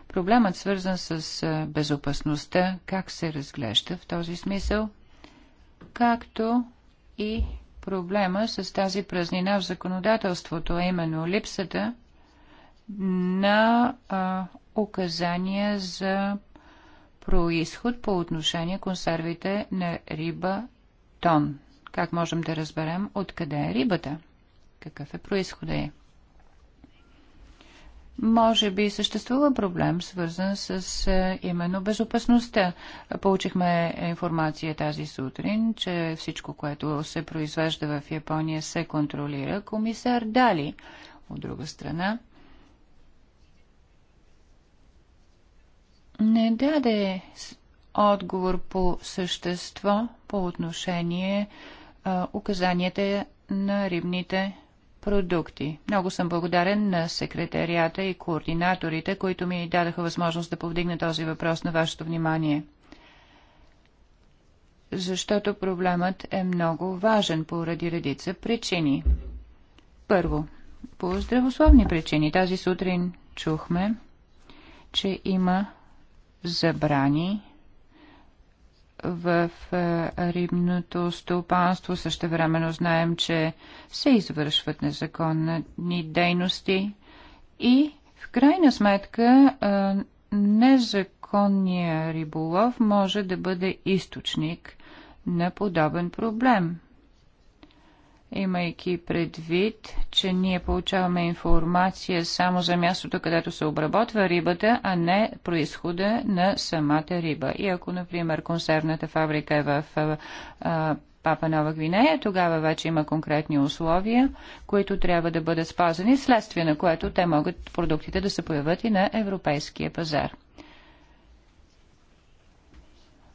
Проблемът, свързан с безопасността, как се разглежда в този смисъл, както и проблема с тази празнина в законодателството, а именно липсата на а, указания за происход по отношение консервите на риба тон. Как можем да разберем откъде е рибата? Какъв е происхода й? Може би съществува проблем, свързан с е, именно безопасността. Получихме информация тази сутрин, че всичко, което се произвежда в Япония, се контролира. Комисар Дали, от друга страна, не даде отговор по същество по отношение а, указанията на рибните продукти. Много съм благодарен на секретарията и координаторите, които ми дадаха възможност да повдигна този въпрос на вашето внимание. Защото проблемът е много важен поради редица причини. Първо, по здравословни причини тази сутрин чухме, че има забрани в рибното стопанство. Също времено знаем, че се извършват незаконни дейности и в крайна сметка незаконният риболов може да бъде източник на подобен проблем имайки предвид, че ние получаваме информация само за мястото, където се обработва рибата, а не происхода на самата риба. И ако, например, консервната фабрика е в Папа Нова Гвинея, тогава вече има конкретни условия, които трябва да бъдат спазени, следствие на което те могат продуктите да се появят и на европейския пазар.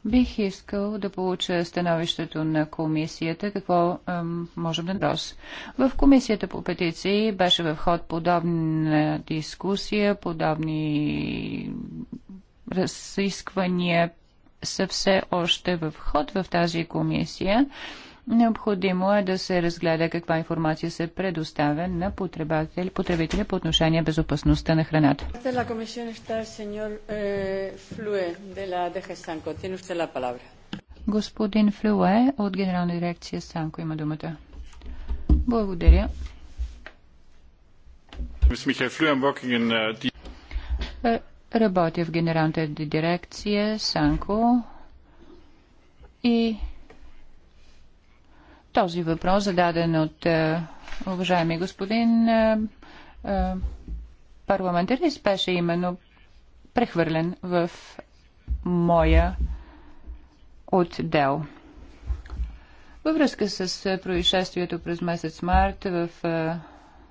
Бих искал да получа становището на комисията, какво ем, можем да въпрос. В комисията по петиции беше в ход подобна дискусия, подобни разисквания са все още в ход в тази комисия. Необходимо е да се разгледа каква информация се предоставя на потребители, потребители по отношение безопасността на храната. Eh, Господин Флюе от Генерална дирекция Санко има думата. Благодаря. Uh, е, работя в Генералната дирекция Санко и този въпрос, зададен от е, уважаеми господин е, е, парламентарист, беше именно прехвърлен в моя отдел. Във връзка с происшествието през месец март в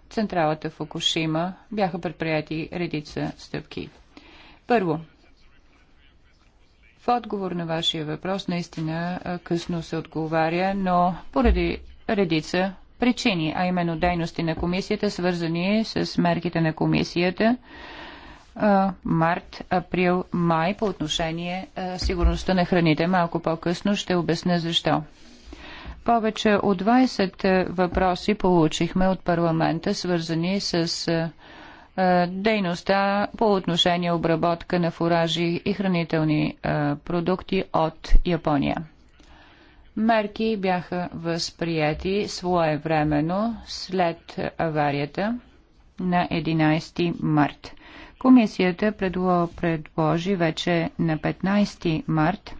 централата Фукушима бяха предприяти редица стъпки. Първо, в отговор на вашия въпрос наистина късно се отговаря, но поради редица причини, а именно дейности на комисията, свързани с мерките на комисията, март, април, май по отношение сигурността на храните. Малко по-късно ще обясня защо. Повече от 20 въпроси получихме от парламента, свързани с е, дейността по отношение обработка на фуражи и хранителни е, продукти от Япония. Мерки бяха възприяти своевременно след аварията на 11 март. Комисията предложи вече на 15 март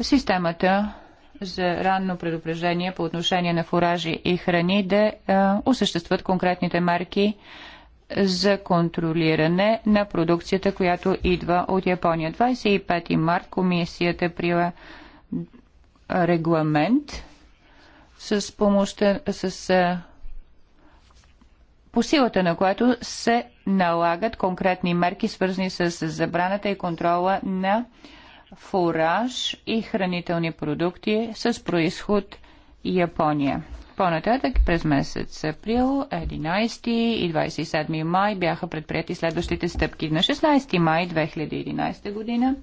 системата за ранно предупреждение по отношение на фуражи и храни да осъществат осъществят конкретните марки за контролиране на продукцията, която идва от Япония. 25 март комисията прила регламент с помощта с по силата на което се налагат конкретни мерки, свързани с забраната и контрола на а, фураж и хранителни продукти с происход Япония. По-нататък през месец април, 11 и 27 май бяха предприяти следващите стъпки. На 16 май 2011 година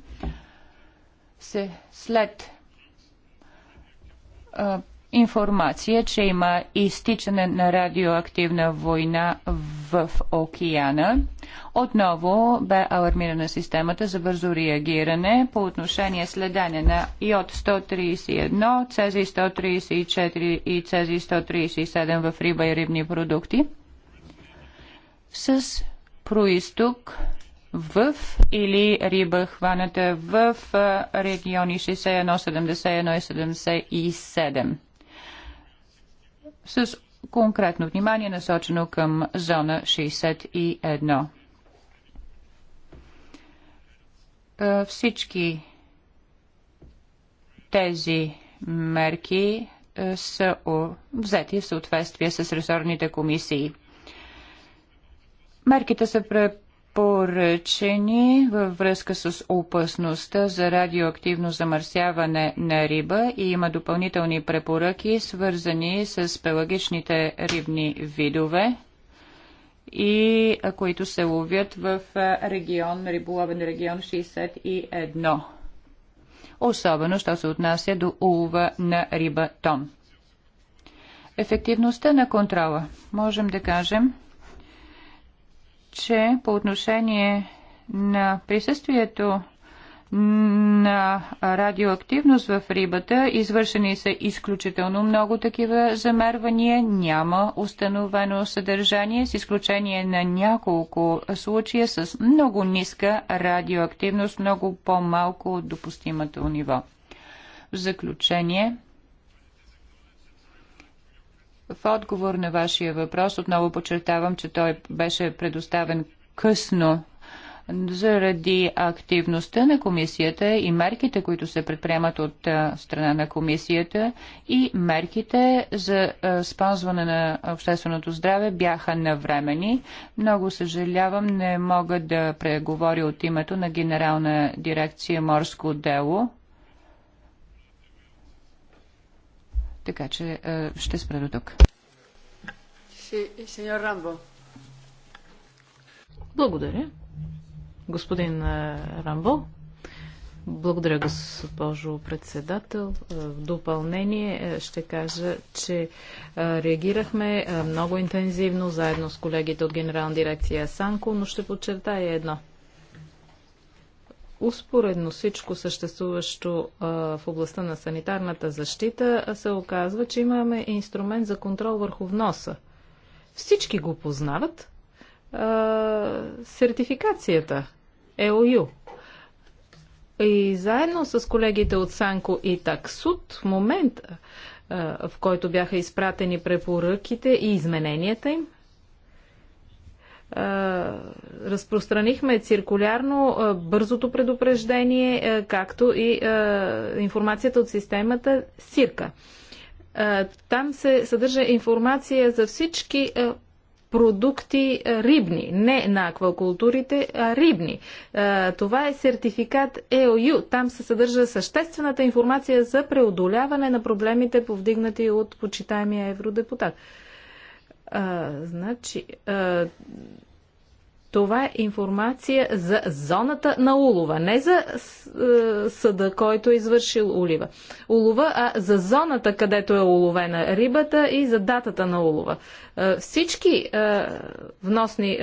се след информация, че има изтичане на радиоактивна война в океана. Отново бе алармирана системата за бързо реагиране по отношение следане на йод 131, цези 134 и цези 137 в риба и рибни продукти с происток в или риба хваната в региони 61, 71 и 77 с конкретно внимание насочено към зона 61. Е, всички тези мерки е, са взети в съответствие с ресорните комисии. Мерките са поръчени във връзка с опасността за радиоактивно замърсяване на риба и има допълнителни препоръки, свързани с пелагичните рибни видове и които се ловят в регион, риболовен регион 61. Особено, що се отнася до улова на риба тон. Ефективността на контрола. Можем да кажем, че по отношение на присъствието на радиоактивност в рибата. Извършени са изключително много такива замервания. Няма установено съдържание, с изключение на няколко случая с много ниска радиоактивност, много по-малко от допустимото ниво. В заключение, в отговор на вашия въпрос, отново подчертавам, че той беше предоставен късно заради активността на комисията и мерките, които се предприемат от страна на комисията и мерките за спазване на общественото здраве бяха навремени. Много съжалявам, не мога да преговоря от името на Генерална дирекция Морско дело, Така че е, ще спра до тук. Благодаря. Господин е, Рамбо. Благодаря, госпожо председател. Е, в допълнение ще кажа, че реагирахме много интензивно заедно с колегите от Генерална дирекция Санко, но ще подчертая едно – успоредно всичко съществуващо а, в областта на санитарната защита, се оказва, че имаме инструмент за контрол върху вноса. Всички го познават. А, сертификацията ЕОЮ. И заедно с колегите от Санко и Таксуд в момента, в който бяха изпратени препоръките и измененията им, е, разпространихме циркулярно е, бързото предупреждение, е, както и информацията от системата СИРКА. Там се съдържа информация за всички продукти рибни, не на аквакултурите, а рибни. Това е сертификат ЕОЮ. Там се съдържа съществената информация за преодоляване на проблемите, повдигнати от почитаемия евродепутат значи, а, това е информация за зоната на улова, не за съда, който е извършил улива. улова, а за зоната, където е уловена рибата и за датата на улова. Всички вносни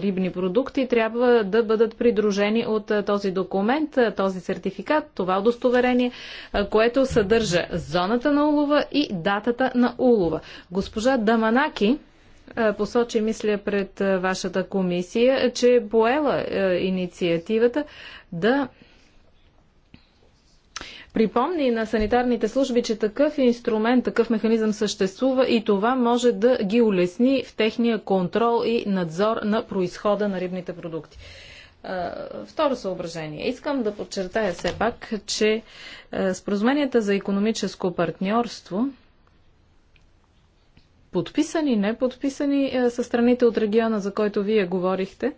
рибни продукти трябва да бъдат придружени от този документ, този сертификат, това удостоверение, което съдържа зоната на улова и датата на улова. Госпожа Даманаки посочи, мисля, пред вашата комисия, че е поела инициативата да припомни на санитарните служби, че такъв инструмент, такъв механизъм съществува и това може да ги улесни в техния контрол и надзор на происхода на рибните продукти. Второ съображение. Искам да подчертая все пак, че споразуменията за економическо партньорство – подписани, не подписани е, са страните от региона, за който вие говорихте,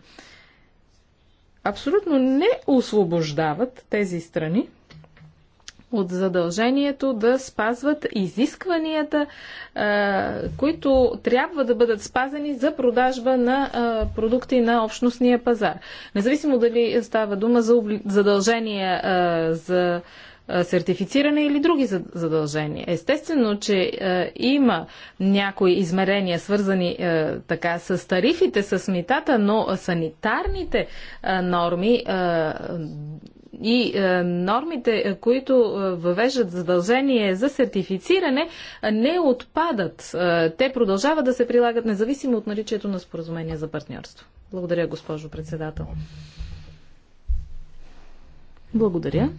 абсолютно не освобождават тези страни от задължението да спазват изискванията, е, които трябва да бъдат спазени за продажба на е, продукти на общностния пазар. Независимо дали става дума за задължения е, за сертифициране или други задължения. Естествено, че е, има някои измерения, свързани е, така с тарифите, с митата, но санитарните е, норми и е, нормите, които е, въвеждат задължение за сертифициране, не отпадат. Е, те продължават да се прилагат независимо от наличието на споразумение за партньорство. Благодаря, госпожо председател. Благодаря.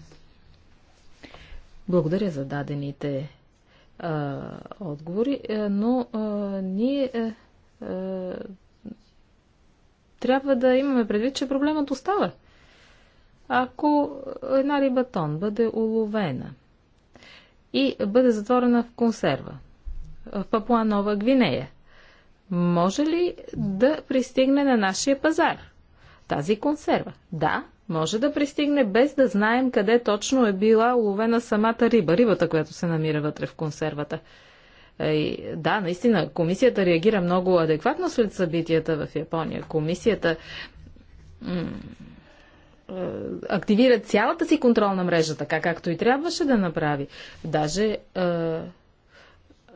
Благодаря за дадените а, отговори, е, но а, ние а, е, е, трябва да имаме предвид, че проблемът остава. Ако една риба тон бъде уловена и бъде затворена в консерва в Папуа Нова Гвинея, може ли да пристигне на нашия пазар тази консерва? Да, може да пристигне без да знаем къде точно е била уловена самата риба, рибата, която се намира вътре в консервата. Е, и, да, наистина, комисията реагира много адекватно след събитията в Япония. Комисията е, активира цялата си контролна мрежа, така както и трябваше да направи. Даже е,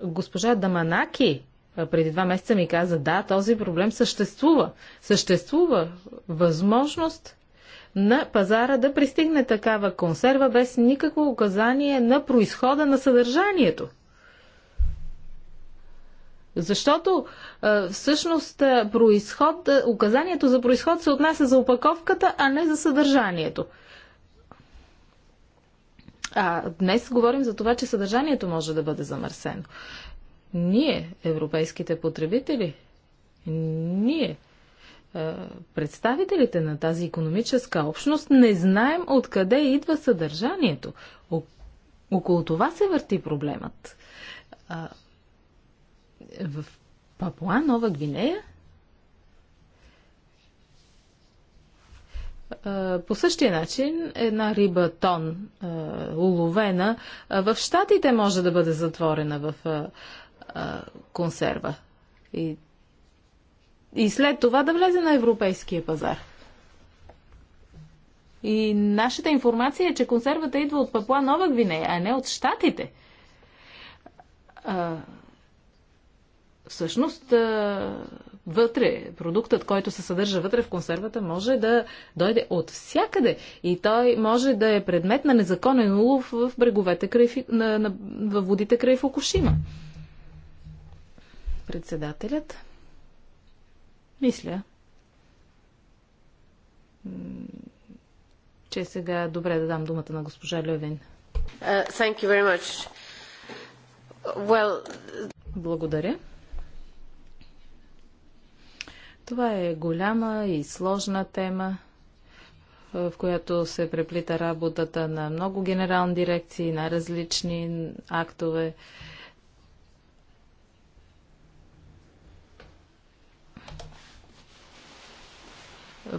госпожа Даманаки е, преди два месеца ми каза, да, този проблем съществува. Съществува възможност на пазара да пристигне такава консерва без никакво указание на происхода на съдържанието. Защото всъщност происход, указанието за происход се отнася за опаковката, а не за съдържанието. А днес говорим за това, че съдържанието може да бъде замърсено. Ние, европейските потребители, ние е, представителите на тази економическа общност не знаем откъде идва съдържанието. Около това се върти проблемът. В Папуа Нова Гвинея по същия начин една риба тон уловена в Штатите може да бъде затворена в консерва. И и след това да влезе на европейския пазар. И нашата информация е, че консервата идва от Папуа Нова Гвинея, а не от Штатите. А, всъщност, а, вътре, продуктът, който се съдържа вътре в консервата, може да дойде от всякъде. И той може да е предмет на незаконен улов в бреговете край, на, на, във водите край Фукушима. Председателят. Мисля, че сега е добре да дам думата на госпожа Левин. Uh, well... Благодаря. Това е голяма и сложна тема, в която се преплита работата на много генерални дирекции, на различни актове. Uh,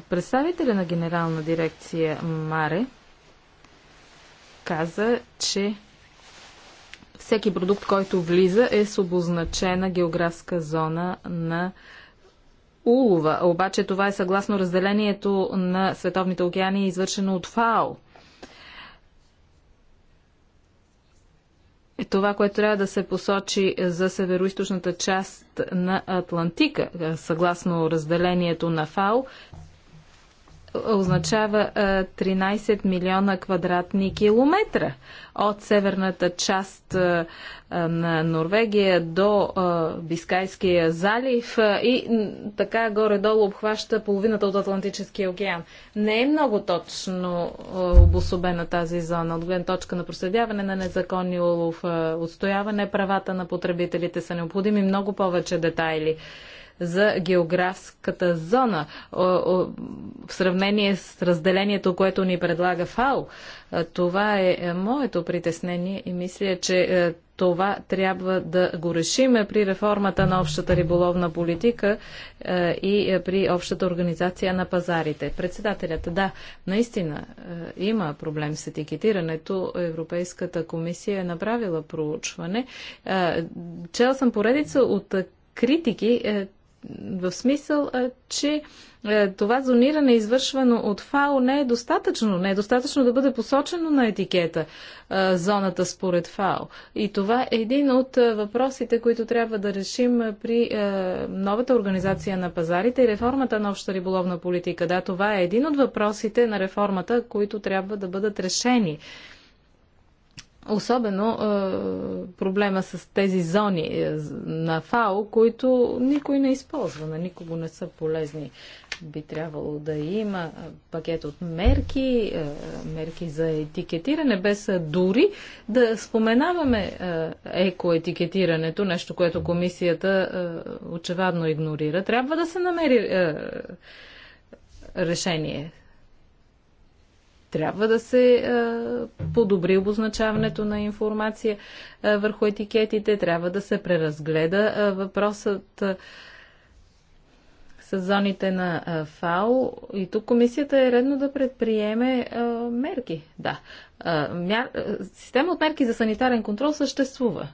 Представителя на генерална дирекция Маре каза, че всеки продукт, който влиза, е с обозначена географска зона на улова. Обаче това е съгласно разделението на световните океани, извършено от ФАО. Е, това, което трябва да се посочи за североизточната част на Атлантика, е, съгласно разделението на ФАО, означава 13 милиона квадратни километра от северната част на Норвегия до Бискайския залив и така горе-долу обхваща половината от Атлантическия океан. Не е много точно обособена тази зона от гледна точка на проследяване на незаконни улов, отстояване правата на потребителите са необходими много повече детайли за географската зона в сравнение с разделението, което ни предлага ФАО. Това е, е моето притеснение и мисля, че е, това трябва да го решим при реформата на общата риболовна политика е, и при общата организация на пазарите. Председателят, да, наистина има проблем с етикетирането. Европейската комисия е направила проучване. Чел съм поредица от критики, в смисъл, че това зониране, извършвано от ФАО, не е достатъчно. Не е достатъчно да бъде посочено на етикета зоната според ФАО. И това е един от въпросите, които трябва да решим при новата организация на пазарите и реформата на обща риболовна политика. Да, това е един от въпросите на реформата, които трябва да бъдат решени Особено е, проблема с тези зони е, на ФАО, които никой не използва, на никого не са полезни. Би трябвало да има е, пакет от мерки, е, мерки за етикетиране, без е, дори да споменаваме е, екоетикетирането, нещо, което комисията е, очевадно игнорира. Трябва да се намери е, решение трябва да се подобри обозначаването на информация върху етикетите, трябва да се преразгледа въпросът с зоните на ФАО. И тук комисията е редно да предприеме мерки. Да. Система от мерки за санитарен контрол съществува.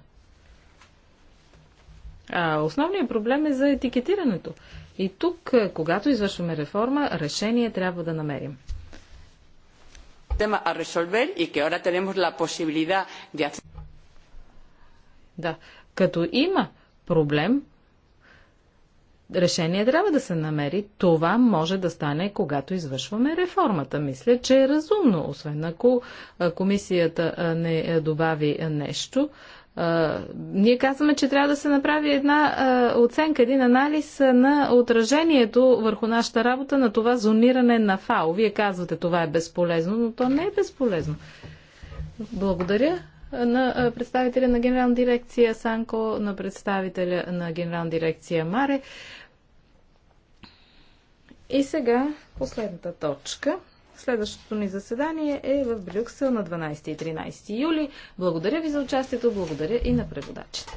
А основният проблем е за етикетирането. И тук, когато извършваме реформа, решение трябва да намерим tema a resolver y que ahora tenemos la posibilidad de hacer. Да, като има проблем, решение трябва да се намери. Това може да стане, когато извършваме реформата. Мисля, че е разумно, освен ако комисията не добави нещо ние казваме, че трябва да се направи една оценка, един анализ на отражението върху нашата работа на това зониране на ФАО. Вие казвате, това е безполезно, но то не е безполезно. Благодаря на представителя на Генерална дирекция Санко, на представителя на Генерална дирекция Маре. И сега последната точка. Следващото ни заседание е в Брюксел на 12 и 13 юли. Благодаря ви за участието, благодаря и на преводачите.